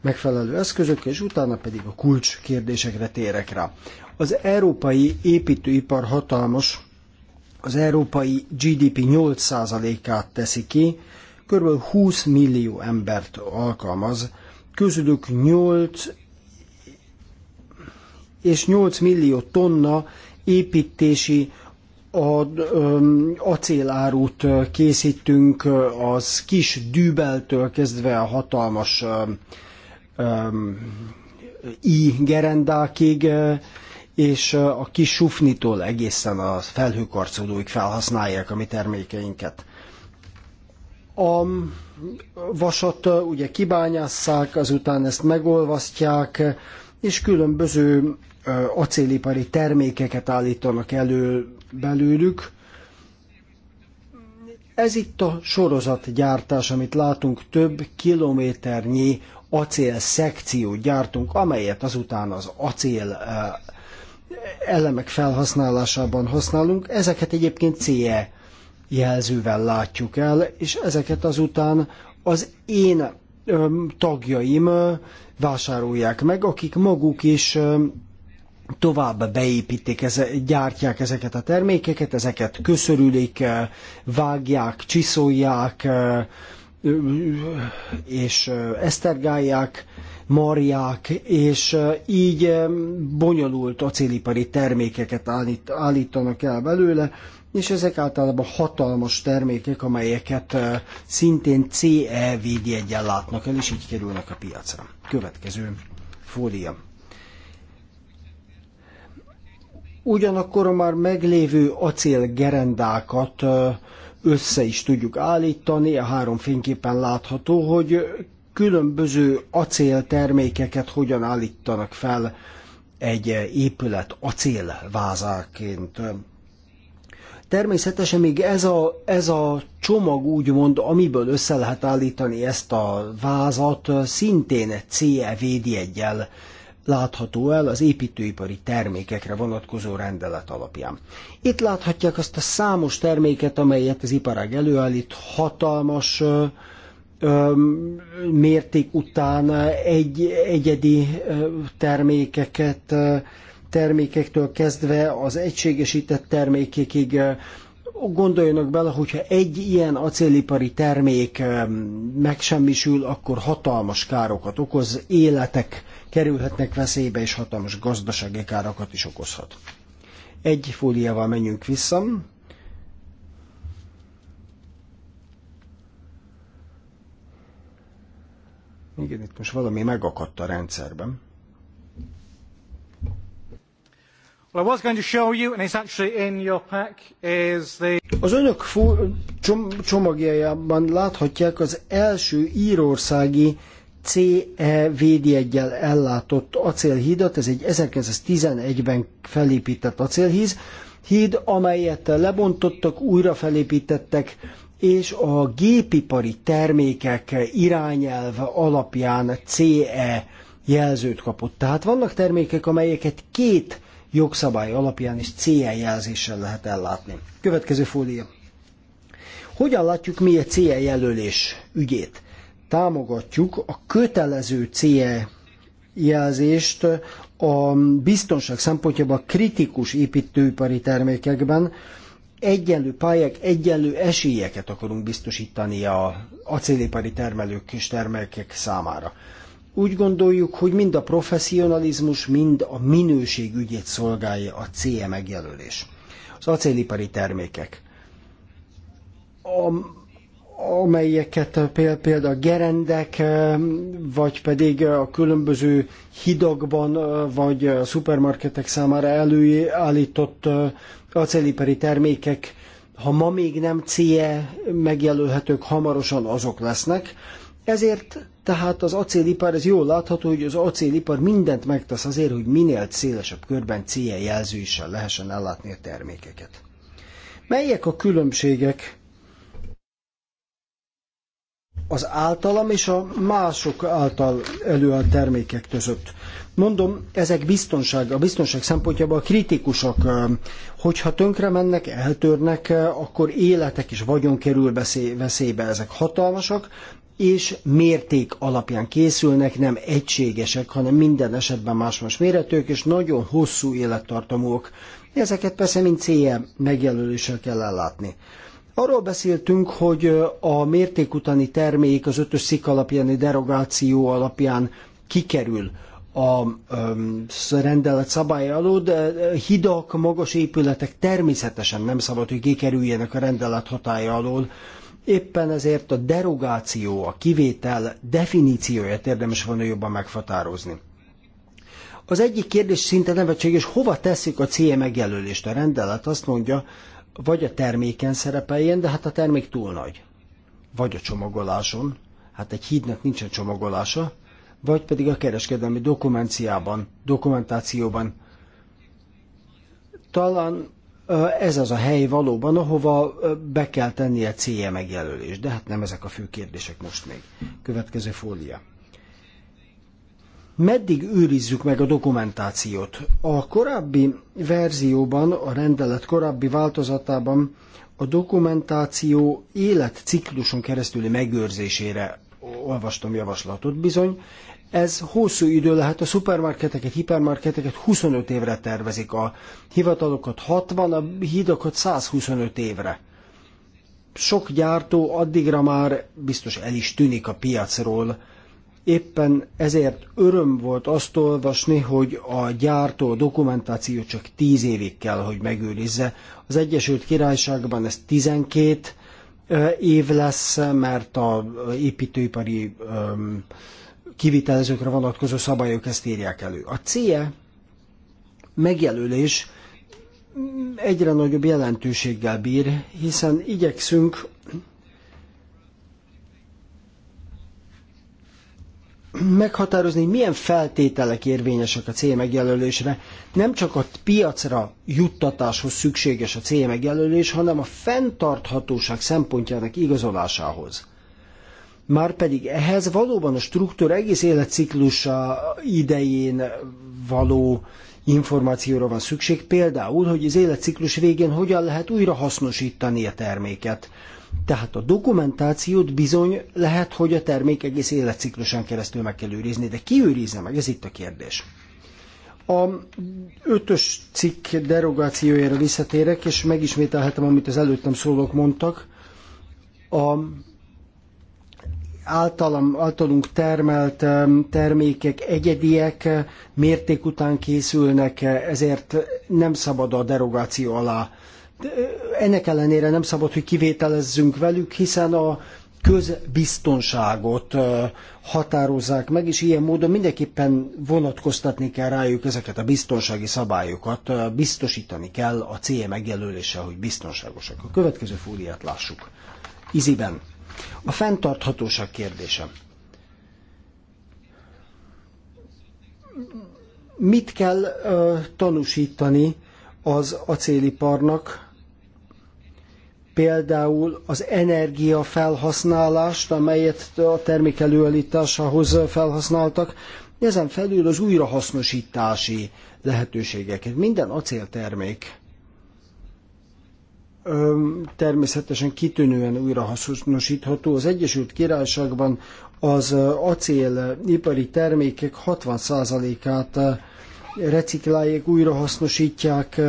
megfelelő eszközök, és utána pedig a kulcs kérdésekre térek rá. Az európai építőipar hatalmas, az európai GDP 8%-át teszi ki, kb. 20 millió embert alkalmaz, közülük 8 és 8 millió tonna építési ad, um, acélárút készítünk, az kis dűbeltől kezdve a hatalmas i gerendákig, és a kis sufnitól egészen a felhőkarcolóig felhasználják a mi termékeinket. A vasat ugye kibányásszák, azután ezt megolvasztják, és különböző acélipari termékeket állítanak elő belőlük. Ez itt a sorozatgyártás, amit látunk, több kilométernyi acél szekciót gyártunk, amelyet azután az acél elemek felhasználásában használunk, ezeket egyébként CE jelzővel látjuk el, és ezeket azután az én tagjaim vásárolják meg, akik maguk is tovább beépítik, eze, gyártják ezeket a termékeket, ezeket köszörülik, vágják, csiszolják, és esztergálják, marják, és így bonyolult acélipari termékeket állít, állítanak el belőle, és ezek általában hatalmas termékek, amelyeket szintén CE védjegyen látnak el, és így kerülnek a piacra. Következő fólia. Ugyanakkor a már meglévő acélgerendákat össze is tudjuk állítani, a három fényképen látható, hogy különböző acéltermékeket hogyan állítanak fel egy épület acélvázáként. Természetesen még ez a, ez a csomag úgymond, amiből össze lehet állítani ezt a vázat, szintén CE védjegyel látható el az építőipari termékekre vonatkozó rendelet alapján. Itt láthatják azt a számos terméket, amelyet az iparág előállít, hatalmas mérték után egy egyedi termékeket, termékektől kezdve az egységesített termékekig gondoljanak bele, hogyha egy ilyen acélipari termék megsemmisül, akkor hatalmas károkat okoz, életek kerülhetnek veszélybe, és hatalmas gazdasági károkat is okozhat. Egy fóliával menjünk vissza. Igen, itt most valami megakadt a rendszerben. Well, I was going to show you, and it's actually in your pack, is the... Az önök fú- csom- csomagjában láthatják az első írországi CE védjeggyel ellátott acélhídat, ez egy 1911-ben felépített acélhíz, híd, amelyet lebontottak, újra felépítettek, és a gépipari termékek irányelv alapján CE jelzőt kapott. Tehát vannak termékek, amelyeket két jogszabály alapján is CE jelzéssel lehet ellátni. Következő fólia. Hogyan látjuk mi a CE jelölés ügyét? Támogatjuk a kötelező CE jelzést a biztonság szempontjából kritikus építőipari termékekben, egyenlő pályák, egyenlő esélyeket akarunk biztosítani a acélipari termelők és termelkek számára. Úgy gondoljuk, hogy mind a professzionalizmus, mind a minőség ügyét szolgálja a CE megjelölés. Az acélipari termékek, amelyeket például a gerendek, eh, vagy pedig a különböző hidakban, eh, vagy a szupermarketek számára előállított eh, acélipari termékek, ha ma még nem CE megjelölhetők, hamarosan azok lesznek. Ezért tehát az acélipar, ez jól látható, hogy az acélipar mindent megtesz azért, hogy minél szélesebb körben CE jelzőssel lehessen ellátni a termékeket. Melyek a különbségek az általam és a mások által előállt termékek között? Mondom, ezek biztonság, a biztonság szempontjából kritikusak. Hogyha tönkre mennek, eltörnek, akkor életek és vagyon kerül veszélybe. Ezek hatalmasak, és mérték alapján készülnek, nem egységesek, hanem minden esetben más-más méretők, és nagyon hosszú élettartamúak. Ezeket persze mind célja megjelöléssel kell ellátni. Arról beszéltünk, hogy a mérték utáni termék az ötös szik alapjáni derogáció alapján kikerül a rendelet szabály alól, de hidak, magas épületek természetesen nem szabad, hogy kikerüljenek a rendelet hatája alól. Éppen ezért a derogáció, a kivétel definícióját érdemes volna jobban meghatározni. Az egyik kérdés szinte nevetséges, hova teszik a CE megjelölést? A rendelet azt mondja, vagy a terméken szerepeljen, de hát a termék túl nagy. Vagy a csomagoláson, hát egy hídnak nincsen csomagolása, vagy pedig a kereskedelmi dokumenciában, dokumentációban. Talán ez az a hely valóban, ahova be kell tennie célja megjelölés, de hát nem ezek a fő kérdések most még. Következő fólia. Meddig őrizzük meg a dokumentációt? A korábbi verzióban, a rendelet korábbi változatában a dokumentáció életcikluson keresztüli megőrzésére olvastam javaslatot bizony. Ez hosszú idő lehet, a szupermarketeket, hipermarketeket 25 évre tervezik, a hivatalokat 60, a hídokat 125 évre. Sok gyártó addigra már biztos el is tűnik a piacról, Éppen ezért öröm volt azt olvasni, hogy a gyártó dokumentáció csak 10 évig kell, hogy megőrizze. Az Egyesült Királyságban ez 12 év lesz, mert a építőipari kivitelezőkre vonatkozó szabályok ezt írják elő. A CIE megjelölés egyre nagyobb jelentőséggel bír, hiszen igyekszünk meghatározni, milyen feltételek érvényesek a cél megjelölésre. Nem csak a piacra juttatáshoz szükséges a cél megjelölés, hanem a fenntarthatóság szempontjának igazolásához. Márpedig ehhez valóban a struktúra egész életciklusa idején való információra van szükség, például, hogy az életciklus végén hogyan lehet újra hasznosítani a terméket. Tehát a dokumentációt bizony lehet, hogy a termék egész életciklusán keresztül meg kell őrizni, de ki őrizze meg, ez itt a kérdés. A ötös cikk derogációjára visszatérek, és megismételhetem, amit az előttem szólók mondtak. A általam, általunk termelt termékek egyediek, eh, mérték után készülnek, eh, ezért nem szabad a derogáció alá. Eh, ennek ellenére nem szabad, hogy kivételezzünk velük, hiszen a közbiztonságot határozzák meg, és ilyen módon mindenképpen vonatkoztatni kell rájuk ezeket a biztonsági szabályokat, biztosítani kell a cél megjelölése, hogy biztonságosak. A következő fóliát lássuk. Iziben. A fenntarthatóság kérdése. Mit kell uh, tanúsítani az acéliparnak, például az energia amelyet a termék előállításához felhasználtak, ezen felül az újrahasznosítási lehetőségeket. Minden acéltermék természetesen kitűnően újrahasznosítható. Az Egyesült Királyságban az acél ipari termékek 60%-át reciklálják, újrahasznosítják,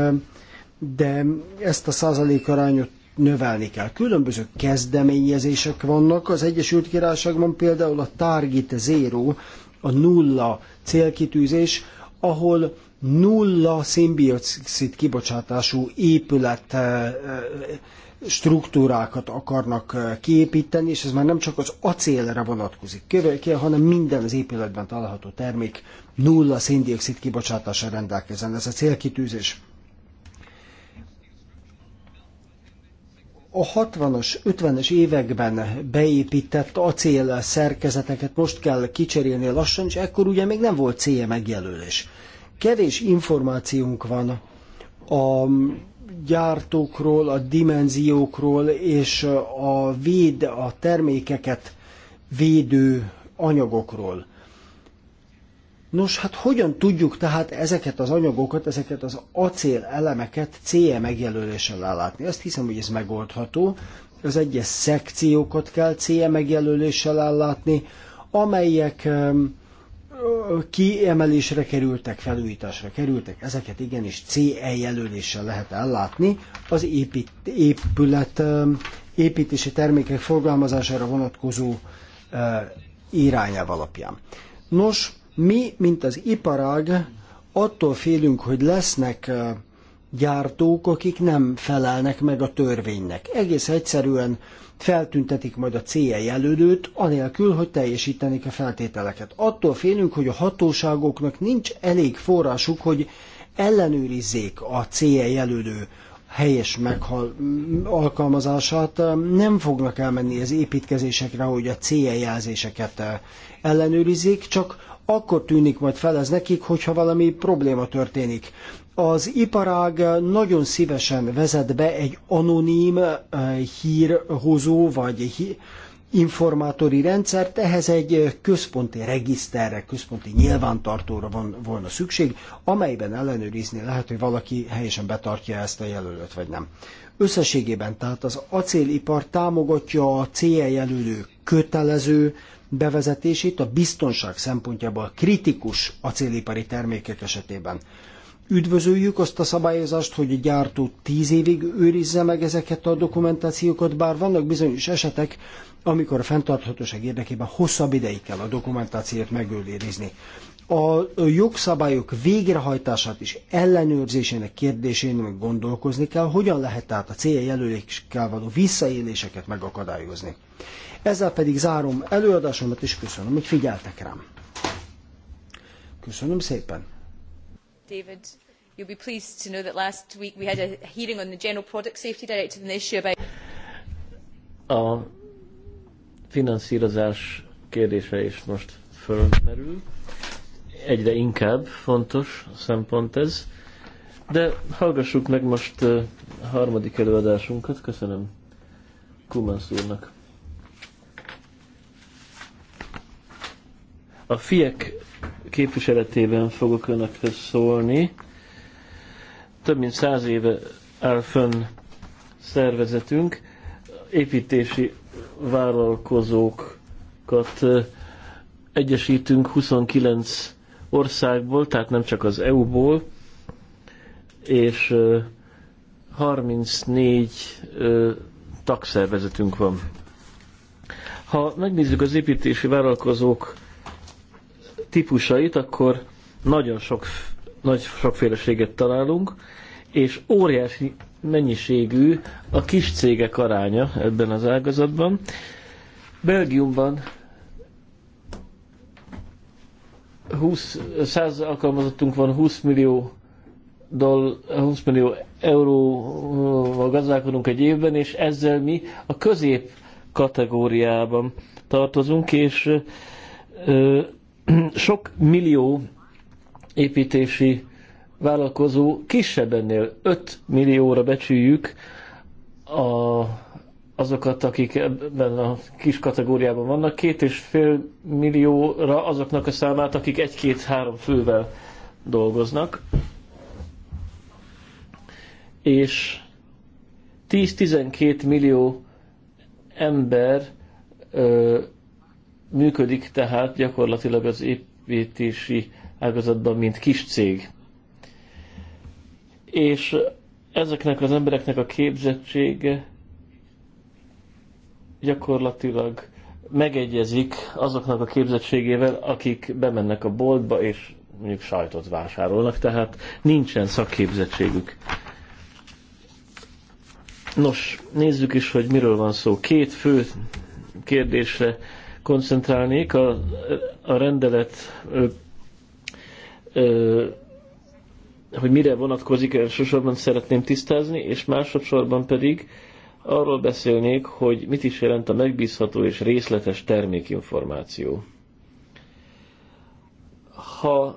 de ezt a százalékarányot növelni kell. Különböző kezdeményezések vannak. Az Egyesült Királyságban például a Target Zero, a nulla célkitűzés, ahol nulla szénbioxid kibocsátású épület eh, eh, struktúrákat akarnak eh, kiépíteni, és ez már nem csak az acélre vonatkozik, hanem minden az épületben található termék nulla széndiokszid kibocsátása rendelkezzen. Ez a célkitűzés. A 60-as, 50-es években beépített acél szerkezeteket most kell kicserélni lassan, és ekkor ugye még nem volt célja e megjelölés. Kevés információnk van a gyártókról, a dimenziókról és a véd, a termékeket védő anyagokról. Nos, hát hogyan tudjuk tehát ezeket az anyagokat, ezeket az acél elemeket CE megjelöléssel ellátni? Azt hiszem, hogy ez megoldható. Az egyes szekciókat kell CE megjelöléssel ellátni, amelyek um, kiemelésre kerültek, felújításra kerültek, ezeket igenis CE jelöléssel lehet ellátni. Az épít, épület um, építési termékek forgalmazására vonatkozó uh, irányával alapján. Nos, mi, mint az iparág, attól félünk, hogy lesznek uh, gyártók, akik nem felelnek meg a törvénynek. Egész egyszerűen feltüntetik majd a CE jelölőt, anélkül, hogy teljesítenék a feltételeket. Attól félünk, hogy a hatóságoknak nincs elég forrásuk, hogy ellenőrizzék a CE jelölő helyes meghal alkalmazását, nem fognak elmenni az építkezésekre, hogy a CE jelzéseket ellenőrizzék, csak akkor tűnik majd fel ez nekik, hogyha valami probléma történik az iparág nagyon szívesen vezet be egy anonim eh, hírhozó vagy informátori rendszert, ehhez egy központi regiszterre, központi nyilvántartóra van volna szükség, amelyben ellenőrizni lehet, hogy valaki helyesen betartja ezt a jelölőt, vagy nem. Összességében tehát az acélipar támogatja a CE jelölő kötelező bevezetését a biztonság szempontjából kritikus acélipari termékek esetében. Üdvözöljük azt a szabályozást, hogy a gyártó tíz évig őrizze meg ezeket a dokumentációkat, bár vannak bizonyos esetek, amikor a fenntarthatóság érdekében hosszabb ideig kell a dokumentációt megőrizni. A jogszabályok végrehajtását és ellenőrzésének kérdésén meg gondolkozni kell, hogyan lehet tehát a céljelölésekkel való visszaéléseket megakadályozni. Ezzel pedig zárom előadásomat, és köszönöm, hogy figyeltek rám. Köszönöm szépen! David. will be pleased to know that last week we had a hearing on the General Product Safety Directive and the issue about... A finanszírozás kérdése is most fölmerül. Egyre inkább fontos szempont ez. De hallgassuk meg most a harmadik előadásunkat. Köszönöm Kumansz úrnak. A FIEK képviseletében fogok önökhöz szólni. Több mint száz éve áll fönn szervezetünk, építési vállalkozókat egyesítünk 29 országból, tehát nem csak az EU-ból, és 34 tagszervezetünk van. Ha megnézzük az építési vállalkozók típusait, akkor nagyon sok, nagy sokféleséget találunk, és óriási mennyiségű a kis cégek aránya ebben az ágazatban. Belgiumban 20, 100 alkalmazottunk van, 20 millió, doll, 20 millió euróval gazdálkodunk egy évben, és ezzel mi a közép kategóriában tartozunk, és ö, sok millió építési vállalkozó kisebb ennél 5 millióra becsüljük a, azokat, akik ebben a kis kategóriában vannak, két és fél millióra azoknak a számát, akik egy-két-három fővel dolgoznak. És 10-12 millió ember ö, működik tehát gyakorlatilag az építési ágazatban, mint kis cég. És ezeknek az embereknek a képzettsége gyakorlatilag megegyezik azoknak a képzettségével, akik bemennek a boltba és mondjuk sajtot vásárolnak, tehát nincsen szakképzettségük. Nos, nézzük is, hogy miről van szó. Két fő kérdésre koncentrálnék. A, a rendelet, ö, ö, hogy mire vonatkozik, elsősorban szeretném tisztázni, és másodszorban pedig arról beszélnék, hogy mit is jelent a megbízható és részletes termékinformáció. Ha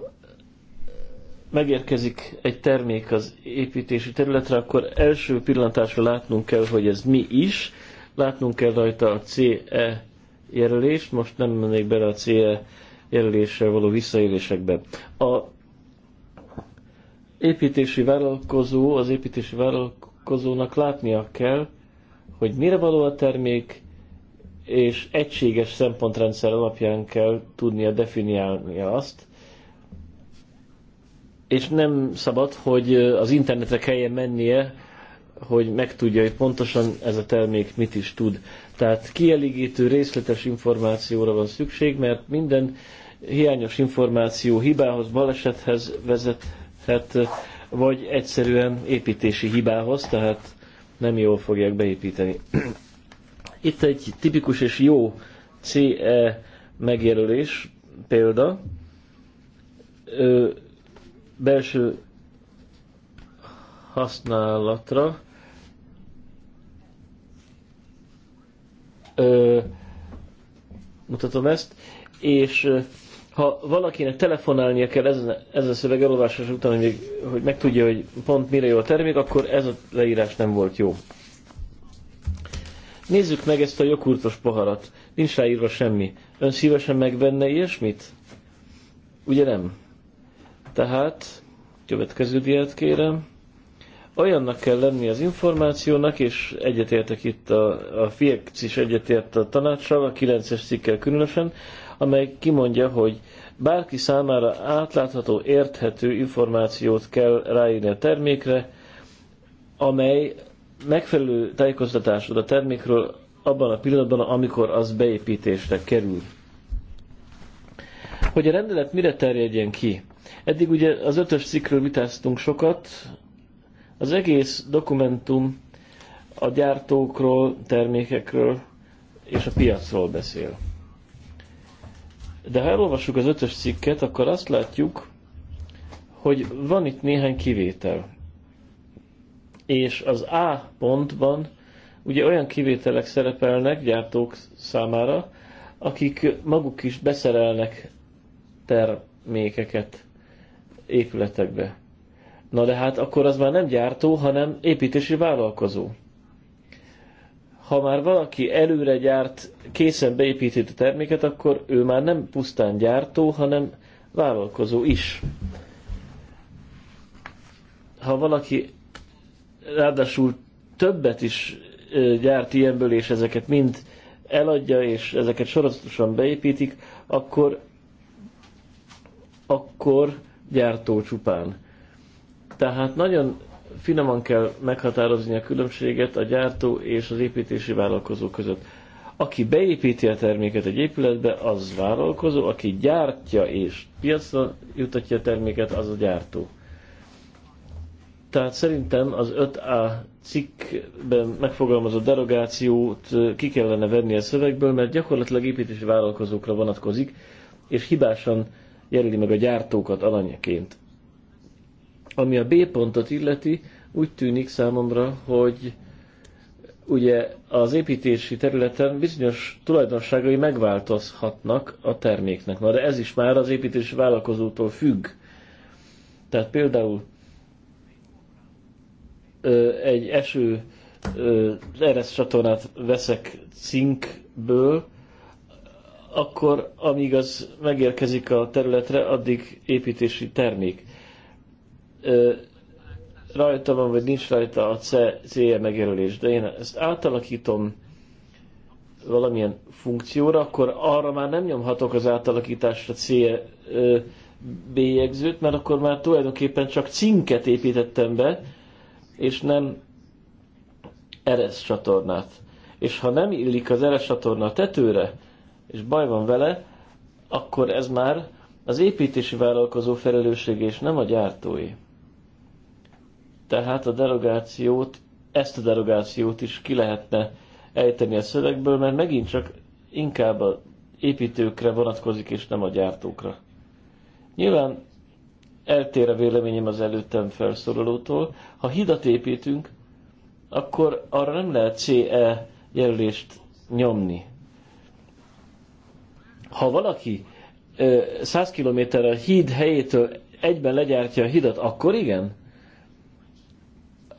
megérkezik egy termék az építési területre, akkor első pillantásra látnunk kell, hogy ez mi is, látnunk kell rajta a CE jelölést, most nem mennék bele a CE jelöléssel való visszaélésekbe. A építési vállalkozó, az építési vállalkozónak látnia kell, hogy mire való a termék, és egységes szempontrendszer alapján kell tudnia definiálnia azt, és nem szabad, hogy az internetre kelljen mennie, hogy megtudja, hogy pontosan ez a termék mit is tud. Tehát kielégítő részletes információra van szükség, mert minden hiányos információ hibához, balesethez vezethet, vagy egyszerűen építési hibához, tehát nem jól fogják beépíteni. Itt egy tipikus és jó CE megjelölés példa. Ö, belső használatra ö, mutatom ezt, és ha valakinek telefonálnia kell ezen, ezen a szöveg elolvásás után, hogy, hogy megtudja, hogy pont mire jó a termék, akkor ez a leírás nem volt jó. Nézzük meg ezt a joghurtos poharat. Nincs ráírva semmi. Ön szívesen megvenne ilyesmit? Ugye nem? Tehát, következő diát kérem olyannak kell lenni az információnak, és egyetértek itt a, a fiek is egyetért a tanácssal, a 9-es cikkel különösen, amely kimondja, hogy bárki számára átlátható, érthető információt kell ráírni a termékre, amely megfelelő tájékoztatásod a termékről abban a pillanatban, amikor az beépítésre kerül. Hogy a rendelet mire terjedjen ki? Eddig ugye az ötös cikkről vitáztunk sokat, az egész dokumentum a gyártókról, termékekről és a piacról beszél. De ha elolvassuk az ötös cikket, akkor azt látjuk, hogy van itt néhány kivétel. És az A pontban ugye olyan kivételek szerepelnek gyártók számára, akik maguk is beszerelnek termékeket épületekbe. Na de hát akkor az már nem gyártó, hanem építési vállalkozó. Ha már valaki előre gyárt, készen beépített terméket, akkor ő már nem pusztán gyártó, hanem vállalkozó is. Ha valaki ráadásul többet is gyárt ilyenből, és ezeket mind eladja, és ezeket sorozatosan beépítik, akkor akkor gyártó csupán. Tehát nagyon finoman kell meghatározni a különbséget a gyártó és az építési vállalkozó között. Aki beépíti a terméket egy épületbe, az vállalkozó, aki gyártja és piacra jutatja a terméket, az a gyártó. Tehát szerintem az 5A cikkben megfogalmazott derogációt ki kellene venni a szövegből, mert gyakorlatilag építési vállalkozókra vonatkozik, és hibásan jelöli meg a gyártókat alanyaként. Ami a B pontot illeti, úgy tűnik számomra, hogy ugye az építési területen bizonyos tulajdonságai megváltozhatnak a terméknek. Na de ez is már az építési vállalkozótól függ. Tehát például ö, egy eső eresz csatornát veszek cinkből, akkor amíg az megérkezik a területre, addig építési termék rajta van, vagy nincs rajta a célja megjelölés, de én ezt átalakítom valamilyen funkcióra, akkor arra már nem nyomhatok az átalakításra C bélyegzőt, mert akkor már tulajdonképpen csak cinket építettem be, és nem eres csatornát. És ha nem illik az eres csatorna a tetőre, és baj van vele, akkor ez már az építési vállalkozó felelőssége, és nem a gyártói. Tehát a derogációt, ezt a derogációt is ki lehetne ejteni a szövegből, mert megint csak inkább a építőkre vonatkozik, és nem a gyártókra. Nyilván eltér a véleményem az előttem felszorolótól. Ha hidat építünk, akkor arra nem lehet CE jelölést nyomni. Ha valaki 100 kilométerre a híd helyétől egyben legyártja a hidat, akkor igen?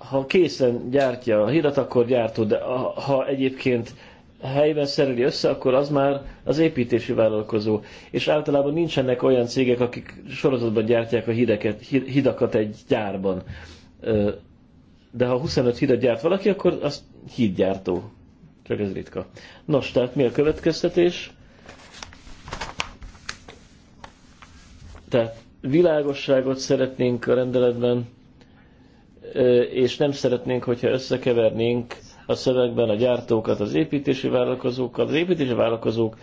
ha készen gyártja a hidat, akkor gyártó, de ha egyébként helyben szereli össze, akkor az már az építési vállalkozó. És általában nincsenek olyan cégek, akik sorozatban gyártják a hideket, hidakat egy gyárban. De ha 25 hidat gyárt valaki, akkor az hídgyártó. Csak ez ritka. Nos, tehát mi a következtetés? Tehát világosságot szeretnénk a rendeletben, és nem szeretnénk, hogyha összekevernénk a szövegben a gyártókat az építési vállalkozókkal. Az építési vállalkozók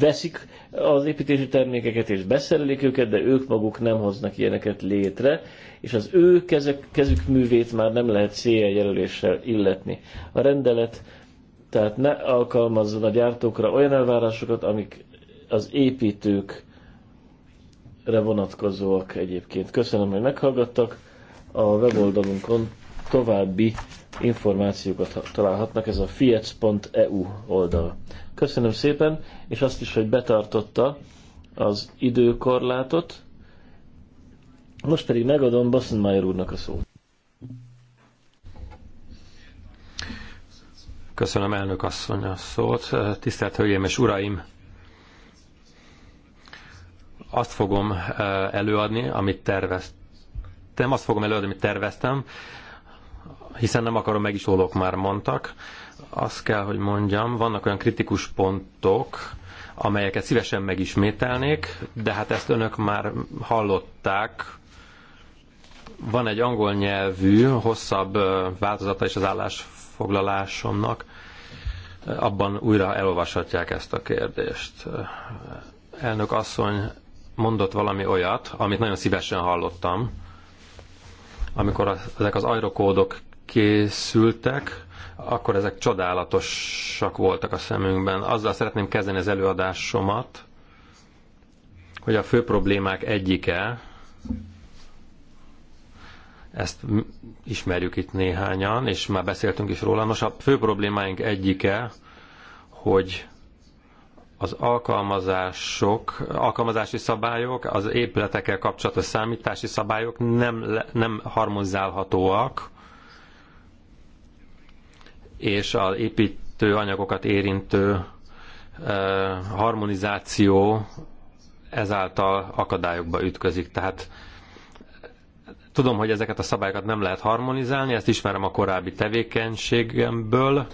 veszik az építési termékeket és beszerelik őket, de ők maguk nem hoznak ilyeneket létre, és az ő kezek, kezük művét már nem lehet CE jelöléssel illetni. A rendelet tehát ne alkalmazzon a gyártókra olyan elvárásokat, amik az építőkre vonatkozóak egyébként. Köszönöm, hogy meghallgattak a weboldalunkon további információkat találhatnak, ez a fiec.eu oldal. Köszönöm szépen, és azt is, hogy betartotta az időkorlátot. Most pedig megadom Bassenmeier úrnak a szót. Köszönöm elnök asszony a szót. Tisztelt Hölgyeim és Uraim! Azt fogom eh, előadni, amit terveztem nem azt fogom előadni, amit terveztem, hiszen nem akarom, meg is olok, már mondtak. Azt kell, hogy mondjam, vannak olyan kritikus pontok, amelyeket szívesen megismételnék, de hát ezt önök már hallották. Van egy angol nyelvű, hosszabb változata is az állásfoglalásomnak. Abban újra elolvashatják ezt a kérdést. Elnök asszony mondott valami olyat, amit nagyon szívesen hallottam, amikor ezek az ajrokódok készültek, akkor ezek csodálatosak voltak a szemünkben. Azzal szeretném kezdeni az előadásomat, hogy a fő problémák egyike, ezt ismerjük itt néhányan, és már beszéltünk is róla. Nos, a fő problémáink egyike, hogy az alkalmazások, alkalmazási szabályok, az épületekkel kapcsolatos számítási szabályok nem, nem harmonizálhatóak, és az építő anyagokat érintő harmonizáció ezáltal akadályokba ütközik. Tehát tudom, hogy ezeket a szabályokat nem lehet harmonizálni, ezt ismerem a korábbi tevékenységemből,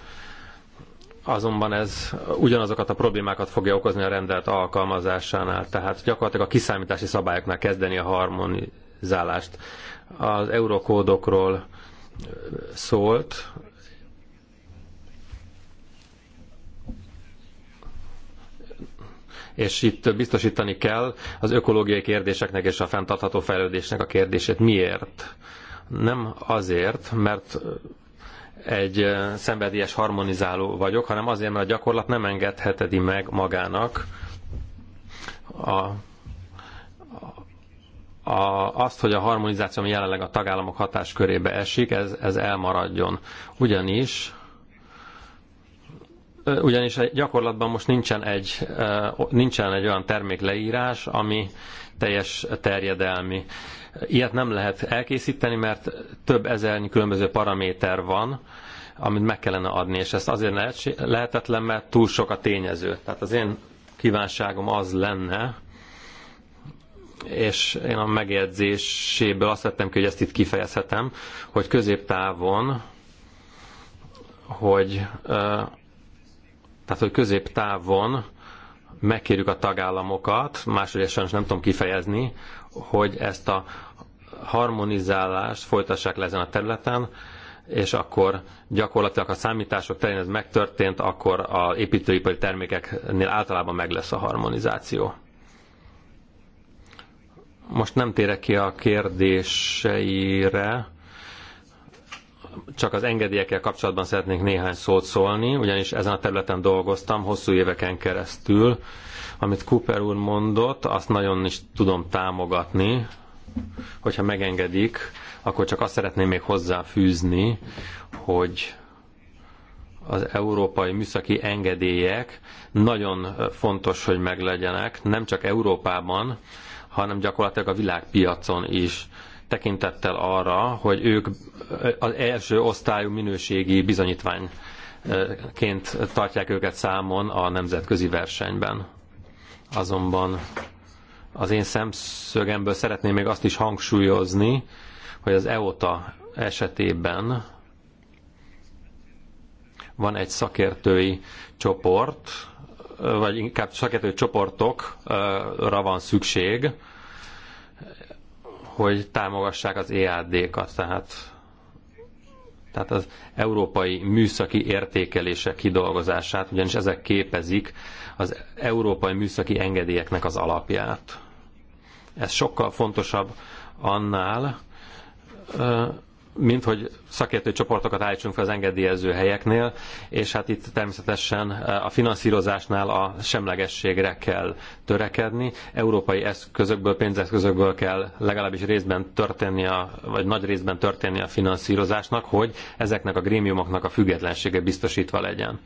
azonban ez ugyanazokat a problémákat fogja okozni a rendelt alkalmazásánál, tehát gyakorlatilag a kiszámítási szabályoknál kezdeni a harmonizálást. Az eurokódokról szólt, és itt biztosítani kell az ökológiai kérdéseknek és a fenntartható fejlődésnek a kérdését. Miért? Nem azért, mert egy szenvedélyes harmonizáló vagyok, hanem azért, mert a gyakorlat nem engedheteti meg magának a, a, azt, hogy a harmonizáció, ami jelenleg a tagállamok hatáskörébe esik, ez, ez elmaradjon. Ugyanis ugyanis gyakorlatban most nincsen egy, nincsen egy olyan termékleírás, ami teljes terjedelmi. Ilyet nem lehet elkészíteni, mert több ezernyi különböző paraméter van, amit meg kellene adni, és ezt azért lehetetlen, mert túl sok a tényező. Tehát az én kívánságom az lenne, és én a megjegyzéséből azt vettem ki, hogy ezt itt kifejezhetem, hogy középtávon, hogy tehát hogy középtávon megkérjük a tagállamokat, máshogy sajnos nem tudom kifejezni, hogy ezt a harmonizálást folytassák le ezen a területen, és akkor gyakorlatilag, ha a számítások terén ez megtörtént, akkor a építőipari termékeknél általában meg lesz a harmonizáció. Most nem térek ki a kérdéseire, csak az engedélyekkel kapcsolatban szeretnék néhány szót szólni, ugyanis ezen a területen dolgoztam hosszú éveken keresztül. Amit Cooper úr mondott, azt nagyon is tudom támogatni, hogyha megengedik, akkor csak azt szeretném még hozzáfűzni, hogy az európai műszaki engedélyek nagyon fontos, hogy meglegyenek, nem csak Európában, hanem gyakorlatilag a világpiacon is tekintettel arra, hogy ők az első osztályú minőségi bizonyítványként tartják őket számon a nemzetközi versenyben. Azonban az én szemszögemből szeretném még azt is hangsúlyozni, hogy az EOTA esetében van egy szakértői csoport, vagy inkább szakértői csoportokra van szükség, hogy támogassák az EAD-kat, tehát, tehát az európai műszaki értékelések kidolgozását, ugyanis ezek képezik az európai műszaki engedélyeknek az alapját. Ez sokkal fontosabb annál, mint hogy szakértő csoportokat állítsunk fel az engedélyező helyeknél, és hát itt természetesen e, a finanszírozásnál a semlegességre kell törekedni. Európai eszközökből, pénzeszközökből kell legalábbis részben történni, a, vagy nagy részben történni a finanszírozásnak, hogy ezeknek a grémiumoknak a függetlensége biztosítva legyen.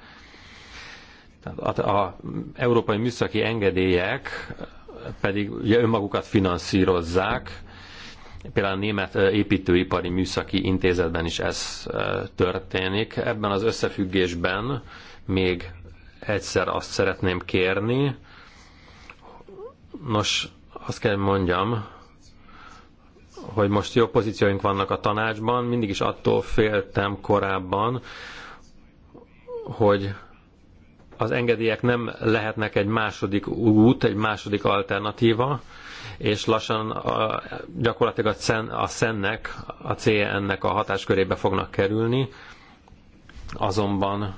Tehát a, a európai műszaki engedélyek pedig ugye önmagukat finanszírozzák, Például a Német Építőipari Műszaki Intézetben is ez történik. Ebben az összefüggésben még egyszer azt szeretném kérni, nos, azt kell mondjam, hogy most jó pozícióink vannak a tanácsban, mindig is attól féltem korábban, hogy az engedélyek nem lehetnek egy második út, egy második alternatíva, és lassan a, gyakorlatilag a, CEN, a SZEN-nek, a CN-nek a hatáskörébe fognak kerülni, azonban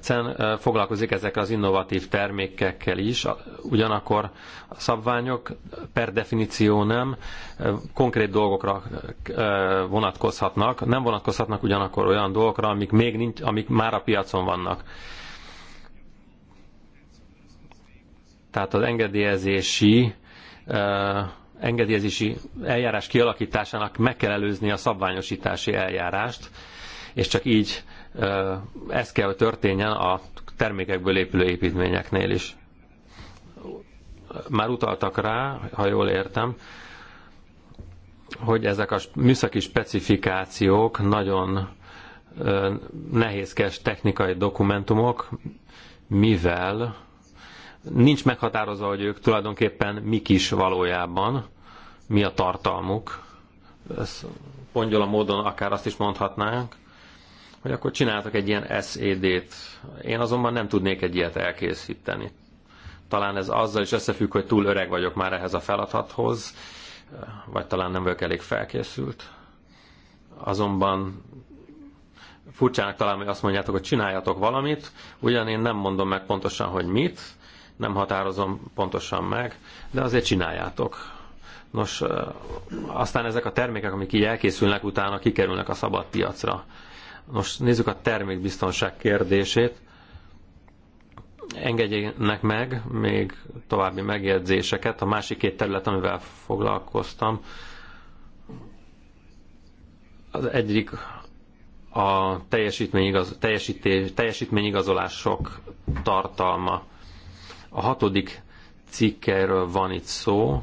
CEN foglalkozik ezekkel az innovatív termékekkel is, ugyanakkor a szabványok per definíció nem konkrét dolgokra vonatkozhatnak, nem vonatkozhatnak ugyanakkor olyan dolgokra, amik, még nincs, amik már a piacon vannak. Tehát az engedélyezési engedélyezési eljárás kialakításának meg kell előzni a szabványosítási eljárást, és csak így ez kell, hogy történjen a termékekből épülő építményeknél is. Már utaltak rá, ha jól értem, hogy ezek a műszaki specifikációk nagyon nehézkes technikai dokumentumok, mivel nincs meghatározva, hogy ők tulajdonképpen mik is valójában, mi a tartalmuk. Ez a módon akár azt is mondhatnánk, hogy akkor csináltak egy ilyen SED-t. Én azonban nem tudnék egy ilyet elkészíteni. Talán ez azzal is összefügg, hogy túl öreg vagyok már ehhez a feladathoz, vagy talán nem vagyok elég felkészült. Azonban furcsának talán, hogy azt mondjátok, hogy csináljatok valamit, ugyan én nem mondom meg pontosan, hogy mit, nem határozom pontosan meg, de azért csináljátok. Nos, aztán ezek a termékek, amik így elkészülnek, utána kikerülnek a szabad piacra. Nos, nézzük a termékbiztonság kérdését. Engedjenek meg még további megjegyzéseket. A másik két terület, amivel foglalkoztam, az egyik a teljesítményigaz, teljesítés, teljesítményigazolások tartalma. A hatodik cikkerről van itt szó.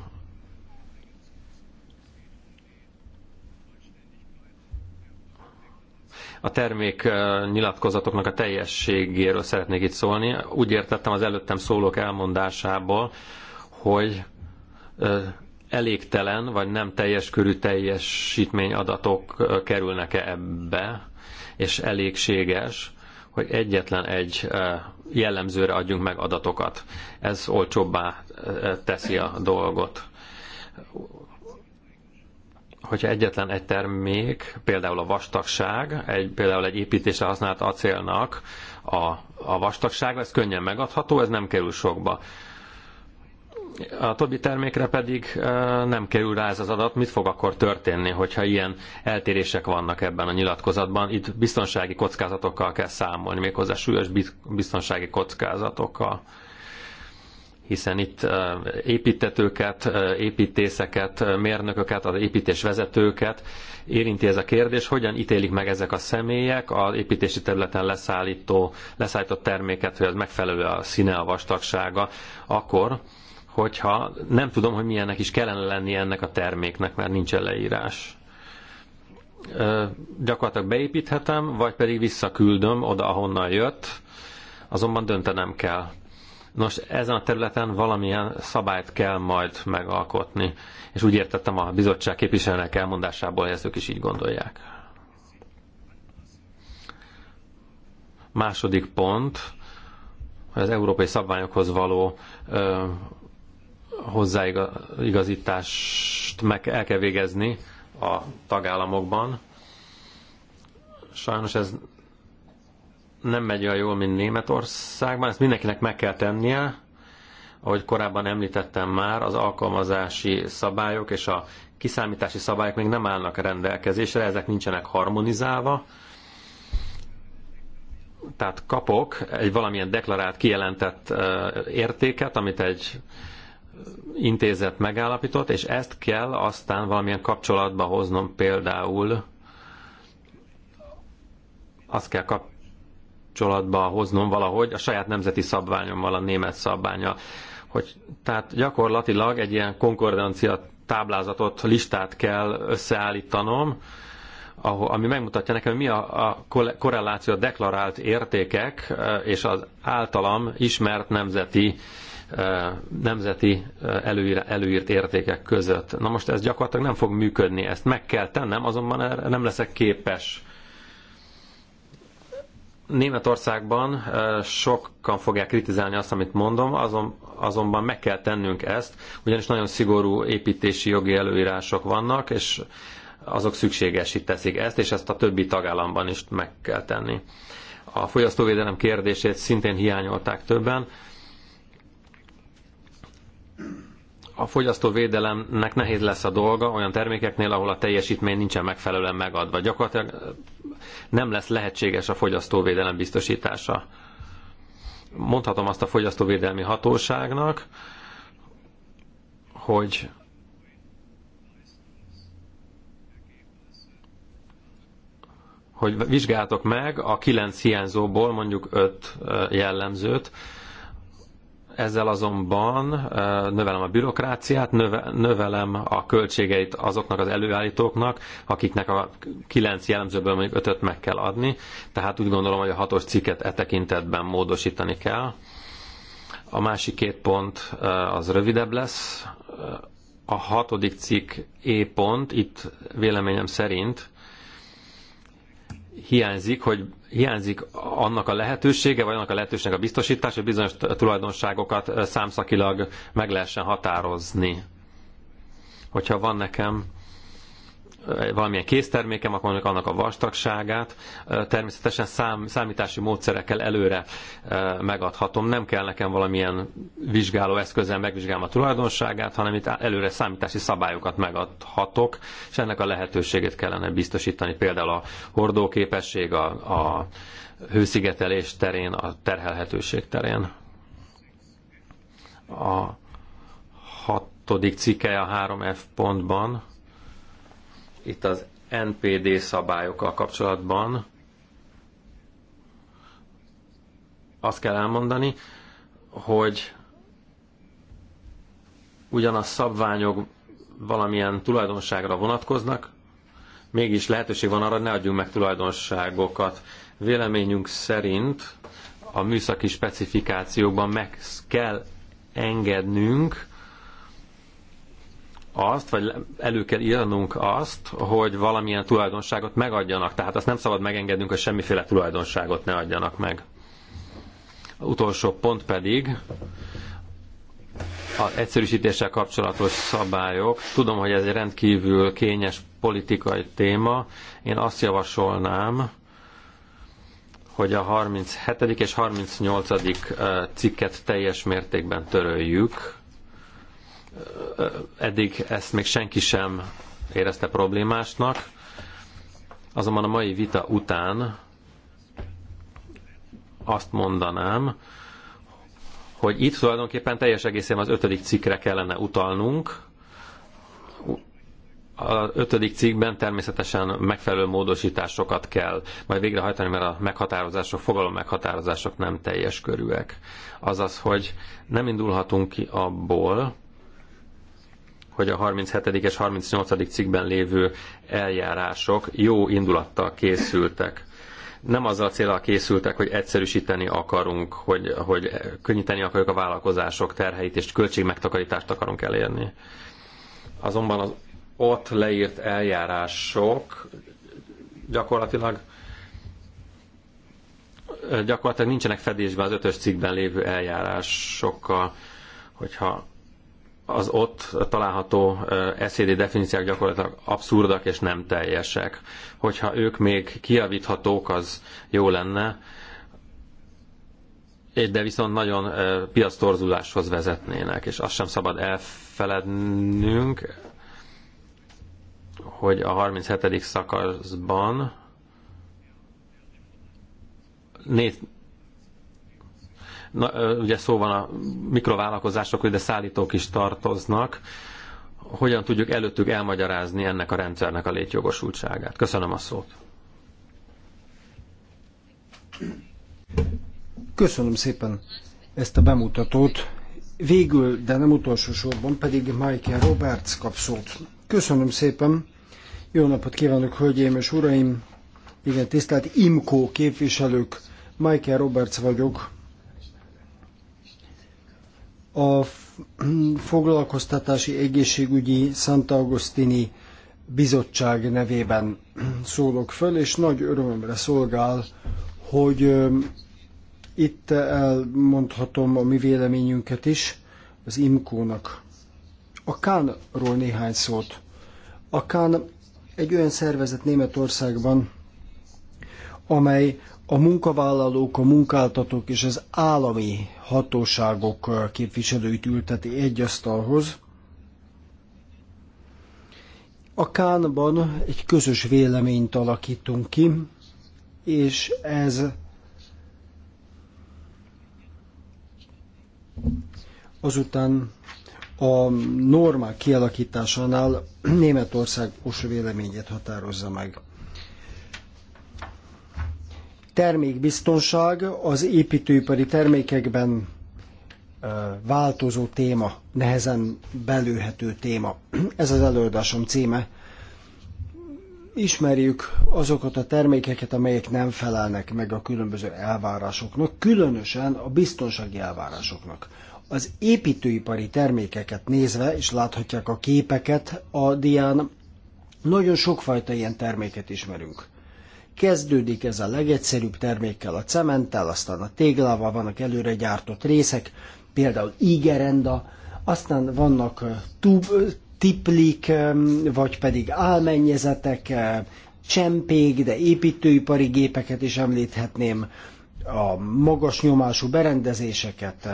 A termék nyilatkozatoknak a teljességéről szeretnék itt szólni. Úgy értettem az előttem szólók elmondásából, hogy elégtelen vagy nem teljes körű teljesítményadatok kerülnek-e ebbe, és elégséges, hogy egyetlen egy jellemzőre adjunk meg adatokat. Ez olcsóbbá eh, teszi a dolgot. Hogyha egyetlen egy termék, például a vastagság, egy, például egy építésre használt acélnak a, a vastagság, ez könnyen megadható, ez nem kerül sokba a többi termékre pedig nem kerül rá ez az adat. Mit fog akkor történni, hogyha ilyen eltérések vannak ebben a nyilatkozatban? Itt biztonsági kockázatokkal kell számolni, méghozzá súlyos biztonsági kockázatokkal hiszen itt építetőket, építészeket, mérnököket, az építés vezetőket érinti ez a kérdés, hogyan ítélik meg ezek a személyek az építési területen leszállító, leszállított terméket, hogy az megfelelő a színe, a vastagsága, akkor, hogyha nem tudom, hogy milyennek is kellene lenni ennek a terméknek, mert nincs leírás. Gyakorlatilag beépíthetem, vagy pedig visszaküldöm oda, ahonnan jött, azonban döntenem kell. Nos, ezen a területen valamilyen szabályt kell majd megalkotni, és úgy értettem a bizottság képviselőnek elmondásából, hogy ezt ők is így gondolják. Második pont, az európai szabványokhoz való ö, hozzáigazítást meg el kell végezni a tagállamokban. Sajnos ez nem megy olyan jól, mint Németországban, ezt mindenkinek meg kell tennie. Ahogy korábban említettem már, az alkalmazási szabályok és a kiszámítási szabályok még nem állnak rendelkezésre, ezek nincsenek harmonizálva. Tehát kapok egy valamilyen deklarált, kijelentett értéket, amit egy intézet megállapított, és ezt kell aztán valamilyen kapcsolatba hoznom például, azt kell kapcsolatba hoznom valahogy a saját nemzeti szabványommal, a német szabványa. Hogy, tehát gyakorlatilag egy ilyen konkordancia táblázatot, listát kell összeállítanom, ami megmutatja nekem, mi a, a korreláció a deklarált értékek eh, és az általam ismert nemzeti nemzeti előírt értékek között. Na most ez gyakorlatilag nem fog működni, ezt meg kell tennem, azonban erre nem leszek képes. Németországban sokan fogják kritizálni azt, amit mondom, azon, azonban meg kell tennünk ezt, ugyanis nagyon szigorú építési jogi előírások vannak, és azok szükségesít teszik ezt, és ezt a többi tagállamban is meg kell tenni. A fogyasztóvédelem kérdését szintén hiányolták többen, a fogyasztóvédelemnek nehéz lesz a dolga olyan termékeknél, ahol a teljesítmény nincsen megfelelően megadva. Gyakorlatilag eh, nem lesz lehetséges a fogyasztóvédelem biztosítása. Mondhatom azt a fogyasztóvédelmi hatóságnak, hogy hogy vizsgáltok meg a kilenc hiányzóból mondjuk öt eh, jellemzőt, ezzel azonban növelem a bürokráciát, növelem a költségeit azoknak az előállítóknak, akiknek a kilenc jellemzőből mondjuk ötöt meg kell adni. Tehát úgy gondolom, hogy a hatos cikket e tekintetben módosítani kell. A másik két pont az rövidebb lesz. A hatodik cikk E pont, itt véleményem szerint hiányzik, hogy hiányzik annak a lehetősége, vagy annak a lehetőségnek a biztosítás, hogy bizonyos tulajdonságokat számszakilag meg lehessen határozni. Hogyha van nekem valamilyen késztermékem, akkor mondjuk annak a vastagságát természetesen szám, számítási módszerekkel előre megadhatom. Nem kell nekem valamilyen vizsgáló eszközzel megvizsgálni a tulajdonságát, hanem itt előre számítási szabályokat megadhatok, és ennek a lehetőségét kellene biztosítani. Például a hordóképesség, a, a hőszigetelés terén, a terhelhetőség terén. A hatodik cikke a 3F pontban itt az NPD szabályokkal kapcsolatban azt kell elmondani, hogy ugyan a szabványok valamilyen tulajdonságra vonatkoznak, mégis lehetőség van arra, hogy ne adjunk meg tulajdonságokat. Véleményünk szerint a műszaki specifikációkban meg kell engednünk azt, vagy elő kell írnunk azt, hogy valamilyen tulajdonságot megadjanak. Tehát azt nem szabad megengednünk, hogy semmiféle tulajdonságot ne adjanak meg. A utolsó pont pedig az egyszerűsítéssel kapcsolatos szabályok. Tudom, hogy ez egy rendkívül kényes politikai téma. Én azt javasolnám, hogy a 37. és 38. Eh, cikket teljes mértékben töröljük, eddig ezt még senki sem érezte problémásnak, azonban a mai vita után azt mondanám, hogy itt tulajdonképpen teljes egészében az ötödik cikkre kellene utalnunk. A ötödik cikkben természetesen megfelelő módosításokat kell majd végrehajtani, mert a meghatározások, fogalom meghatározások nem teljes körűek. Azaz, hogy nem indulhatunk ki abból, hogy a 37. és 38. cikkben lévő eljárások jó indulattal készültek. Nem azzal a célral készültek, hogy egyszerűsíteni akarunk, hogy, hogy könnyíteni akarjuk a vállalkozások terheit és költségmegtakarítást akarunk elérni. Azonban az ott leírt eljárások gyakorlatilag gyakorlatilag nincsenek fedésben az ötös cikkben lévő eljárásokkal, hogyha az ott található SZD definíciák gyakorlatilag abszurdak és nem teljesek. Hogyha ők még kiavíthatók, az jó lenne, de viszont nagyon piasztorzuláshoz vezetnének, és azt sem szabad elfelednünk, hogy a 37. szakaszban Na, ugye szó van a mikrovállalkozásokról, de szállítók is tartoznak. Hogyan tudjuk előttük elmagyarázni ennek a rendszernek a létjogosultságát? Köszönöm a szót. Köszönöm szépen ezt a bemutatót. Végül, de nem utolsó sorban pedig Michael Roberts kap szót. Köszönöm szépen. Jó napot kívánok, hölgyeim és uraim! Igen, tisztelt IMKO képviselők, Michael Roberts vagyok, a foglalkoztatási egészségügyi Szent Augustini bizottság nevében szólok föl, és nagy örömömre szolgál, hogy itt elmondhatom a mi véleményünket is az IMKÓ-nak. A Kánról néhány szót. A Kán egy olyan szervezet Németországban, amely a munkavállalók, a munkáltatók és az állami hatóságok képviselőit ülteti egy asztalhoz. A Kánban egy közös véleményt alakítunk ki, és ez azután a normák kialakításánál Németország os véleményét határozza meg termékbiztonság az építőipari termékekben változó téma, nehezen belőhető téma. Ez az előadásom címe. Ismerjük azokat a termékeket, amelyek nem felelnek meg a különböző elvárásoknak, különösen a biztonsági elvárásoknak. Az építőipari termékeket nézve, és láthatják a képeket a dián, nagyon sokfajta ilyen terméket ismerünk. Kezdődik ez a legegyszerűbb termékkel, a cementtel, aztán a téglával vannak előre gyártott részek, például ígerenda, aztán vannak tub, tiplik, vagy pedig álmennyezetek, csempék, de építőipari gépeket is említhetném, a magas nyomású berendezéseket,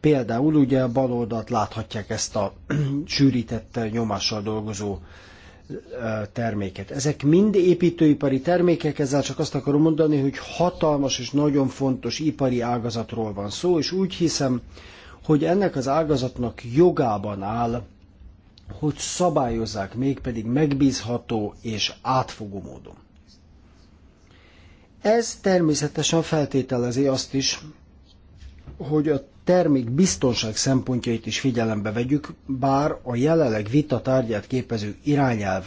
például ugye a bal oldalt láthatják ezt a sűrített nyomással dolgozó terméket. Ezek mind építőipari termékek, ezzel csak azt akarom mondani, hogy hatalmas és nagyon fontos ipari ágazatról van szó, és úgy hiszem, hogy ennek az ágazatnak jogában áll, hogy szabályozzák mégpedig megbízható és átfogó módon. Ez természetesen feltételezi azt is, hogy a termék biztonság szempontjait is figyelembe vegyük, bár a jelenleg vita tárgyát képező irányelv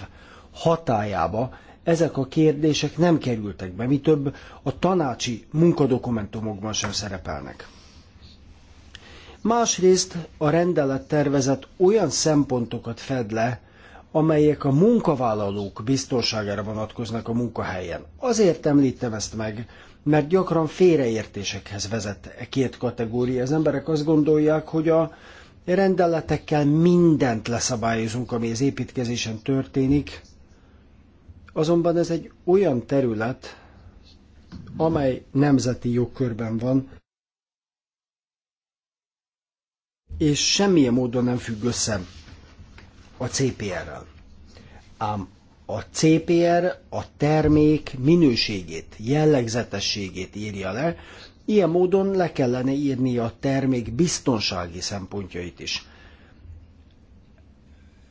hatájába ezek a kérdések nem kerültek be, mi több a tanácsi munkadokumentumokban sem szerepelnek. Másrészt a rendelettervezet olyan szempontokat fed le, amelyek a munkavállalók biztonságára vonatkoznak a munkahelyen. Azért említem ezt meg, mert gyakran félreértésekhez vezet e két kategória. Az emberek azt gondolják, hogy a rendeletekkel mindent leszabályozunk, ami az építkezésen történik, azonban ez egy olyan terület, amely nemzeti jogkörben van, és semmilyen módon nem függ össze a CPR-rel. Ám a CPR a termék minőségét, jellegzetességét írja le, ilyen módon le kellene írni a termék biztonsági szempontjait is.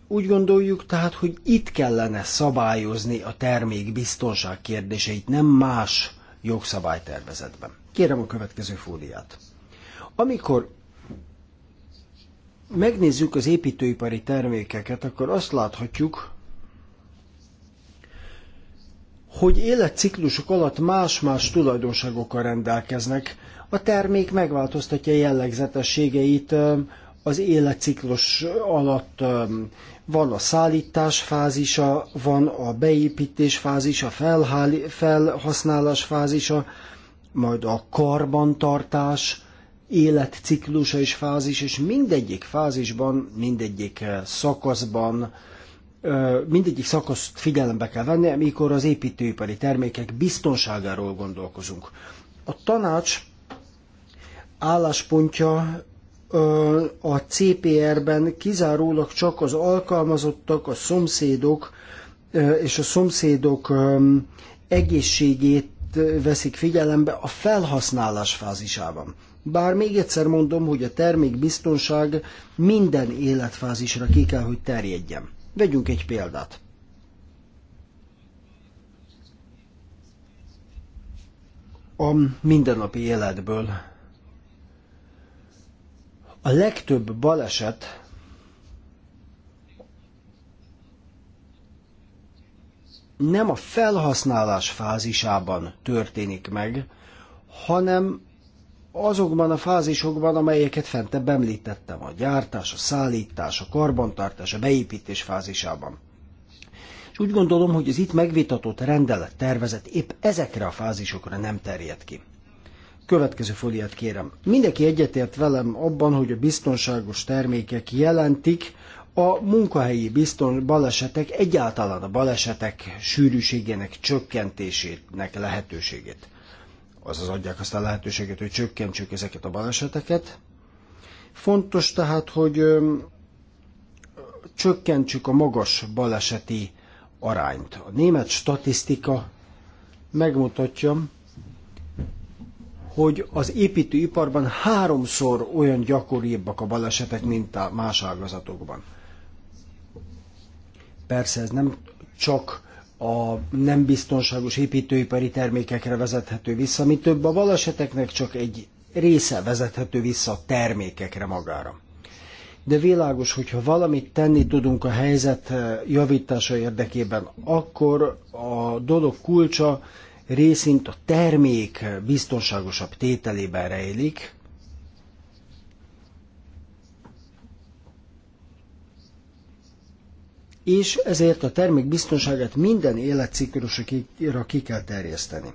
Úgy gondoljuk tehát, hogy itt kellene szabályozni a termék biztonság kérdéseit, nem más jogszabálytervezetben. Kérem a következő fóliát. Amikor megnézzük az építőipari termékeket, akkor azt láthatjuk, hogy életciklusok alatt más-más tulajdonságokkal rendelkeznek. A termék megváltoztatja jellegzetességeit az életciklus alatt. Van a szállítás fázisa, van a beépítés fázisa, felháli, felhasználás fázisa, majd a karbantartás életciklusa és fázis, és mindegyik fázisban, mindegyik szakaszban mindegyik szakaszt figyelembe kell venni, amikor az építőipari termékek biztonságáról gondolkozunk. A tanács álláspontja a CPR-ben kizárólag csak az alkalmazottak, a szomszédok és a szomszédok egészségét veszik figyelembe a felhasználás fázisában. Bár még egyszer mondom, hogy a termék biztonság minden életfázisra ki kell, hogy terjedjen. Vegyünk egy példát. A mindennapi életből a legtöbb baleset nem a felhasználás fázisában történik meg, hanem azokban a fázisokban, amelyeket fentebb említettem, a gyártás, a szállítás, a karbantartás, a beépítés fázisában. És úgy gondolom, hogy az itt megvitatott rendelet tervezet épp ezekre a fázisokra nem terjed ki. Következő foliát kérem. Mindenki egyetért velem abban, hogy a biztonságos termékek jelentik a munkahelyi bizton balesetek, egyáltalán a balesetek sűrűségének csökkentésének lehetőségét azaz adják azt a lehetőséget, hogy csökkentsük ezeket a baleseteket. Fontos tehát, hogy csökkentsük a magas baleseti arányt. A német statisztika megmutatja, hogy az építőiparban háromszor olyan gyakoribbak a balesetek, mint a más ágazatokban. Persze ez nem csak a nem biztonságos építőipari termékekre vezethető vissza, mi több a baleseteknek csak egy része vezethető vissza a termékekre magára. De világos, hogyha valamit tenni tudunk a helyzet eh, javítása érdekében, akkor a dolog kulcsa részint a termék biztonságosabb tételében rejlik, és ezért a termék biztonságát minden életciklusra ki kell terjeszteni.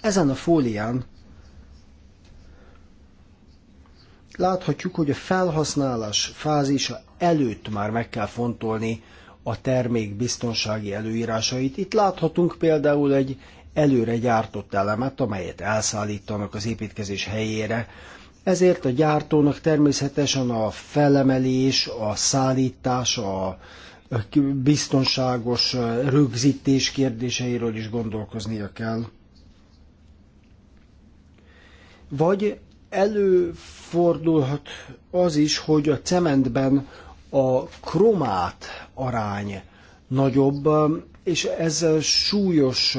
Ezen a fólián láthatjuk, hogy a felhasználás fázisa előtt már meg kell fontolni a termék biztonsági előírásait. Itt láthatunk például egy előre gyártott elemet, amelyet elszállítanak az építkezés helyére. Ezért a gyártónak természetesen a felemelés, a szállítás, a biztonságos rögzítés kérdéseiről is gondolkoznia kell. Vagy előfordulhat az is, hogy a cementben a kromát arány nagyobb, és ez súlyos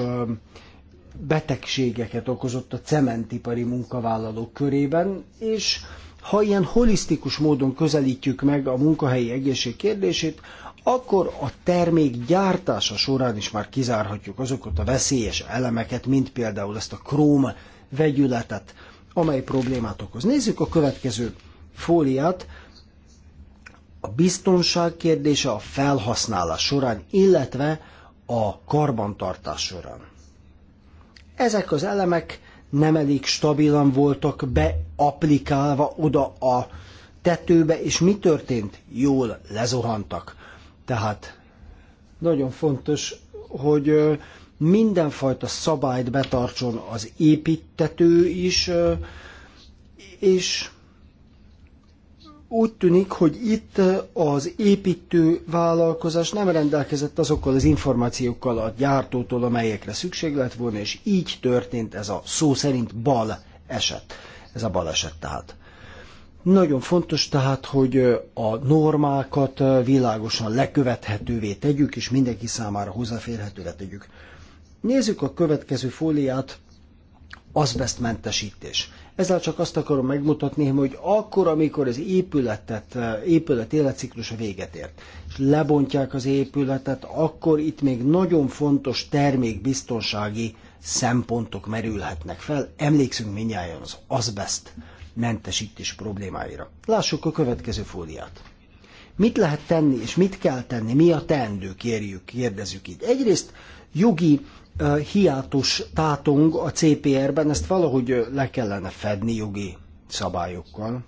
betegségeket okozott a cementipari munkavállalók körében, és ha ilyen holisztikus módon közelítjük meg a munkahelyi egészség kérdését, akkor a termék gyártása során is már kizárhatjuk azokat a veszélyes elemeket, mint például ezt a króm vegyületet, amely problémát okoz. Nézzük a következő fóliát. A biztonság kérdése a felhasználás során, illetve a karbantartás során. Ezek az elemek nem elég stabilan voltak beaplikálva oda a tetőbe, és mi történt? Jól lezuhantak. Tehát nagyon fontos, hogy mindenfajta szabályt betartson az építető is, és úgy tűnik, hogy itt az építő vállalkozás nem rendelkezett azokkal az információkkal a gyártótól, amelyekre szükség lett volna, és így történt ez a szó szerint bal eset. Ez a baleset tehát. Nagyon fontos tehát, hogy a normákat világosan lekövethetővé tegyük, és mindenki számára hozzáférhetővé tegyük. Nézzük a következő fóliát, azbestmentesítés. Ezzel csak azt akarom megmutatni, hogy akkor, amikor az épületet, épület életciklusa véget ért, és lebontják az épületet, akkor itt még nagyon fontos termékbiztonsági szempontok merülhetnek fel. Emlékszünk minnyáján az azbest mentesítés problémáira. Lássuk a következő fóliát. Mit lehet tenni, és mit kell tenni, mi a teendő, kérjük, kérdezzük itt. Egyrészt jogi uh, hiátus tátong a CPR-ben, ezt valahogy le kellene fedni jogi szabályokkal.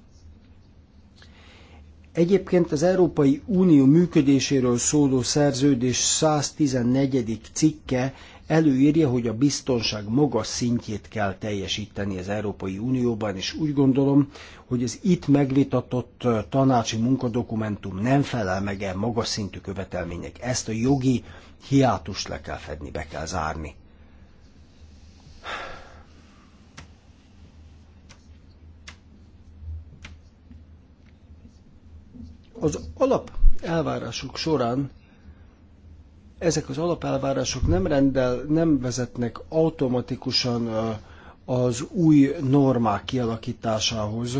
Egyébként az Európai Unió működéséről szóló szerződés 114. cikke előírja, hogy a biztonság magas szintjét kell teljesíteni az Európai Unióban, és úgy gondolom, hogy az itt megvitatott tanácsi munkadokumentum nem felel meg el magas szintű követelmények. Ezt a jogi hiátust le kell fedni, be kell zárni. Az alap elvárások során ezek az alapelvárások nem, rendel, nem vezetnek automatikusan az új normák kialakításához,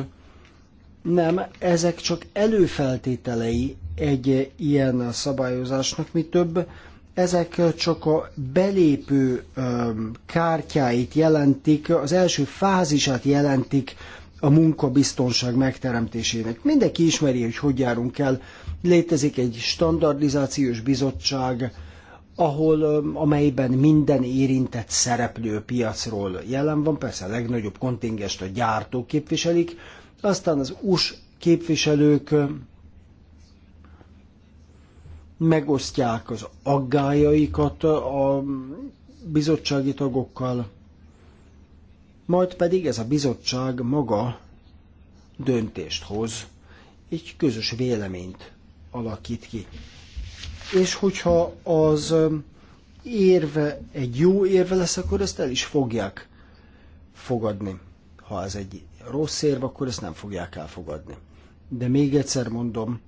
nem, ezek csak előfeltételei egy ilyen szabályozásnak, mi több, ezek csak a belépő kártyáit jelentik, az első fázisát jelentik a munkabiztonság megteremtésének. Mindenki ismeri, hogy hogy járunk el. Létezik egy standardizációs bizottság, ahol, amelyben minden érintett szereplő piacról jelen van, persze a legnagyobb kontingest a gyártók képviselik, aztán az US képviselők megosztják az aggájaikat a bizottsági tagokkal, majd pedig ez a bizottság maga döntést hoz, egy közös véleményt alakít ki és hogyha az érve egy jó érve lesz, akkor ezt el is fogják fogadni. Ha ez egy rossz érv, akkor ezt nem fogják elfogadni. De még egyszer mondom,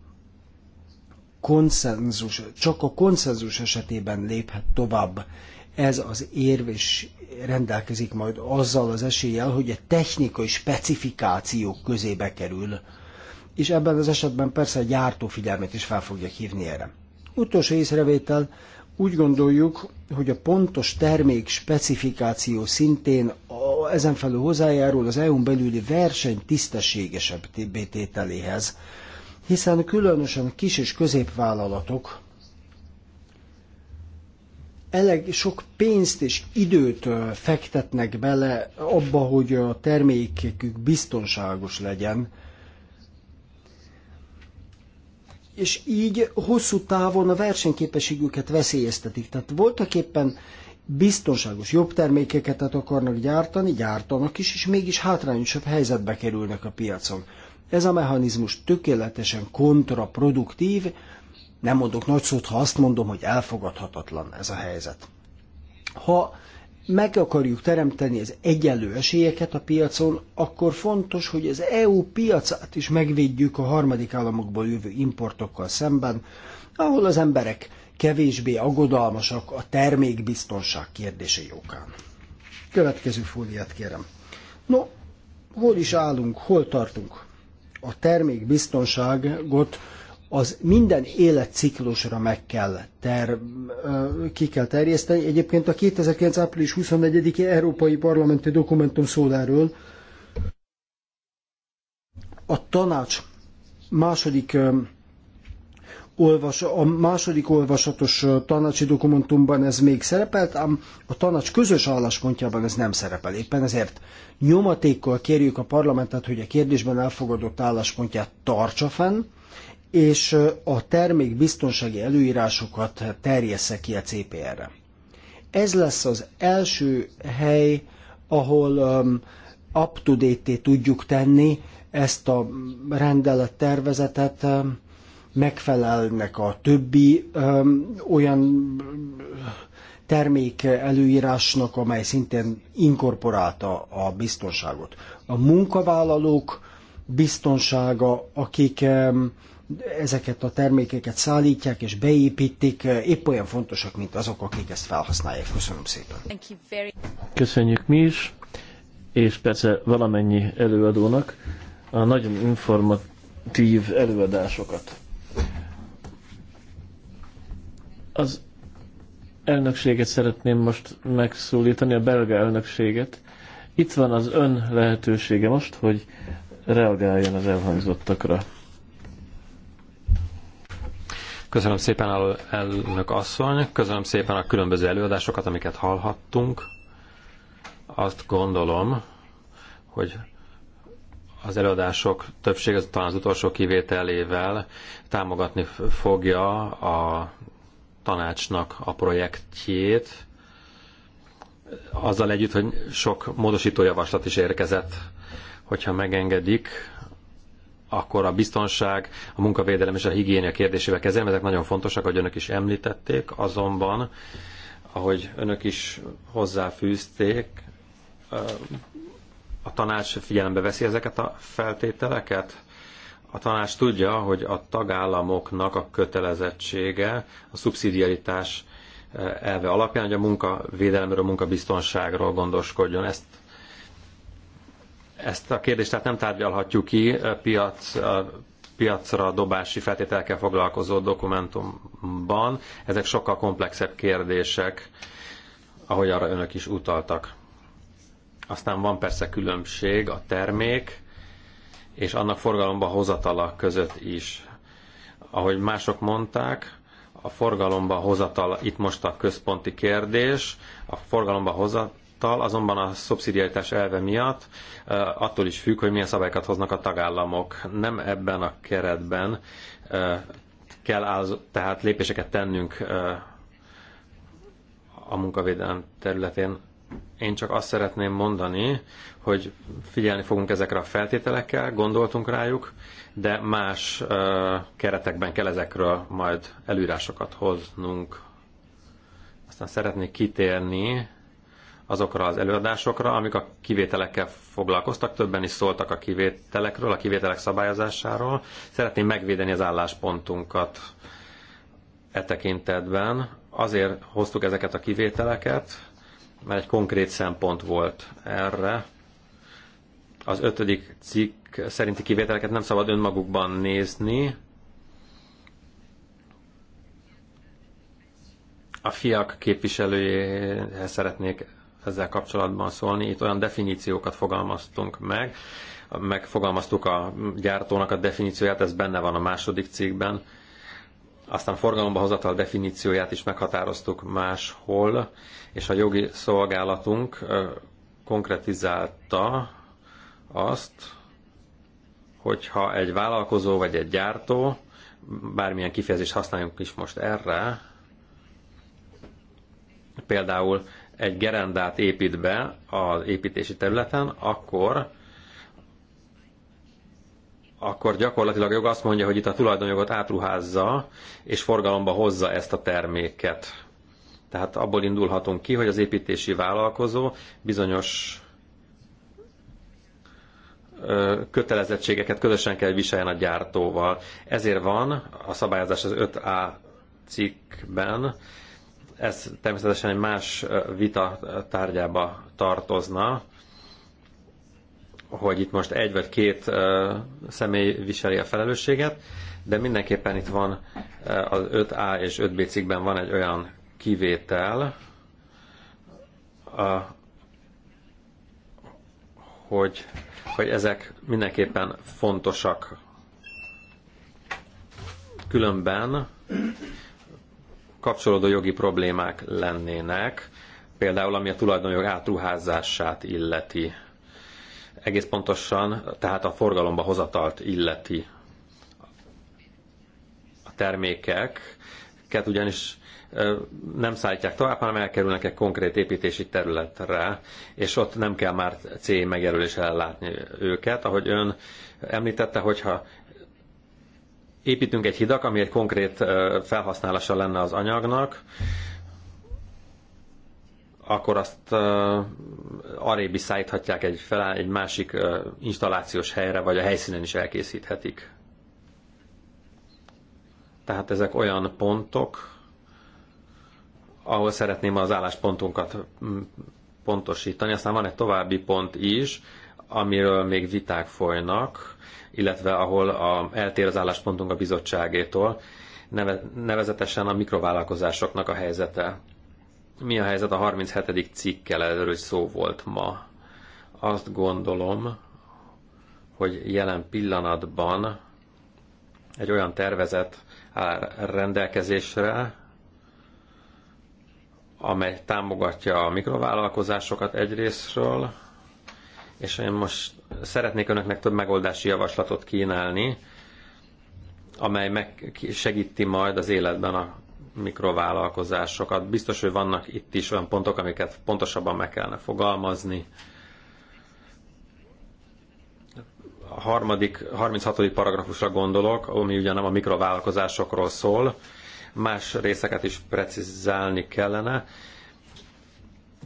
konszenzus, csak a konszenzus esetében léphet tovább ez az érv, és rendelkezik majd azzal az eséllyel, hogy a technikai specifikációk közébe kerül. És ebben az esetben persze a gyártó figyelmét is fel fogja hívni erre. Utolsó észrevétel, úgy gondoljuk, hogy a pontos termék specifikáció szintén a, ezen felül hozzájárul az EU-n belüli verseny tisztességesebb tételéhez, hiszen különösen kis és középvállalatok eleg sok pénzt és időt fektetnek bele abba, hogy a termékük biztonságos legyen, és így hosszú távon a versenyképességüket veszélyeztetik. Tehát voltak éppen biztonságos, jobb termékeket akarnak gyártani, gyártanak is, és mégis hátrányosabb helyzetbe kerülnek a piacon. Ez a mechanizmus tökéletesen kontraproduktív, nem mondok nagy szót, ha azt mondom, hogy elfogadhatatlan ez a helyzet. Ha meg akarjuk teremteni az egyenlő esélyeket a piacon, akkor fontos, hogy az EU piacát is megvédjük a harmadik államokból jövő importokkal szemben, ahol az emberek kevésbé aggodalmasak a termékbiztonság kérdése okán. Következő fóliát kérem. No, hol is állunk, hol tartunk? A termékbiztonságot az minden életciklusra meg kell ter, ki kell terjeszteni. Egyébként a 2009. április 24-i Európai Parlamenti Dokumentum szól erről. A tanács második olvas, a második olvasatos tanácsi dokumentumban ez még szerepelt, ám a tanács közös álláspontjában ez nem szerepel. Éppen ezért nyomatékkal kérjük a parlamentet, hogy a kérdésben elfogadott álláspontját tartsa fenn, és a termék biztonsági előírásokat terjessze ki a CPR-re. Ez lesz az első hely, ahol um, up-to-date tudjuk tenni ezt a rendelettervezetet, um, megfelelnek a többi um, olyan termék előírásnak, amely szintén inkorporálta a biztonságot. A munkavállalók biztonsága, akik um, ezeket a termékeket szállítják és beépítik, épp olyan fontosak, mint azok, akik ezt felhasználják. Köszönöm szépen. Köszönjük mi is, és persze valamennyi előadónak a nagyon informatív előadásokat. Az elnökséget szeretném most megszólítani, a belga elnökséget. Itt van az ön lehetősége most, hogy reagáljon az elhangzottakra. Köszönöm szépen, elnök asszony, köszönöm szépen a különböző előadásokat, amiket hallhattunk. Azt gondolom, hogy az előadások többsége talán az utolsó kivételével támogatni fogja a tanácsnak a projektjét, azzal együtt, hogy sok módosító javaslat is érkezett, hogyha megengedik, akkor a biztonság, a munkavédelem és a higiénia kérdésével kezelni, Ezek nagyon fontosak, ahogy önök is említették, azonban, ahogy önök is hozzáfűzték, a tanács figyelembe veszi ezeket a feltételeket? A tanács tudja, hogy a tagállamoknak a kötelezettsége a szubszidiaritás eh, elve alapján, hogy a munkavédelemről, a munkabiztonságról gondoskodjon. Ezt ezt a kérdést tehát nem tárgyalhatjuk ki piac, piacra dobási feltételekkel foglalkozó dokumentumban. Ezek sokkal komplexebb kérdések, ahogy arra önök is utaltak. Aztán van persze különbség a termék és annak forgalomba hozatala között is. Ahogy mások mondták, a forgalomba hozatal itt most a központi kérdés, a forgalomba hozat javaslattal, azonban a szubszidiaritás elve miatt eh, attól is függ, hogy milyen szabályokat hoznak a tagállamok. Nem ebben a keretben eh, kell áll, tehát lépéseket tennünk eh, a munkavédelem területén. Én csak azt szeretném mondani, hogy figyelni fogunk ezekre a feltételekkel, gondoltunk rájuk, de más keretekben kell ezekről majd előírásokat hoznunk aztán szeretnék kitérni azokra az előadásokra, amik a kivételekkel foglalkoztak, többen is szóltak a kivételekről, a kivételek szabályozásáról. Szeretném megvédeni az álláspontunkat e tekintetben. Azért hoztuk ezeket a kivételeket, mert egy konkrét szempont volt erre. Az ötödik cikk szerinti kivételeket nem szabad önmagukban nézni, a fiak képviselőjéhez szeretnék ezzel kapcsolatban szólni. Itt olyan definíciókat fogalmaztunk meg, megfogalmaztuk a gyártónak a definícióját, ez benne van a második cikkben. Aztán forgalomba hozatal definícióját is meghatároztuk máshol, és a jogi szolgálatunk konkretizálta azt, hogyha egy vállalkozó vagy egy gyártó, bármilyen kifejezést használjunk is most erre, például egy gerendát épít be az építési területen, akkor akkor gyakorlatilag a jog azt mondja, hogy itt a tulajdonjogot átruházza, és forgalomba hozza ezt a terméket. Tehát abból indulhatunk ki, hogy az építési vállalkozó bizonyos kötelezettségeket közösen kell viseljen a gyártóval. Ezért van a szabályozás az 5A cikkben ez természetesen egy más vita tárgyába tartozna, hogy itt most egy vagy két személy viseli a felelősséget, de mindenképpen itt van az 5A és 5B cikkben van egy olyan kivétel, hogy, hogy ezek mindenképpen fontosak. Különben kapcsolódó jogi problémák lennének, például ami a tulajdonjog átruházását illeti. Egész pontosan, tehát a forgalomba hozatalt illeti a termékeket, ugyanis nem szállítják tovább, hanem elkerülnek egy konkrét építési területre, és ott nem kell már cél megjelölés ellátni őket. Ahogy ön említette, hogyha építünk egy hidak, ami egy konkrét felhasználása lenne az anyagnak, akkor azt uh, arébi szállíthatják egy, felá, egy másik uh, installációs helyre, vagy a helyszínen is elkészíthetik. Tehát ezek olyan pontok, ahol szeretném az álláspontunkat pontosítani. Aztán van egy további pont is, amiről még viták folynak illetve ahol a, eltér az álláspontunk a bizottságétól, nevezetesen a mikrovállalkozásoknak a helyzete. Mi a helyzet a 37. cikkkel erről szó volt ma. Azt gondolom, hogy jelen pillanatban egy olyan tervezet áll rendelkezésre, amely támogatja a mikrovállalkozásokat egyrésztről, és én most szeretnék önöknek több megoldási javaslatot kínálni, amely meg segíti majd az életben a mikrovállalkozásokat. Biztos, hogy vannak itt is olyan pontok, amiket pontosabban meg kellene fogalmazni. A harmadik, 36. paragrafusra gondolok, ami ugye nem a mikrovállalkozásokról szól. Más részeket is precizálni kellene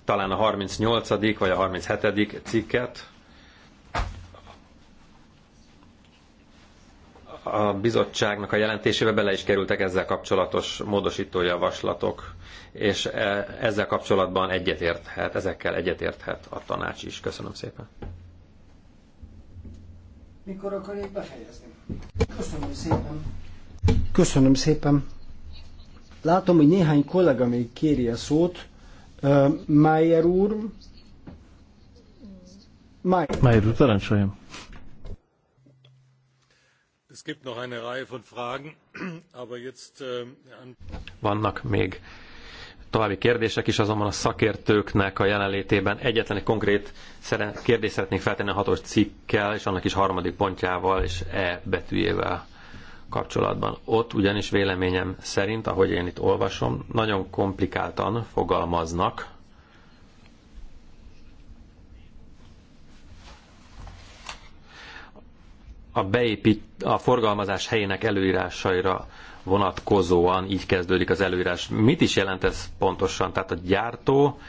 talán a 38. vagy a 37. cikket. A bizottságnak a jelentésébe bele is kerültek ezzel kapcsolatos módosító javaslatok, és e, ezzel kapcsolatban egyetérthet, ezekkel egyetérthet a tanács is. Köszönöm szépen. Mikor akarjuk befejezni? Köszönöm szépen. Köszönöm szépen. Látom, hogy néhány kollega még kéri a szót. Mayer úr. Mayer. Mayer úr, parancsoljon. Vannak még további kérdések is, azonban a szakértőknek a jelenlétében egyetlen egy konkrét kérdést szeretnék feltenni a hatos cikkkel, és annak is harmadik pontjával és E betűjével kapcsolatban. Ott ugyanis véleményem szerint, ahogy én itt olvasom, nagyon komplikáltan fogalmaznak, a, beépít, a forgalmazás helyének előírásaira vonatkozóan így kezdődik az előírás. Mit is jelent ez pontosan? Tehát a gyártó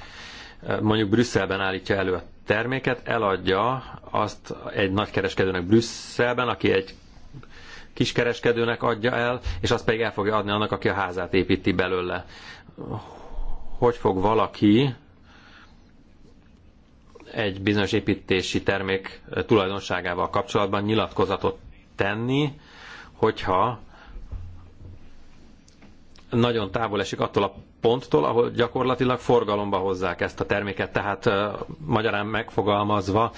eh, mondjuk Brüsszelben állítja elő a terméket, eladja azt egy nagykereskedőnek Brüsszelben, aki egy kiskereskedőnek adja el, és azt pedig el fogja adni annak, aki a házát építi belőle. Hogy fog valaki egy bizonyos építési termék tulajdonságával kapcsolatban nyilatkozatot tenni, hogyha nagyon távol esik attól a ponttól, ahol gyakorlatilag forgalomba hozzák ezt a terméket, tehát magyarán megfogalmazva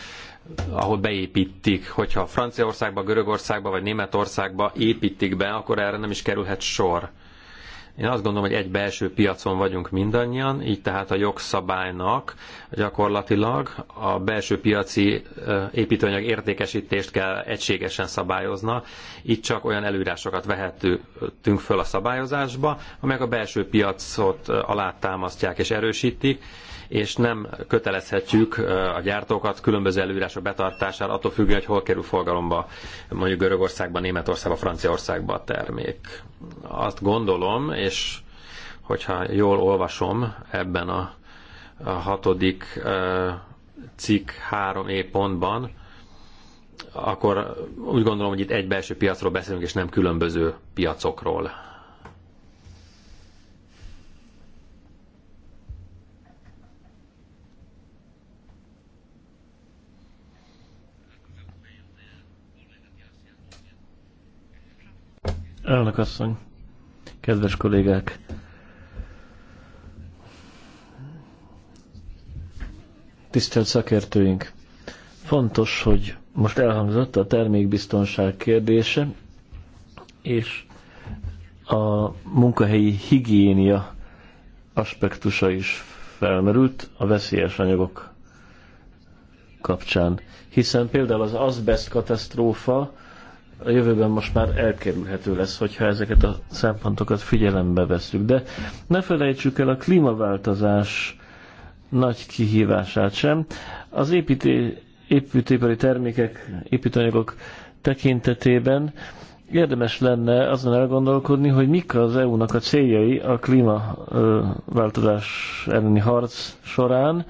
ahol beépítik, hogyha Franciaországba, Görögországba vagy Németországba építik be, akkor erre nem is kerülhet sor. Én azt gondolom, hogy egy belső piacon vagyunk mindannyian, így tehát a jogszabálynak gyakorlatilag a belső piaci építőanyag értékesítést kell egységesen szabályozna. Itt csak olyan előírásokat vehetünk föl a szabályozásba, amelyek a belső piacot alátámasztják és erősítik, és nem kötelezhetjük a gyártókat különböző előírások betartására, attól függően, hogy hol kerül forgalomba mondjuk Görögországban, Németországban, Franciaországban a termék. Azt gondolom, és hogyha jól olvasom ebben a, a hatodik cikk 3E pontban, akkor úgy gondolom, hogy itt egy belső piacról beszélünk, és nem különböző piacokról. Elnök asszony, kedves kollégák! Tisztelt szakértőink! Fontos, hogy most elhangzott a termékbiztonság kérdése, és a munkahelyi higiénia aspektusa is felmerült a veszélyes anyagok kapcsán. Hiszen például az azbest katasztrófa a jövőben most már elkerülhető lesz, hogyha ezeket a szempontokat figyelembe veszük. De ne felejtsük el a klímaváltozás nagy kihívását sem. Az építé, építőipari termékek, építőanyagok tekintetében érdemes lenne azon elgondolkodni, hogy mik az EU-nak a céljai a klímaváltozás elleni harc során,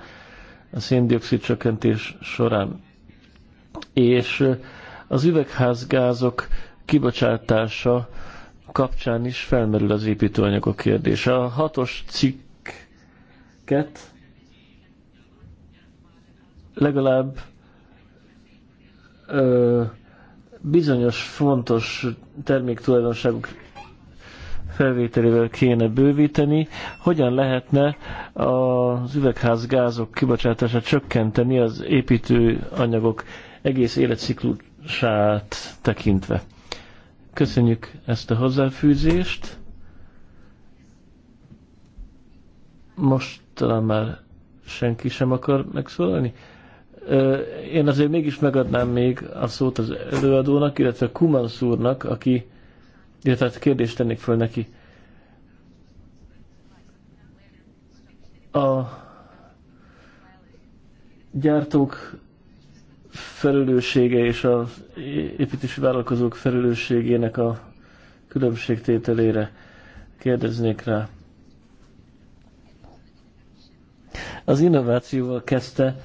a széndiokszid csökkentés során. És az üvegházgázok kibocsátása kapcsán is felmerül az építőanyagok kérdése. A hatos cikket legalább ö, bizonyos fontos terméktulajdonságok felvételével kéne bővíteni. Hogyan lehetne az üvegházgázok kibocsátását csökkenteni az építőanyagok egész életciklus hatását tekintve. Köszönjük ezt a hozzáfűzést. Most talán már senki sem akar megszólalni. Én azért mégis megadnám még a szót az előadónak, illetve Kumansz úrnak, aki, illetve hát kérdést tennék föl neki. A gyártók felelőssége és az építési vállalkozók felelősségének a különbségtételére kérdeznék rá. Az innovációval kezdte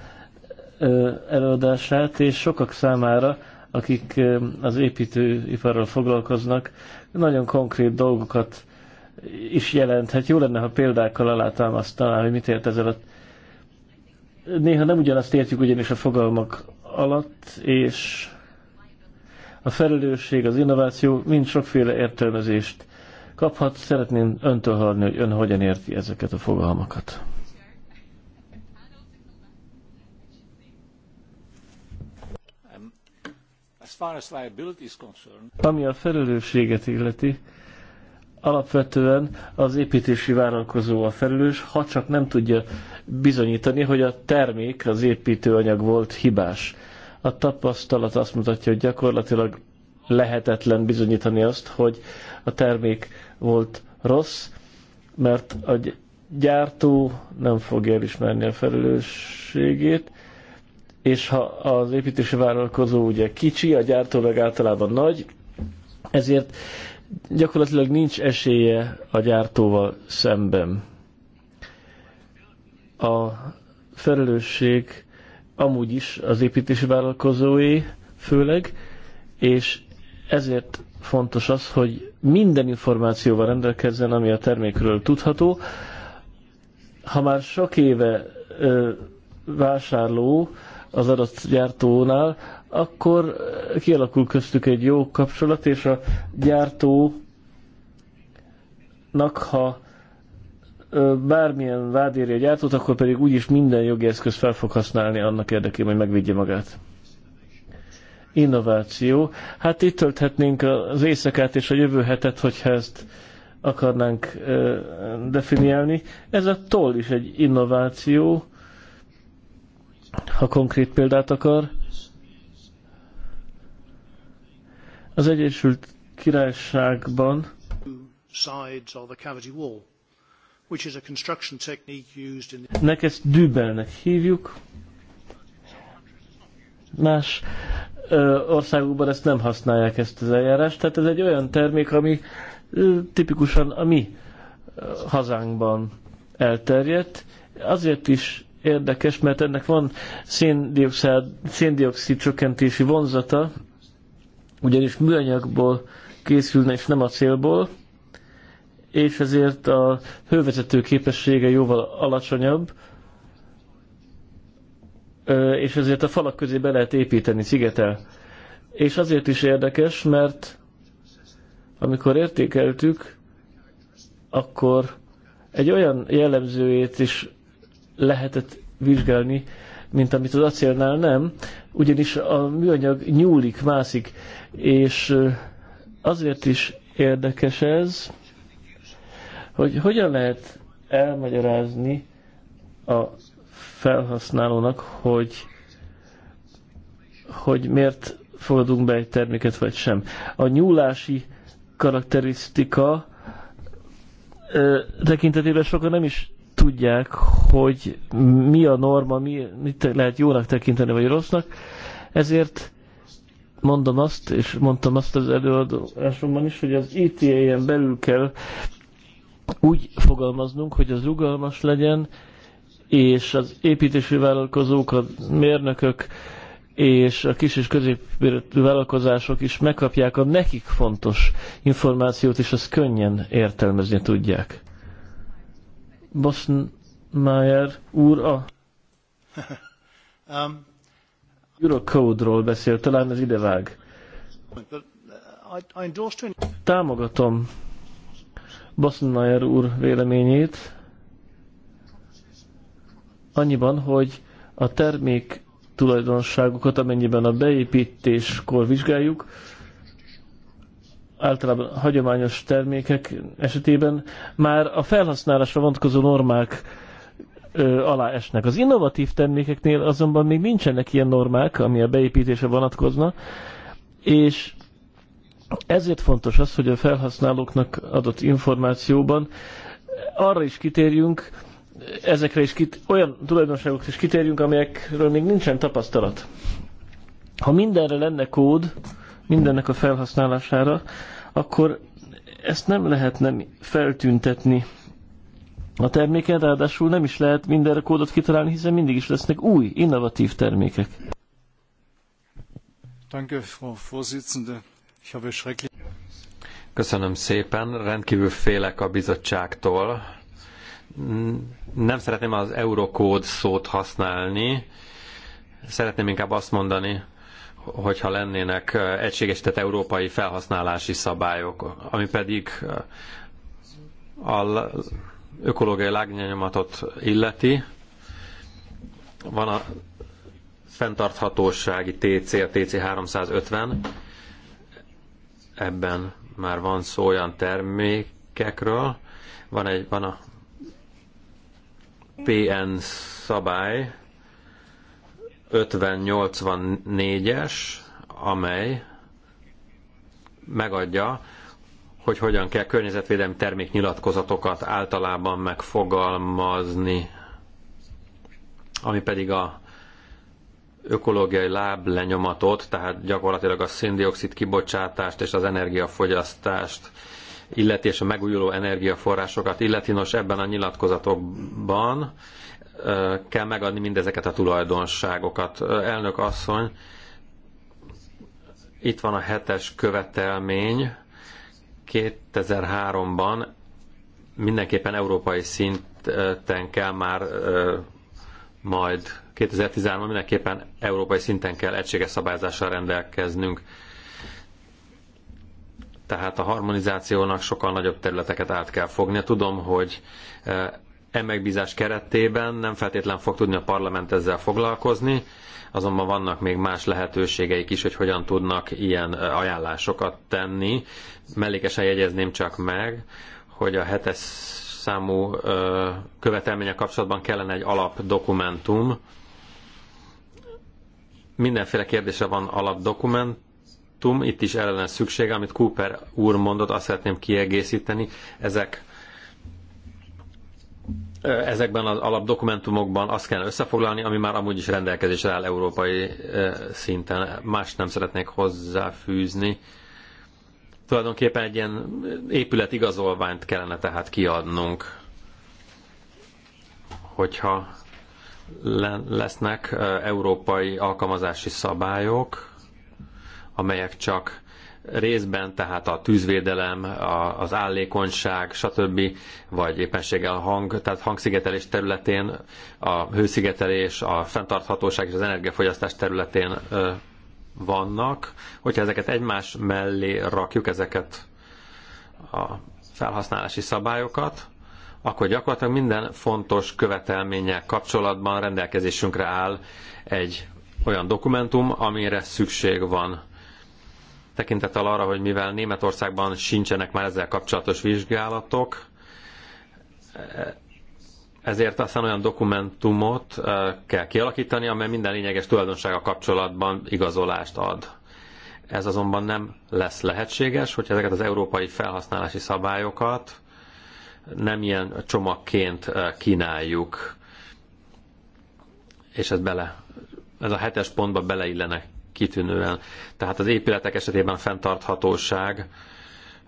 előadását, és sokak számára, akik az építőiparral foglalkoznak, nagyon konkrét dolgokat is jelenthet. Jó lenne, ha példákkal alátámasztaná, hogy mit ért ez alatt. Néha nem ugyanazt értjük ugyanis a fogalmak alatt, és a felelősség, az innováció mind sokféle értelmezést kaphat. Szeretném öntől hallani, hogy ön hogyan érti ezeket a fogalmakat. Um, Ami a felelősséget illeti, alapvetően az építési vállalkozó a felelős, ha csak nem tudja bizonyítani, hogy a termék, az építőanyag volt hibás. A tapasztalat azt mutatja, hogy gyakorlatilag lehetetlen bizonyítani azt, hogy a termék volt rossz, mert a gyártó nem fogja elismerni a felelősségét, és ha az építési vállalkozó ugye kicsi, a gyártó meg általában nagy, ezért gyakorlatilag nincs esélye a gyártóval szemben. A felelősség amúgy is az építési vállalkozói főleg, és ezért fontos az, hogy minden információval rendelkezzen, ami a termékről tudható. Ha már sok éve ö, vásárló az adott gyártónál, akkor eh, kialakul köztük egy jó kapcsolat, és a gyártónak, ha bármilyen vád érje a gyártót, akkor pedig úgyis minden jogi eszköz fel fog használni annak érdekében, hogy megvédje magát. Innováció. Hát itt tölthetnénk az éjszakát és a jövő hetet, hogyha ezt akarnánk definiálni. Ez a toll is egy innováció, ha konkrét példát akar Az Egyesült Királyságban sides of a cavity wall, which is a construction technique used in the... Nek ezt dübelnek hívjuk. Más ö, országokban ezt nem használják ezt az eljárást, tehát ez egy olyan termék, ami ö, tipikusan a mi ö, hazánkban elterjedt. Azért is érdekes, mert ennek van széndiokszid, széndiokszid csökkentési vonzata, ugyanis műanyagból készülne, és nem acélból, és ezért a hővezető képessége jóval alacsonyabb, és ezért a falak közé be lehet építeni szigetel. És azért is érdekes, mert amikor értékeltük, akkor egy olyan jellemzőjét is lehetett vizsgálni, mint amit az acélnál nem, ugyanis a műanyag nyúlik, mászik, és azért is érdekes ez, hogy hogyan lehet elmagyarázni a felhasználónak, hogy, hogy miért fogadunk be egy terméket, vagy sem. A nyúlási karakterisztika ö, tekintetében sokan nem is tudják, hogy mi a norma, mi, mit lehet jónak tekinteni, vagy rossznak, ezért mondom azt, és mondtam azt az előadásomban is, hogy az ETA-en belül kell úgy fogalmaznunk, hogy az rugalmas legyen, és az építési vállalkozók, a mérnökök és a kis és középméretű vállalkozások is megkapják a nekik fontos információt, és azt könnyen értelmezni tudják. Bosnmeyer úr a... um, Eurocode-ról beszél, talán ez idevág. Támogatom Bassenmayer úr véleményét, annyiban, hogy a termék tulajdonságokat, amennyiben a beépítéskor vizsgáljuk, általában hagyományos termékek esetében már a felhasználásra vonatkozó normák ö, alá esnek. Az innovatív termékeknél azonban még nincsenek ilyen normák, ami a beépítése vonatkozna, és ezért fontos az, hogy a felhasználóknak adott információban arra is kitérjünk, ezekre is kit, olyan tulajdonságokra is kitérjünk, amelyekről még nincsen tapasztalat. Ha mindenre lenne kód, mindennek a felhasználására, akkor ezt nem lehetne feltüntetni a terméken, ráadásul nem is lehet mindenre kódot kitalálni, hiszen mindig is lesznek új, innovatív termékek. Danke, Frau Vorsitzende. Ich habe schrecklich... Köszönöm szépen. Rendkívül félek a bizottságtól. Nem szeretném az eurokód szót használni. Szeretném inkább azt mondani, hogyha lennének egységesített európai felhasználási szabályok, ami pedig a ökológiai lágnyanyomatot illeti, van a fenntarthatósági TC, a TC 350, ebben már van szó olyan termékekről, van, egy, van a PN szabály 5084-es, amely megadja hogy hogyan kell környezetvédelmi terméknyilatkozatokat általában megfogalmazni, ami pedig a ökológiai láblenyomatot, tehát gyakorlatilag a széndiokszid kibocsátást és az energiafogyasztást illeti, és a megújuló energiaforrásokat illeti. Nos, ebben a nyilatkozatokban kell megadni mindezeket a tulajdonságokat. Elnök asszony, itt van a hetes követelmény, 2003-ban mindenképpen európai szinten kell már majd 2013-ban mindenképpen európai szinten kell egységes szabályzással rendelkeznünk. Tehát a harmonizációnak sokkal nagyobb területeket át kell fogni. Tudom, hogy e megbízás keretében nem feltétlen fog tudni a parlament ezzel foglalkozni, azonban vannak még más lehetőségeik is, hogy hogyan tudnak ilyen ajánlásokat tenni. Mellékesen jegyezném csak meg, hogy a hetes számú követelménye kapcsolatban kellene egy alapdokumentum. Mindenféle kérdése van alapdokumentum, itt is ellen szüksége, amit Cooper úr mondott, azt szeretném kiegészíteni. Ezek ezekben az alapdokumentumokban azt kell összefoglalni, ami már amúgy is rendelkezésre áll európai szinten. Más nem szeretnék hozzáfűzni. Tulajdonképpen egy ilyen épületigazolványt kellene tehát kiadnunk, hogyha lesznek európai alkalmazási szabályok, amelyek csak részben, tehát a tűzvédelem, a, az állékonyság, stb., vagy éppenséggel a hang, tehát hangszigetelés területén, a hőszigetelés, a fenntarthatóság és az energiafogyasztás területén vannak. Hogyha ezeket egymás mellé rakjuk, ezeket a felhasználási szabályokat, akkor gyakorlatilag minden fontos követelménnyel kapcsolatban rendelkezésünkre áll egy olyan dokumentum, amire szükség van tekintettel arra, hogy mivel Németországban sincsenek már ezzel kapcsolatos vizsgálatok, ezért aztán olyan dokumentumot eh, kell kialakítani, amely minden lényeges tulajdonsága kapcsolatban igazolást ad. Ez azonban nem lesz lehetséges, hogy ezeket az európai felhasználási szabályokat nem ilyen csomagként eh, kínáljuk, és ez bele, ez a hetes pontba beleillenek kitűnően. Tehát az épületek esetében a fenntarthatóság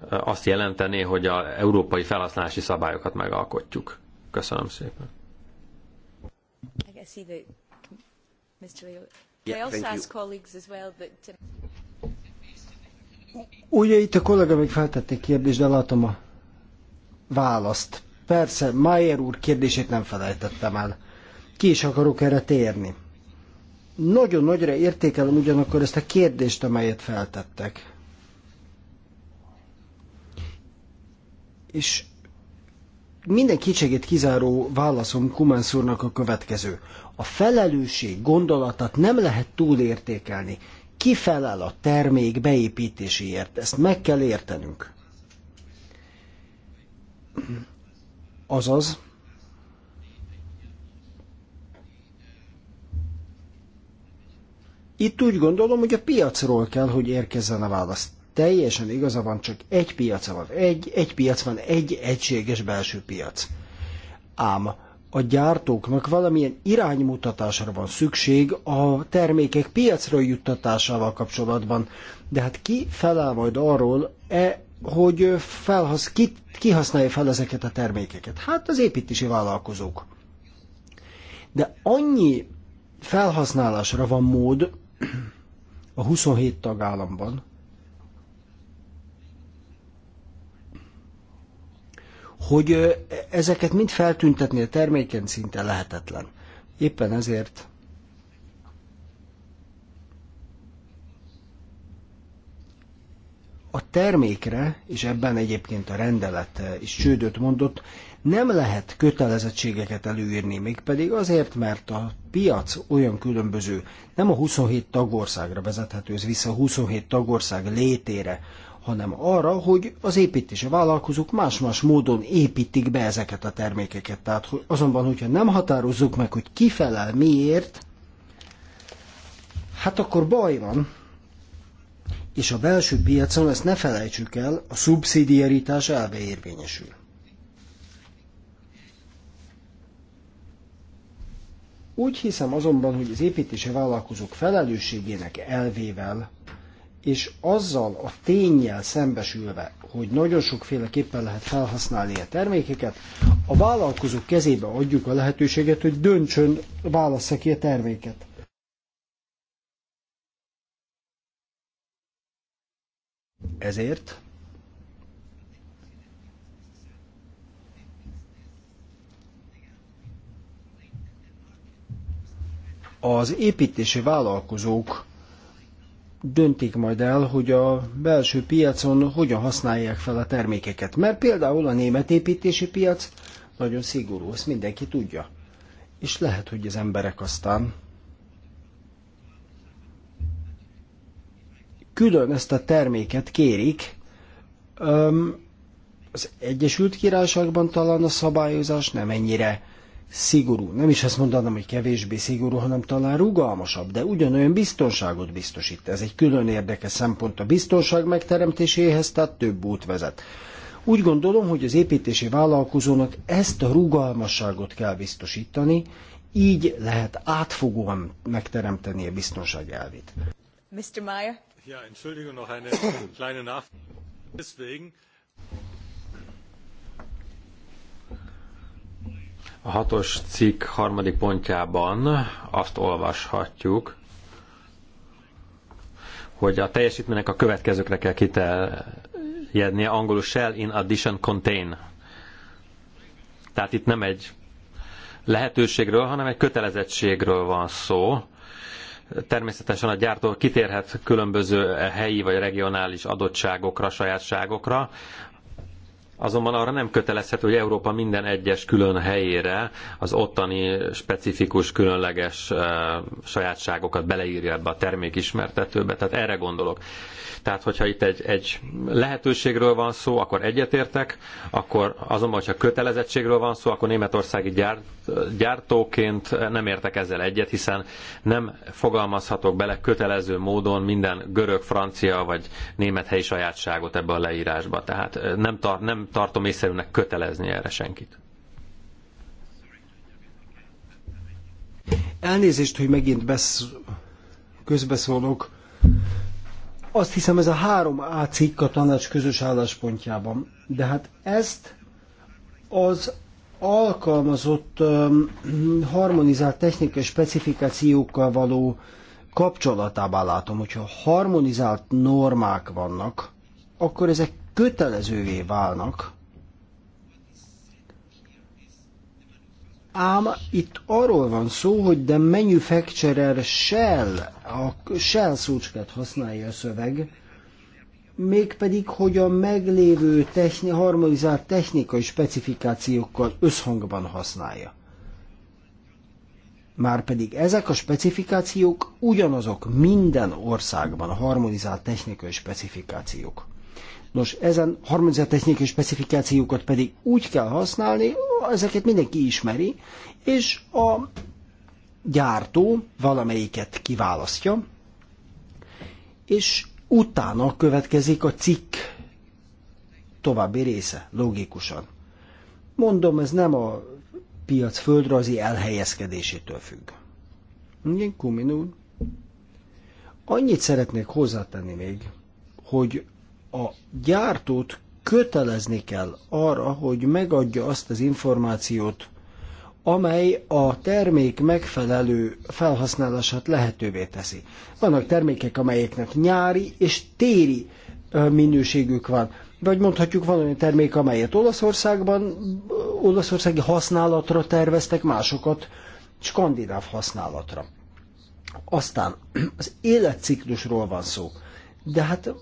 eh, azt jelentené, hogy a európai felhasználási szabályokat megalkotjuk. Köszönöm szépen. Uh, Ugye itt a kollega még feltette kérdést, de látom a választ. Persze, Mayer úr kérdését nem felejtettem el. Ki is akarok erre térni. Nagyon nagyra értékelem ugyanakkor ezt a kérdést, amelyet feltettek. És minden kétséget kizáró válaszom Kumansz a következő. A felelősség gondolatát nem lehet túlértékelni. Ki felel a termék beépítéséért? Ezt meg kell értenünk. Azaz, Itt úgy gondolom, hogy a piacról kell, hogy érkezzen a válasz. Teljesen igaza van, csak egy piaca van. Egy, egy piac van, egy egységes belső piac. Ám a gyártóknak valamilyen iránymutatásra van szükség a termékek piacra juttatásával kapcsolatban. De hát ki felel majd arról, e, hogy felhasz, ki, ki használja fel ezeket a termékeket? Hát az építési vállalkozók. De annyi felhasználásra van mód, a 27 tagállamban, hogy ezeket mind feltüntetni a terméken szinte lehetetlen. Éppen ezért a termékre, és ebben egyébként a rendelet is csődöt mondott, nem lehet kötelezettségeket előírni, mégpedig azért, mert a piac olyan különböző, nem a 27 tagországra vezethető ez vissza, a 27 tagország létére, hanem arra, hogy az építési vállalkozók más-más módon építik be ezeket a termékeket. Tehát hogy azonban, hogyha nem határozzuk meg, hogy ki felel miért, hát akkor baj van. És a belső piacon, ezt ne felejtsük el, a szubszidiaritás elve érvényesül. Úgy hiszem azonban, hogy az építési vállalkozók felelősségének elvével és azzal a tényjel szembesülve, hogy nagyon sokféleképpen lehet felhasználni a termékeket, a vállalkozók kezébe adjuk a lehetőséget, hogy döntsön, válassza ki a terméket. Ezért az építési vállalkozók döntik majd el, hogy a belső piacon hogyan használják fel a termékeket. Mert például a német építési piac nagyon szigorú, ezt mindenki tudja. És lehet, hogy az emberek aztán külön ezt a terméket kérik. az Egyesült Királyságban talán a szabályozás nem ennyire szigorú. Nem is azt mondanám, hogy kevésbé szigorú, hanem talán rugalmasabb, de ugyanolyan biztonságot biztosít. Ez egy külön érdekes szempont a biztonság megteremtéséhez, tehát több út vezet. Úgy gondolom, hogy az építési vállalkozónak ezt a rugalmasságot kell biztosítani, így lehet átfogóan megteremteni a biztonság elvét. Mr. Meyer? Ja, entschuldigung, noch eine kleine Nachfrage. Deswegen, A hatos cikk harmadik pontjában azt olvashatjuk, hogy a teljesítménynek a következőkre kell kiterjednie. Angolul shell in addition contain. Tehát itt nem egy lehetőségről, hanem egy kötelezettségről van szó. Természetesen a gyártó kitérhet különböző helyi vagy regionális adottságokra, sajátságokra, azonban arra nem kötelezhető, hogy Európa minden egyes külön helyére az ottani specifikus, különleges sajátságokat beleírja ebbe a termékismertetőbe. Tehát erre gondolok. Tehát, hogyha itt egy, egy lehetőségről van szó, akkor egyetértek, akkor azonban, hogyha kötelezettségről van szó, akkor németországi gyár, gyártóként nem értek ezzel egyet, hiszen nem fogalmazhatok bele kötelező módon minden görög, francia vagy német helyi sajátságot ebbe a leírásba. Tehát nem, tar- nem tartom észszerűnek kötelezni erre senkit. Elnézést, hogy megint besz... közbeszólok. Azt hiszem ez a három A cikk a tanács közös álláspontjában. De hát ezt az alkalmazott um, harmonizált technikai specifikációkkal való kapcsolatában látom, hogyha harmonizált normák vannak, akkor ezek kötelezővé válnak, Ám itt arról van szó, hogy de manufacturer shell, a shell szócskát használja a szöveg, mégpedig, hogy a meglévő techni, harmonizált technikai specifikációkkal összhangban használja. Márpedig ezek a specifikációk ugyanazok minden országban, a harmonizált technikai specifikációk. Nos, ezen harmonizált technikai specifikációkat pedig úgy kell használni, ezeket mindenki ismeri, és a gyártó valamelyiket kiválasztja, és utána következik a cikk további része, logikusan. Mondom, ez nem a piac földrajzi elhelyezkedésétől függ. Igen, Kumin Annyit szeretnék hozzátenni még, hogy a gyártót kötelezni kell arra, hogy megadja azt az információt, amely a termék megfelelő felhasználását lehetővé teszi. Vannak termékek, amelyeknek nyári és téli minőségük van. Vagy mondhatjuk van olyan termék, amelyet Olaszországban, olaszországi használatra terveztek, másokat skandináv használatra. Aztán az életciklusról van szó. De hát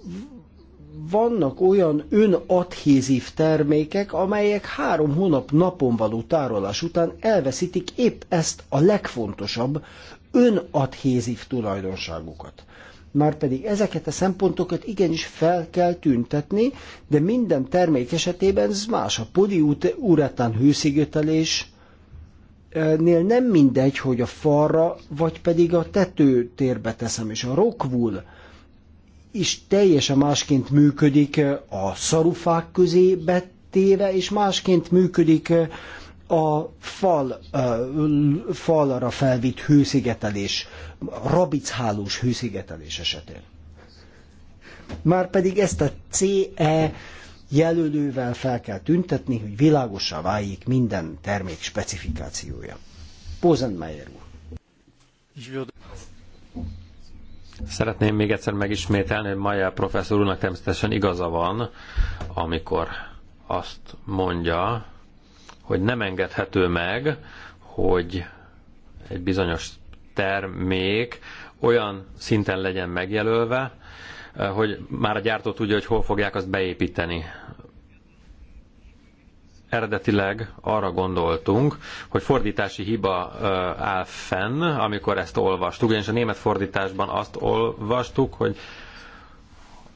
vannak olyan önadhézív termékek, amelyek három hónap napon való tárolás után elveszítik épp ezt a legfontosabb önadhézív tulajdonságukat. Márpedig ezeket a szempontokat igenis fel kell tüntetni, de minden termék esetében ez más. A poliuretán hőszigetelés, nél nem mindegy, hogy a falra, vagy pedig a tetőtérbe teszem, és a rockwool is teljesen másként működik eh, a szarufák közé betéve, és másként működik eh, a fal, eh, falra felvitt hőszigetelés, rabichálós hőszigetelés esetén. Márpedig ezt a CE jelölővel fel kell tüntetni, hogy világosá váljék minden termék specifikációja. Pozenmeyer úr. Szeretném még egyszer megismételni, hogy Maja professzor úrnak természetesen igaza van, amikor azt mondja, hogy nem engedhető meg, hogy egy bizonyos termék olyan szinten legyen megjelölve, hogy már a gyártó tudja, hogy hol fogják azt beépíteni eredetileg arra gondoltunk, hogy fordítási hiba áll fenn, amikor ezt olvastuk, ugyanis a német fordításban azt olvastuk, hogy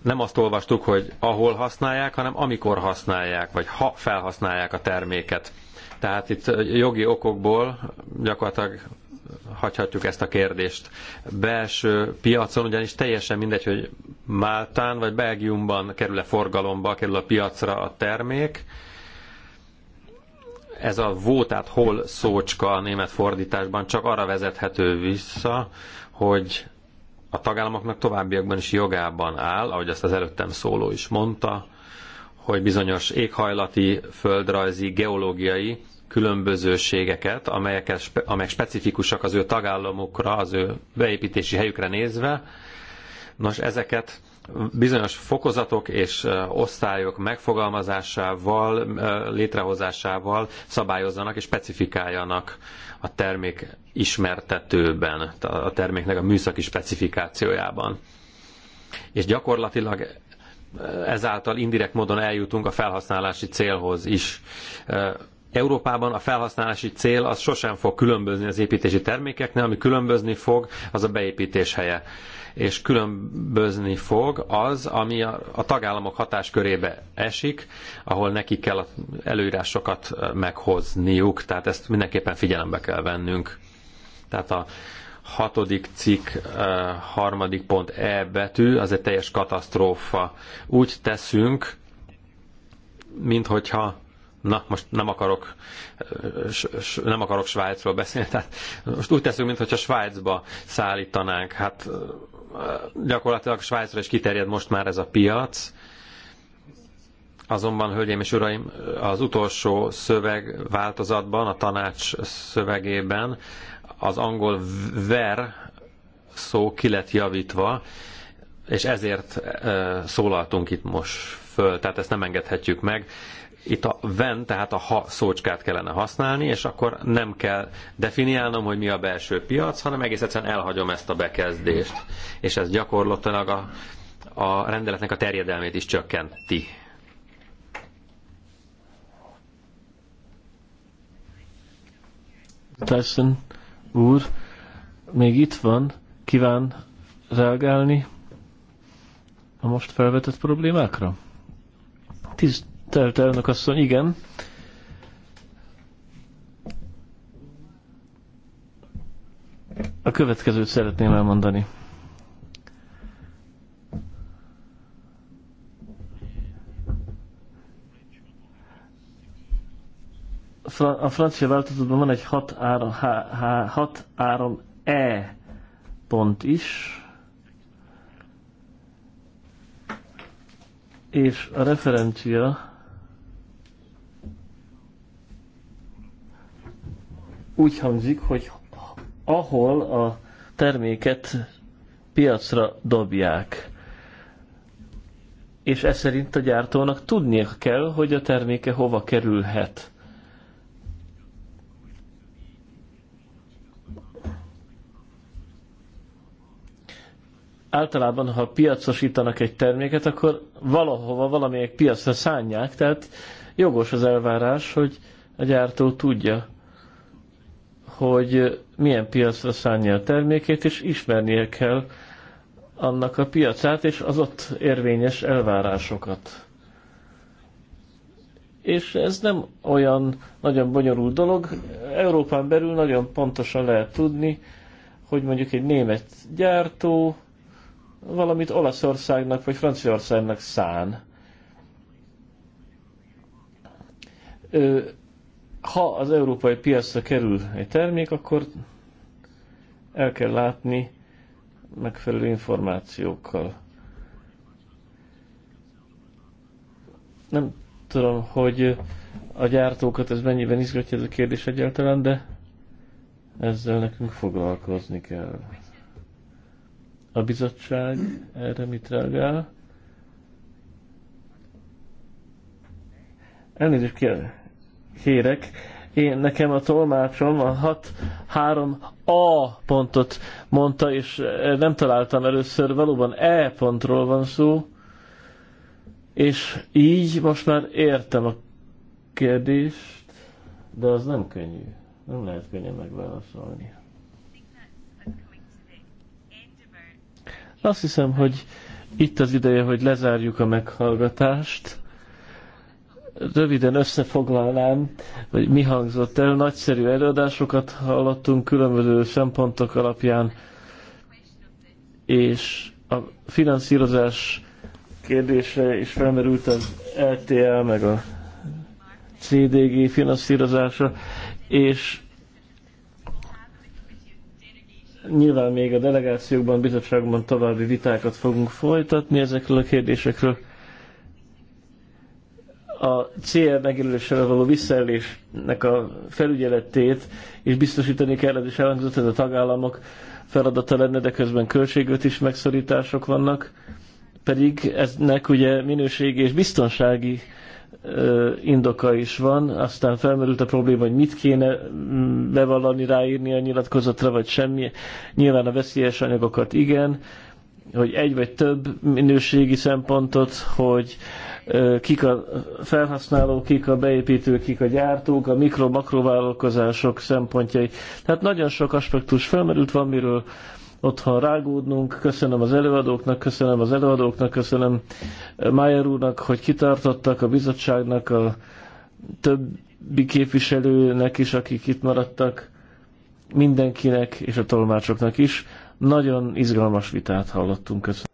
nem azt olvastuk, hogy ahol használják, hanem amikor használják, vagy ha felhasználják a terméket. Tehát itt jogi okokból gyakorlatilag hagyhatjuk ezt a kérdést. Belső piacon ugyanis teljesen mindegy, hogy Máltán vagy Belgiumban kerül-e forgalomba, kerül a piacra a termék, ez a tehát hol szócska a német fordításban csak arra vezethető vissza, hogy a tagállamoknak továbbiakban is jogában áll, ahogy azt az előttem szóló is mondta, hogy bizonyos éghajlati, földrajzi, geológiai különbözőségeket, amelyek, amelyek specifikusak az ő tagállamukra, az ő beépítési helyükre nézve, nos, ezeket bizonyos fokozatok és osztályok megfogalmazásával, létrehozásával szabályozzanak és specifikáljanak a termék ismertetőben, a terméknek a műszaki specifikációjában. És gyakorlatilag ezáltal indirekt módon eljutunk a felhasználási célhoz is. Európában a felhasználási cél az sosem fog különbözni az építési termékeknél, ami különbözni fog, az a beépítés helye és különbözni fog az, ami a tagállamok hatáskörébe esik, ahol neki kell előírásokat meghozniuk, tehát ezt mindenképpen figyelembe kell vennünk. Tehát a hatodik cikk, harmadik pont E betű, az egy teljes katasztrófa. Úgy teszünk, minthogyha na, most nem akarok, nem akarok Svájcról beszélni, tehát most úgy teszünk, mintha Svájcba szállítanánk. Hát gyakorlatilag Svájcra is kiterjed most már ez a piac. Azonban, hölgyeim és uraim, az utolsó szöveg változatban, a tanács szövegében az angol ver szó ki lett javítva, és ezért szólaltunk itt most föl, tehát ezt nem engedhetjük meg. Itt a ven, tehát a ha szócskát kellene használni, és akkor nem kell definiálnom, hogy mi a belső piac, hanem egész egyszerűen elhagyom ezt a bekezdést. És ez gyakorlatilag a, a rendeletnek a terjedelmét is csökkenti. Tyson úr még itt van, kíván reagálni a most felvetett problémákra? Tíz Telt elnök asszony, igen. A következőt szeretném elmondani. a francia változatban van egy 6-3-E pont is, és a referencia úgy hangzik, hogy ahol a terméket piacra dobják. És ez szerint a gyártónak tudnia kell, hogy a terméke hova kerülhet. Általában, ha piacosítanak egy terméket, akkor valahova, valamelyik piacra szánják, tehát jogos az elvárás, hogy a gyártó tudja, hogy milyen piacra szánja a termékét, és ismernie kell annak a piacát és az ott érvényes elvárásokat. És ez nem olyan nagyon bonyolult dolog. Európán belül nagyon pontosan lehet tudni, hogy mondjuk egy német gyártó valamit Olaszországnak vagy Franciaországnak szán ha az európai piacra kerül egy termék, akkor el kell látni megfelelő információkkal. Nem tudom, hogy a gyártókat ez mennyiben izgatja ez a kérdés egyáltalán, de ezzel nekünk foglalkozni kell. A bizottság erre mit reagál? Elnézést kérlek kérek. Én nekem a tolmácsom a 6-3-A pontot mondta, és e, nem találtam először, valóban E pontról van szó, és így most már értem a kérdést, de az nem könnyű. Nem lehet könnyen megválaszolni. Azt hiszem, hogy itt az ideje, hogy lezárjuk a meghallgatást röviden összefoglalnám, hogy mi hangzott el. Nagyszerű előadásokat hallottunk különböző szempontok alapján, és a finanszírozás kérdése is felmerült az LTL, meg a CDG finanszírozása, és nyilván még a delegációkban, bizottságban további vitákat fogunk folytatni ezekről a kérdésekről a cél megjelölésével való visszaelésnek a felügyeletét és biztosítani kell, ez is elhangzott, ez a tagállamok feladata lenne, de közben költségöt is megszorítások vannak, pedig eznek ugye minőségi és biztonsági indoka is van, aztán felmerült a probléma, hogy mit kéne bevallani, ráírni a nyilatkozatra, vagy semmi. Nyilván a veszélyes anyagokat igen, hogy egy vagy több minőségi szempontot, hogy kik a felhasználók, kik a beépítők, kik a gyártók, a mikro-makrovállalkozások szempontjai. Tehát nagyon sok aspektus felmerült, van miről otthon rágódnunk. Köszönöm az előadóknak, köszönöm az előadóknak, köszönöm Májer úrnak, hogy kitartottak, a bizottságnak, a többi képviselőnek is, akik itt maradtak, mindenkinek és a tolmácsoknak is. Nagyon izgalmas vitát hallottunk, köszönöm.